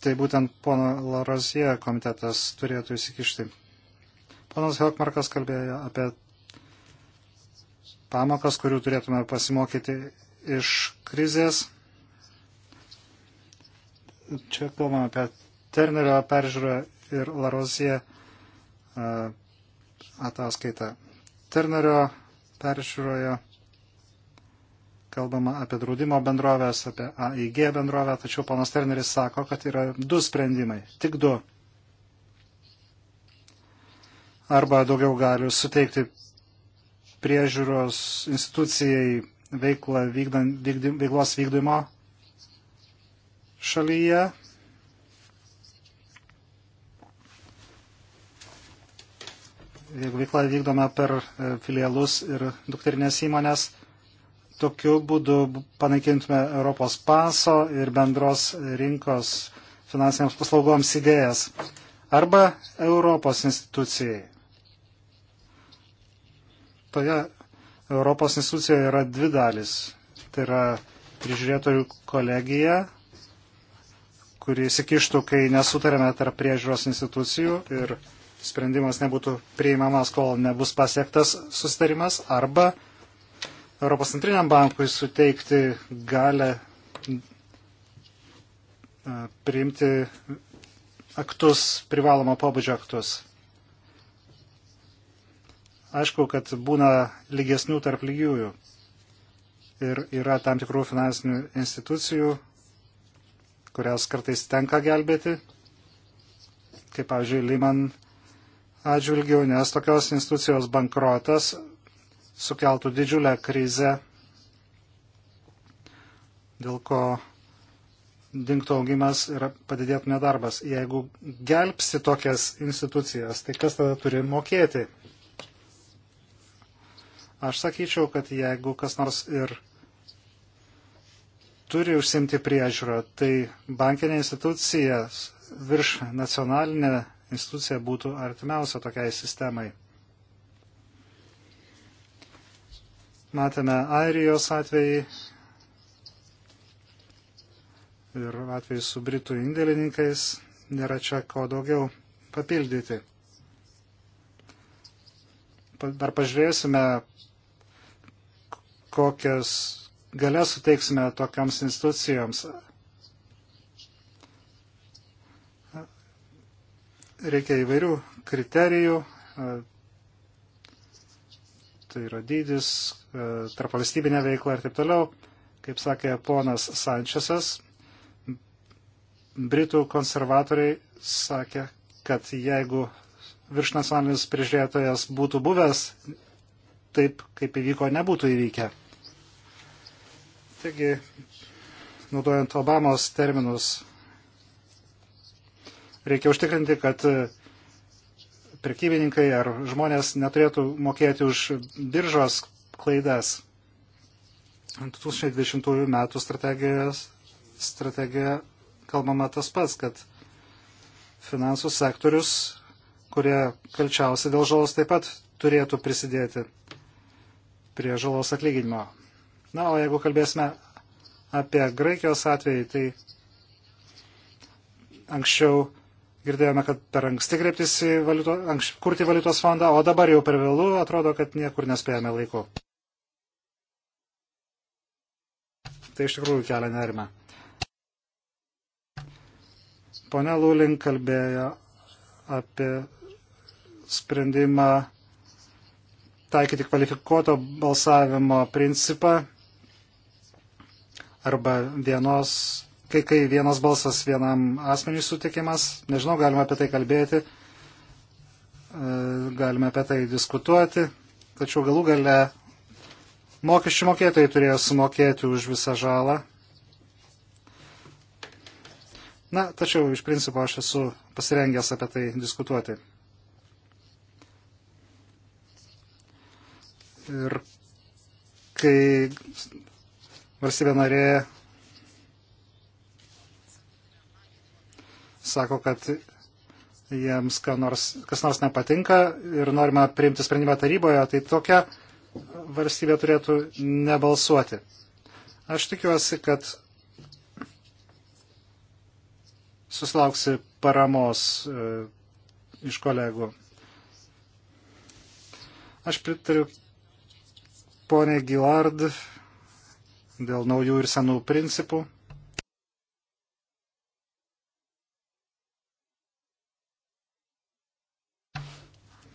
Speaker 1: tai būtent pono Larozie komitetas turėtų įsikišti. Ponas Helkmarkas kalbėjo apie pamokas, kurių turėtume pasimokyti iš krizės. Čia kalbame apie Ternerio peržiūrą ir Larozie e, ataskaitą. Ternerio peržiūroje kalbama apie draudimo bendrovės, apie AIG bendrovę, tačiau ponas Terneris sako, kad yra du sprendimai, tik du. Arba daugiau galių suteikti priežiūros institucijai veiklą vykdant, vykdy, veiklos vykdymo šalyje. Jeigu veiklą vykdome per e, filialus ir dukterinės įmonės, Tokiu būdu panaikintume Europos paso ir bendros rinkos finansiniams paslaugoms idėjas. Arba Europos institucijai. Toje Europos institucijoje yra dvi dalis. Tai yra prižiūrėtojų kolegija, kuri įsikištų, kai nesutarėme tarp priežiūros institucijų ir sprendimas nebūtų priimamas, kol nebus pasiektas sustarimas, arba Europos centriniam bankui suteikti galę e, priimti aktus, privalomo pobūdžio aktus. Aišku, kad būna lygesnių tarp lygiųjų ir yra tam tikrų finansinių institucijų, kurias kartais tenka gelbėti, kaip pavyzdžiui, Liman atžvilgių, nes tokios institucijos bankrotas sukeltų didžiulę krizę, dėl ko dinktų augimas ir padidėtų nedarbas. Jeigu gelbsi tokias institucijas, tai kas tada turi mokėti? Aš sakyčiau, kad jeigu kas nors ir turi užsimti priežiūrą, tai bankinė institucija virš nacionalinė institucija būtų artimiausia tokiai sistemai. Matėme Airijos atvejį ir atvejį su Britų indėlininkais. Nėra čia ko daugiau papildyti. Dar pažiūrėsime, kokias galės suteiksime tokiams institucijoms. Reikia įvairių kriterijų, tai yra dydis, e, tarp valstybinė veikla ir taip toliau. Kaip sakė ponas Sančesas, Britų konservatoriai sakė, kad jeigu viršnacionalinis prižiūrėtojas būtų buvęs, taip kaip įvyko, nebūtų įvykę. Taigi, naudojant Obamos terminus, reikia užtikrinti, kad prekybininkai ar žmonės neturėtų mokėti už biržos klaidas. 2020 metų strategija kalbama tas pats, kad finansų sektorius, kurie kalčiausi dėl žalos taip pat turėtų prisidėti prie žalos atlyginimo. Na, o jeigu kalbėsime apie Graikijos atvejį, tai anksčiau girdėjome, kad per anksti kreiptis į valiuto, anks, kurti valiutos fondą, o dabar jau per vėlų, atrodo, kad niekur nespėjame laiku. Tai iš tikrųjų kelia nerime. Pone Lūlin kalbėjo apie sprendimą taikyti kvalifikuoto balsavimo principą arba vienos kai, kai vienas balsas vienam asmeniui sutikimas, nežinau, galima apie tai kalbėti, e, galime apie tai diskutuoti, tačiau galų gale mokesčių mokėtojai turėjo sumokėti už visą žalą. Na, tačiau iš principo aš esu pasirengęs apie tai diskutuoti. Ir kai valstybė narė sako, kad jiems ka nors, kas nors nepatinka ir norima priimti sprendimą taryboje, tai tokia valstybė turėtų nebalsuoti. Aš tikiuosi, kad susilauksi paramos e, iš kolegų. Aš pritariu ponė Gilard dėl naujų ir senų principų.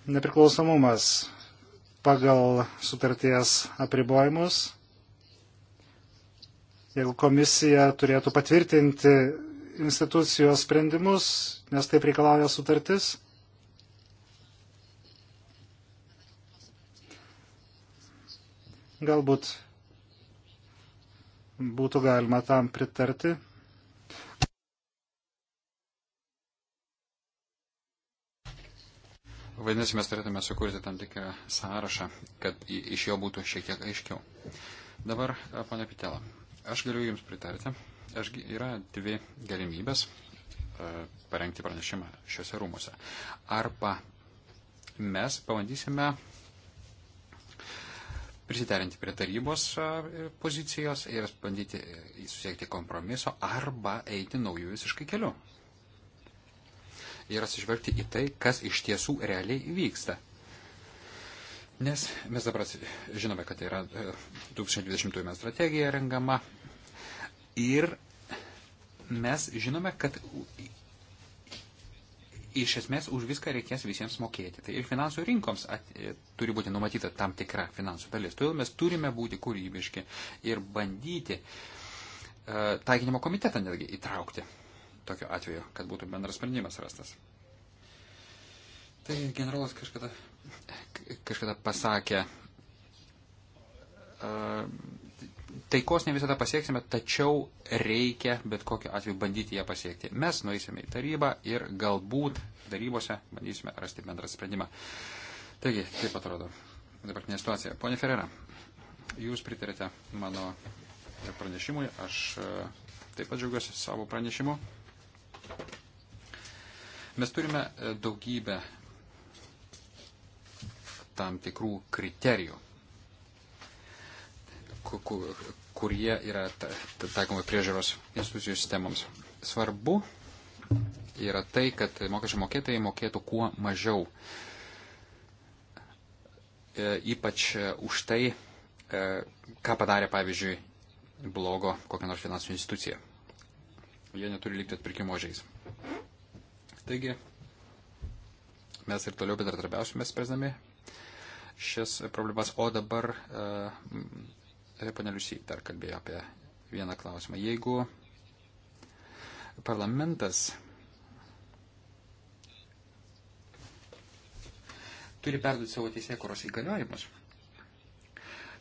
Speaker 1: nepriklausomumas pagal sutarties apribojimus. Jeigu komisija turėtų patvirtinti institucijos sprendimus, nes taip reikalauja sutartis, galbūt būtų galima tam pritarti.
Speaker 3: Vadinasi, mes turėtume sukurti tam tikrą sąrašą, kad iš jo būtų šiek tiek aiškiau. Dabar, ponia Pitela, aš galiu Jums pritarti. Aš, yra dvi galimybės parengti pranešimą šiuose rūmose. Arba mes pabandysime prisiderinti prie tarybos pozicijos ir bandyti e, susiekti kompromiso arba eiti naujų visiškai keliu ir atsižvelgti į tai, kas iš tiesų realiai vyksta. Nes mes dabar žinome, kad yra 2020 e, m. strategija rengama ir mes žinome, kad iš esmės už viską reikės visiems mokėti. Tai ir finansų rinkoms at, e, turi būti numatyta tam tikra finansų dalis. Todėl mes turime būti kūrybiški ir bandyti e, taikinimo komitetą netgi įtraukti tokiu atveju, kad būtų bendras sprendimas rastas. Tai generolas kažkada, kažkada pasakė, taikos ne visada pasieksime, tačiau reikia bet kokiu atveju bandyti ją pasiekti. Mes nueisime į tarybą ir galbūt darybose bandysime rasti bendrą sprendimą. Taigi, taip atrodo dabartinė situacija. Pone Ferrera, jūs pritarėte mano pranešimui, aš e, taip pat džiaugiuosi savo pranešimu. Mes turime e, daugybę tam tikrų kriterijų, kurie yra taikomi priežiūros institucijų sistemoms. Svarbu yra tai, kad mokesčių mokėtojai mokėtų kuo mažiau, e, ypač e, už tai, ką padarė, pavyzdžiui, blogo kokią nors finansų instituciją. Jie neturi likti atpirkimo žiais. Taigi, mes ir toliau bendradarbiausime spręsdami šias problemas. O dabar, e, paneliusiai dar kalbėjo apie vieną klausimą. Jeigu parlamentas turi perduoti savo teisėkuros įgaliojimus,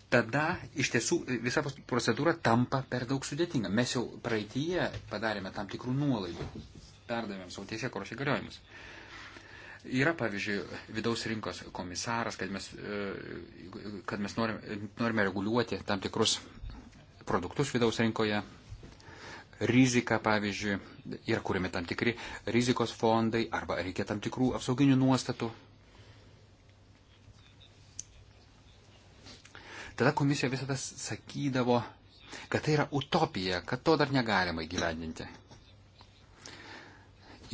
Speaker 3: tada iš tiesų visa procedūra tampa per daug sudėtinga. Mes jau praeitie padarėme tam tikrų nuolaidų, perdavėm savo teisėkoros įgaliojimus. Yra, pavyzdžiui, vidaus rinkos komisaras, kad mes, e, kad mes norime, norime reguliuoti tam tikrus produktus vidaus rinkoje, riziką, pavyzdžiui, yra kūrėme tam tikri rizikos fondai arba reikia tam tikrų apsauginių nuostatų Tada komisija visada sakydavo, kad tai yra utopija, kad to dar negalima įgyvendinti.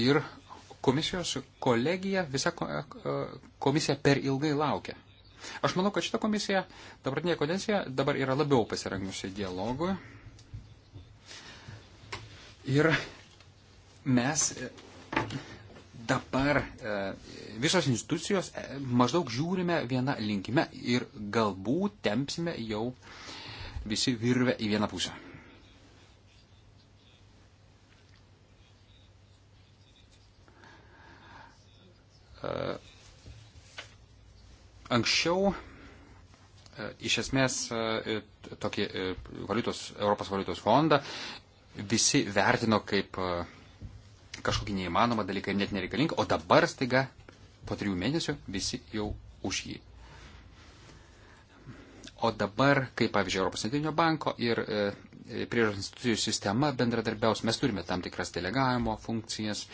Speaker 3: Ir komisijos kolegija, visa komisija per ilgai laukia. Aš manau, kad šita komisija, dabartinė kodencija, dabar yra labiau pasirengusi dialogui. Ir mes dabar e, visos institucijos e, maždaug žiūrime vieną linkime ir galbūt tempsime jau visi virvę į vieną pusę. E, anksčiau iš esmės tokį valiutos, Europos valiutos fondą visi vertino kaip kažkokį neįmanomą dalyką ir net nereikalingą, o dabar staiga po trijų mėnesių visi jau už jį. O dabar, kaip pavyzdžiui, Europos Centrinio banko ir e, priežas institucijų sistema bendradarbiaus, mes turime tam tikras delegavimo funkcijas,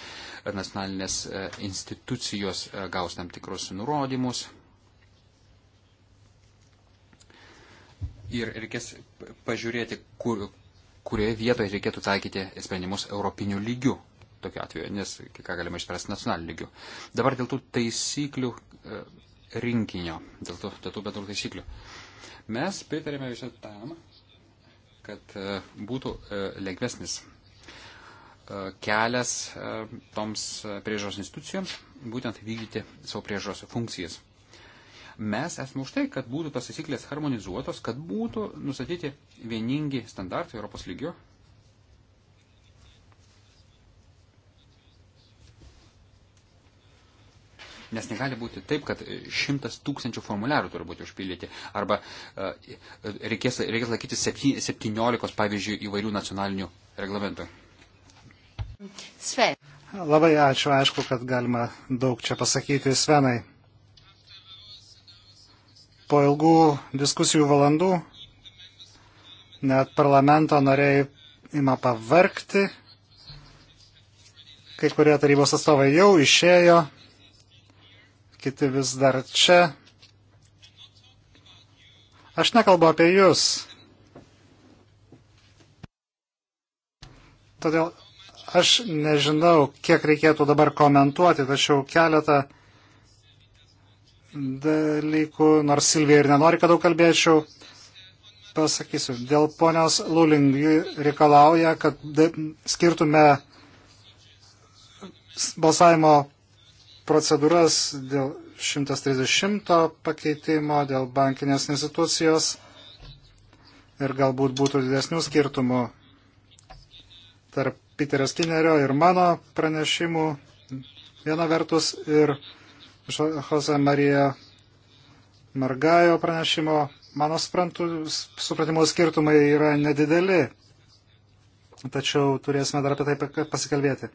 Speaker 3: nacionalinės e, institucijos e, gaus tam tikrus nurodymus. Ir reikės pažiūrėti, kur, kurioje vietoje reikėtų taikyti sprendimus europinių lygių tokiu atveju, nes kai ką galima išspręsti nacionaliniu lygiu. Dabar dėl tų taisyklių e, rinkinio, dėl tų, dėl tų bendrų taisyklių. Mes pritarėme visą tam, kad e, būtų e, lengvesnis kelias toms priežos institucijoms būtent vykdyti savo priežos funkcijas. Mes esame už tai, kad būtų tas taisyklės harmonizuotos, kad būtų nustatyti vieningi standartai Europos lygio Nes negali būti taip, kad e, šimtas tūkstančių formuliarų turi būti užpildyti. Arba e, e, reikės, reikės laikyti septyniolikos, pavyzdžiui, įvairių nacionalinių reglamentų. Sven.
Speaker 1: Labai ačiū, aišku, kad galima daug čia pasakyti Svenai. Po ilgų diskusijų valandų net parlamento nariai ima pavarkti. Kai kurie tarybos atstovai jau išėjo, kiti vis dar čia. Aš nekalbu apie jūs. Todėl aš nežinau, kiek reikėtų dabar komentuoti, tačiau keletą dalykų, nors Silvija ir nenori, kad daug kalbėčiau, pasakysiu. Dėl ponios Luling reikalauja, kad skirtume balsavimo procedūras dėl 130 pakeitimo, dėl bankinės institucijos ir galbūt būtų didesnių skirtumų tarp Piterio Skinerio ir mano pranešimų viena vertus ir Jose Marija Margajo pranešimo. Mano suprantu, supratimo skirtumai yra nedideli, tačiau turėsime dar apie tai pasikalbėti.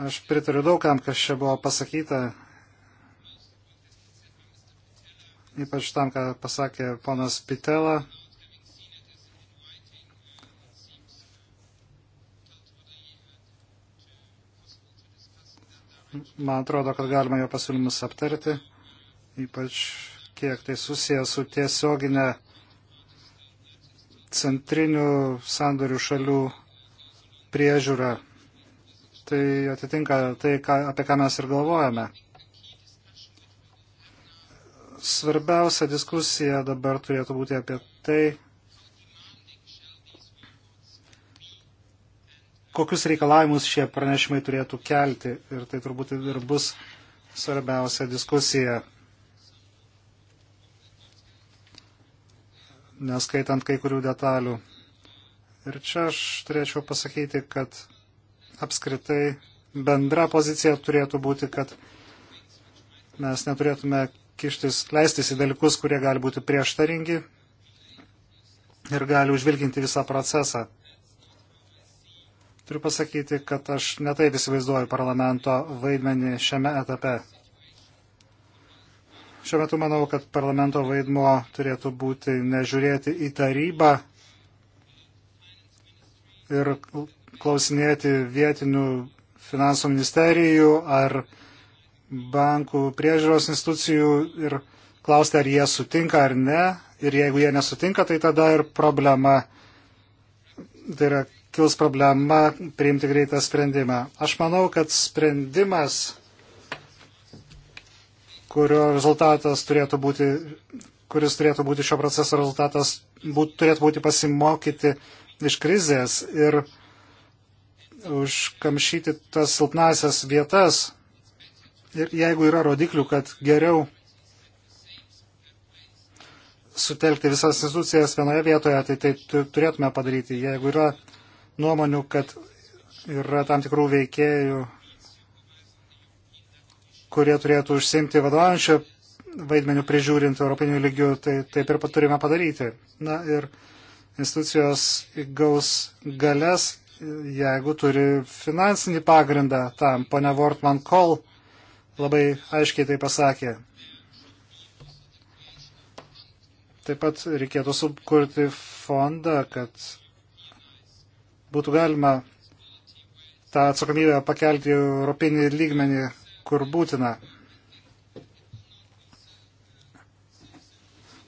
Speaker 1: Aš pritariu daugam, kas čia buvo pasakyta, ypač tam, ką pasakė ponas Pitela. Man atrodo, kad galima jo pasiūlymus aptarti, ypač kiek tai susijęs su tiesioginė centrinių sandorių šalių priežiūra tai atitinka tai, ką, apie ką mes ir galvojame. Svarbiausia diskusija dabar turėtų būti apie tai, kokius reikalavimus šie pranešimai turėtų kelti. Ir tai turbūt ir bus svarbiausia diskusija. Neskaitant kai kurių detalių. Ir čia aš turėčiau pasakyti, kad apskritai bendra pozicija turėtų būti, kad mes neturėtume kištis, leistis į dalykus, kurie gali būti prieštaringi ir gali užvilginti visą procesą. Turiu pasakyti, kad aš netaip įsivaizduoju parlamento vaidmenį šiame etape. Šiuo metu manau, kad parlamento vaidmuo turėtų būti nežiūrėti į tarybą ir klausinėti vietinių finansų ministerijų ar bankų priežiūros institucijų ir klausti, ar jie sutinka ar ne. Ir jeigu jie nesutinka, tai tada ir problema, tai yra kils problema priimti greitą sprendimą. Aš manau, kad sprendimas, kurio rezultatas turėtų būti, kuris turėtų būti šio proceso rezultatas, būt, turėtų būti pasimokyti iš krizės ir užkamšyti tas silpnasias vietas. Ir jeigu yra rodiklių, kad geriau sutelkti visas institucijas vienoje vietoje, tai tai turėtume padaryti. Jeigu yra nuomonių, kad yra tam tikrų veikėjų, kurie turėtų užsimti vadovaujančio vaidmenių prižiūrint europinių lygių, tai taip ir turime padaryti. Na ir institucijos gaus galės jeigu turi finansinį pagrindą tam. Pone Wortman Kol labai aiškiai tai pasakė. Taip pat reikėtų sukurti fondą, kad būtų galima tą atsakomybę pakelti į europinį lygmenį, kur būtina.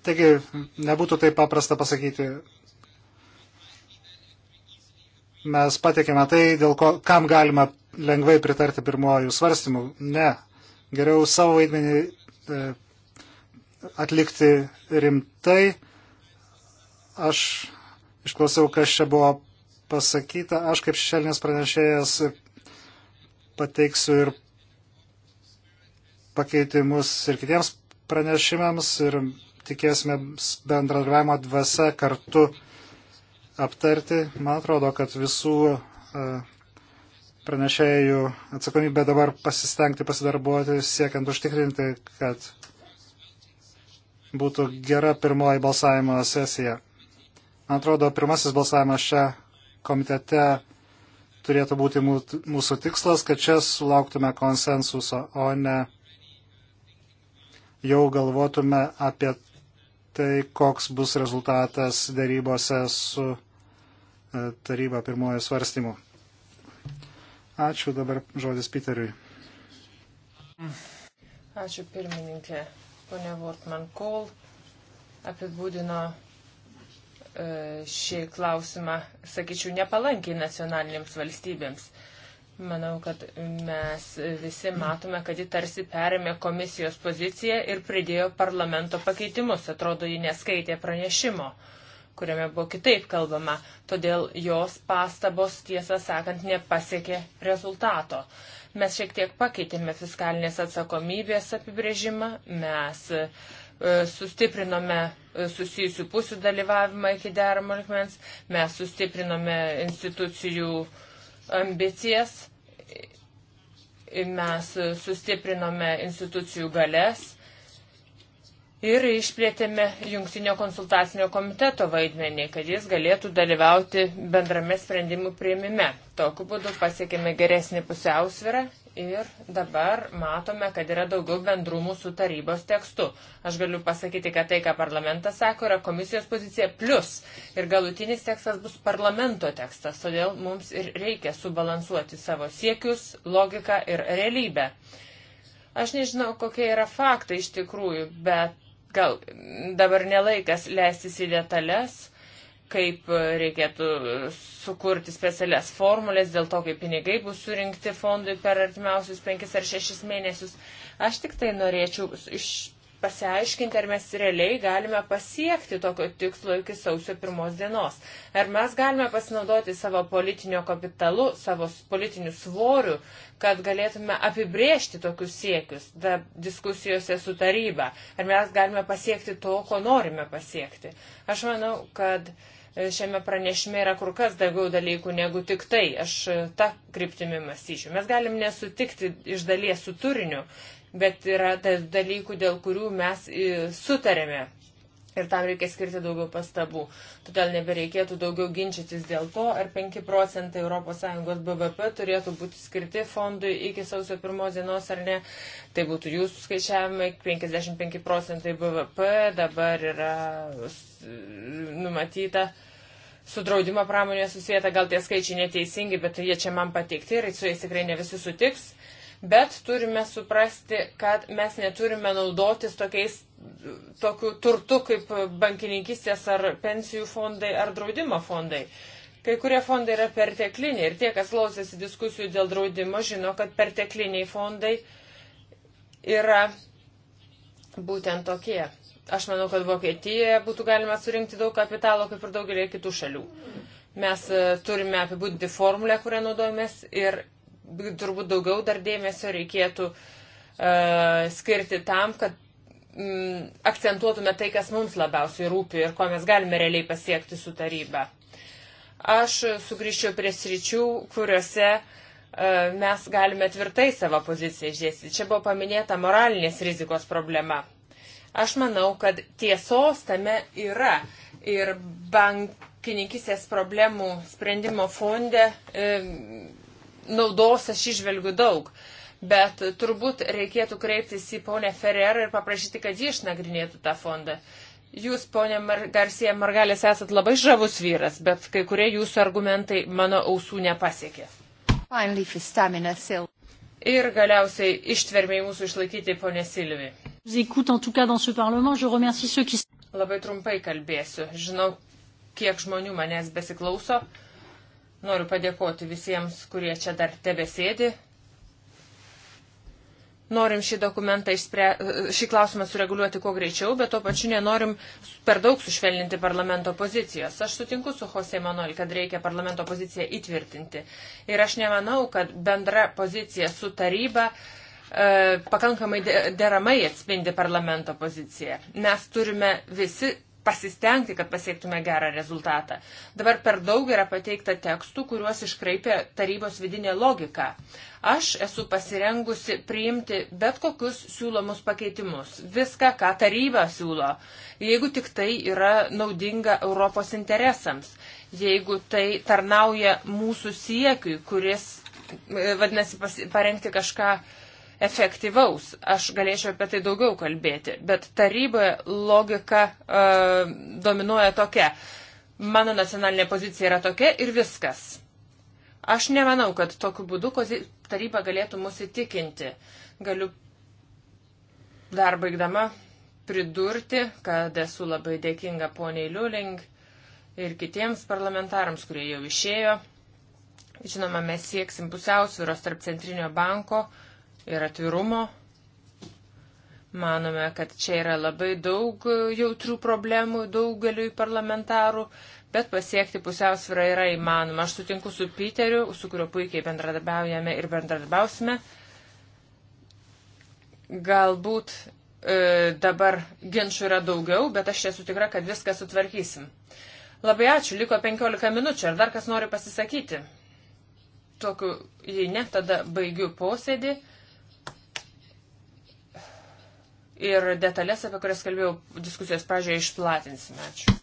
Speaker 1: Taigi, nebūtų taip paprasta pasakyti, mes patikėme tai, dėl ko, kam galima lengvai pritarti pirmojų svarstymų. Ne, geriau savo vaidmenį e, atlikti rimtai. Aš išklausiau, kas čia buvo pasakyta. Aš kaip šešėlinis pranešėjas pateiksiu ir pakeitimus ir kitiems pranešimams ir tikėsime bendradarbiavimo dvasia kartu aptarti. Man atrodo, kad visų e, pranešėjų atsakomybė dabar pasistengti pasidarbuoti, siekiant užtikrinti, kad būtų gera pirmoji balsavimo sesija. Man atrodo, pirmasis balsavimas čia komitete turėtų būti mūsų tikslas, kad čia sulauktume konsensuso, o ne jau galvotume apie tai koks bus rezultatas darybose su e, taryba pirmojo svarstymu. Ačiū dabar žodis Piteriui.
Speaker 2: Ačiū pirmininkė. Pone Vortman Kol apibūdino e, šį klausimą, sakyčiau, nepalankiai nacionalinėms valstybėms. Manau, kad mes visi matome, kad ji tarsi perėmė komisijos poziciją ir pridėjo parlamento pakeitimus. Atrodo, ji neskaitė pranešimo, kuriame buvo kitaip kalbama. Todėl jos pastabos, tiesą sakant, nepasiekė rezultato. Mes šiek tiek pakeitėme fiskalinės atsakomybės apibrėžimą. Mes e, sustiprinome e, susijusių pusių dalyvavimą iki deramo likmens. Mes sustiprinome institucijų uh, ambicijas, mes sustiprinome institucijų galės ir išplėtėme jungtinio konsultacinio komiteto vaidmenį, kad jis galėtų dalyvauti bendrame sprendimų prieimime. Tokiu būdu pasiekėme geresnį pusiausvirą ir dabar matome, kad yra daugiau bendrumų su tarybos tekstu. Aš galiu pasakyti, kad tai, ką parlamentas sako, yra komisijos pozicija plus. Ir galutinis tekstas bus parlamento tekstas, todėl mums ir reikia subalansuoti savo siekius, logiką ir realybę. Aš nežinau, kokie yra faktai iš tikrųjų, bet gal dabar nelaikas leistis į detalės kaip e, reikėtų e, sukurti specialias formulės dėl to, kaip pinigai bus surinkti fondui per artimiausius penkis ar šešis mėnesius. Aš tik tai norėčiau iš, pasiaiškinti, ar mes realiai galime pasiekti tokio tikslo iki sausio pirmos dienos. Ar mes galime pasinaudoti savo politinio kapitalu, savo politiniu svoriu, kad galėtume apibriežti tokius siekius da, diskusijose su taryba. Ar mes galime pasiekti to, ko norime pasiekti. Aš manau, kad uh, šiame pranešime yra kur kas daugiau dalykų negu tik tai. Aš e, tą kryptimį mąstyčiau. Mes galim nesutikti iš dalies su turiniu, bet yra dalykų, dėl kurių mes e, sutarėme Ir tam reikia skirti daugiau pastabų. Todėl nebereikėtų daugiau ginčytis dėl to, ar 5 procentai ES BVP turėtų būti skirti fondui iki sausio pirmos dienos ar ne. Tai būtų jūsų skaičiavimai. 55 procentai BVP dabar yra numatyta su draudimo pramonė susijęta, gal tie skaičiai neteisingi, bet jie čia man pateikti ir su jais tikrai ne visi sutiks. Bet turime suprasti, kad mes neturime naudotis tokiais tokiu turtu kaip bankininkistės ar pensijų fondai ar draudimo fondai. Kai kurie fondai yra pertekliniai ir tie, kas klausėsi diskusijų dėl draudimo, žino, kad pertekliniai fondai yra būtent tokie. Aš manau, kad Vokietijoje būtų galima surinkti daug kapitalo, kaip ir daugelį kitų šalių. Mes e, turime apibūdinti formulę, kurią naudojamės ir turbūt daugiau dar dėmesio reikėtų uh, skirti tam, kad mm, akcentuotume tai, kas mums labiausiai rūpi ir ko mes galime realiai pasiekti su taryba. Aš sugrįžčiau prie sričių, kuriuose e, mes galime tvirtai savo poziciją išdėstyti. Čia buvo paminėta moralinės rizikos problema. Aš manau, kad tiesos tame yra ir bankininkisės problemų sprendimo fonde e, naudos aš išvelgiu daug. E, bet turbūt reikėtų kreiptis į ponę Ferrerą ir paprašyti, kad ji išnagrinėtų tą fondą. Jūs, ponė Mar Garcija Margalės, esat labai žavus vyras, bet kai kurie jūsų argumentai mano ausų nepasiekė. Ir galiausiai ištvermiai mūsų išlaikyti ponė Silvi. Labai trumpai kalbėsiu. Žinau, kiek žmonių manęs besiklauso. Noriu padėkoti visiems, kurie čia dar tebesėdi Norim šį dokumentą, išspre, šį klausimą sureguliuoti kuo greičiau, bet tuo pačiu nenorim per daug sušvelninti parlamento pozicijos. Aš sutinku su Jose Manuel, kad reikia parlamento poziciją įtvirtinti. Ir aš nemanau, kad bendra pozicija su taryba e, pakankamai deramai atspindi parlamento poziciją. Mes turime visi pasistengti, kad pasiektume gerą rezultatą. Dabar per daug yra pateikta tekstų, kuriuos iškraipė tarybos vidinė logika. Aš esu pasirengusi priimti bet kokius siūlomus pakeitimus. Viską, ką taryba siūlo. Jeigu tik tai yra naudinga Europos interesams. Jeigu tai tarnauja mūsų siekiui, kuris, e, vadinasi, parengti kažką uh, efektyvaus. Aš galėčiau apie tai daugiau kalbėti, bet taryboje logika e, dominuoja tokia. Mano nacionalinė pozicija yra tokia ir viskas. Aš nemanau, kad tokiu būdu taryba galėtų mus įtikinti. Galiu dar baigdama pridurti, kad esu labai dėkinga poniai Liuling ir kitiems parlamentarams, kurie jau išėjo. Žinoma, mes sieksim pusiausvyros tarp centrinio banko ir atvirumo. Manome, kad čia yra labai daug jautrių problemų daugeliui parlamentarų, bet pasiekti pusiausvyrą yra įmanoma. Aš sutinku su Piteriu, su kuriuo puikiai bendradarbiaujame ir bendradarbiausime. Galbūt e, dabar ginčių yra daugiau, bet aš esu tikra, kad viską sutvarkysim. Labai ačiū, liko 15 minučių. Ar dar kas nori pasisakyti? Tokiu, jei ne, tada baigiu posėdį ir detalės, apie kurias kalbėjau diskusijos pradžioje, išplatinsime. Ačiū.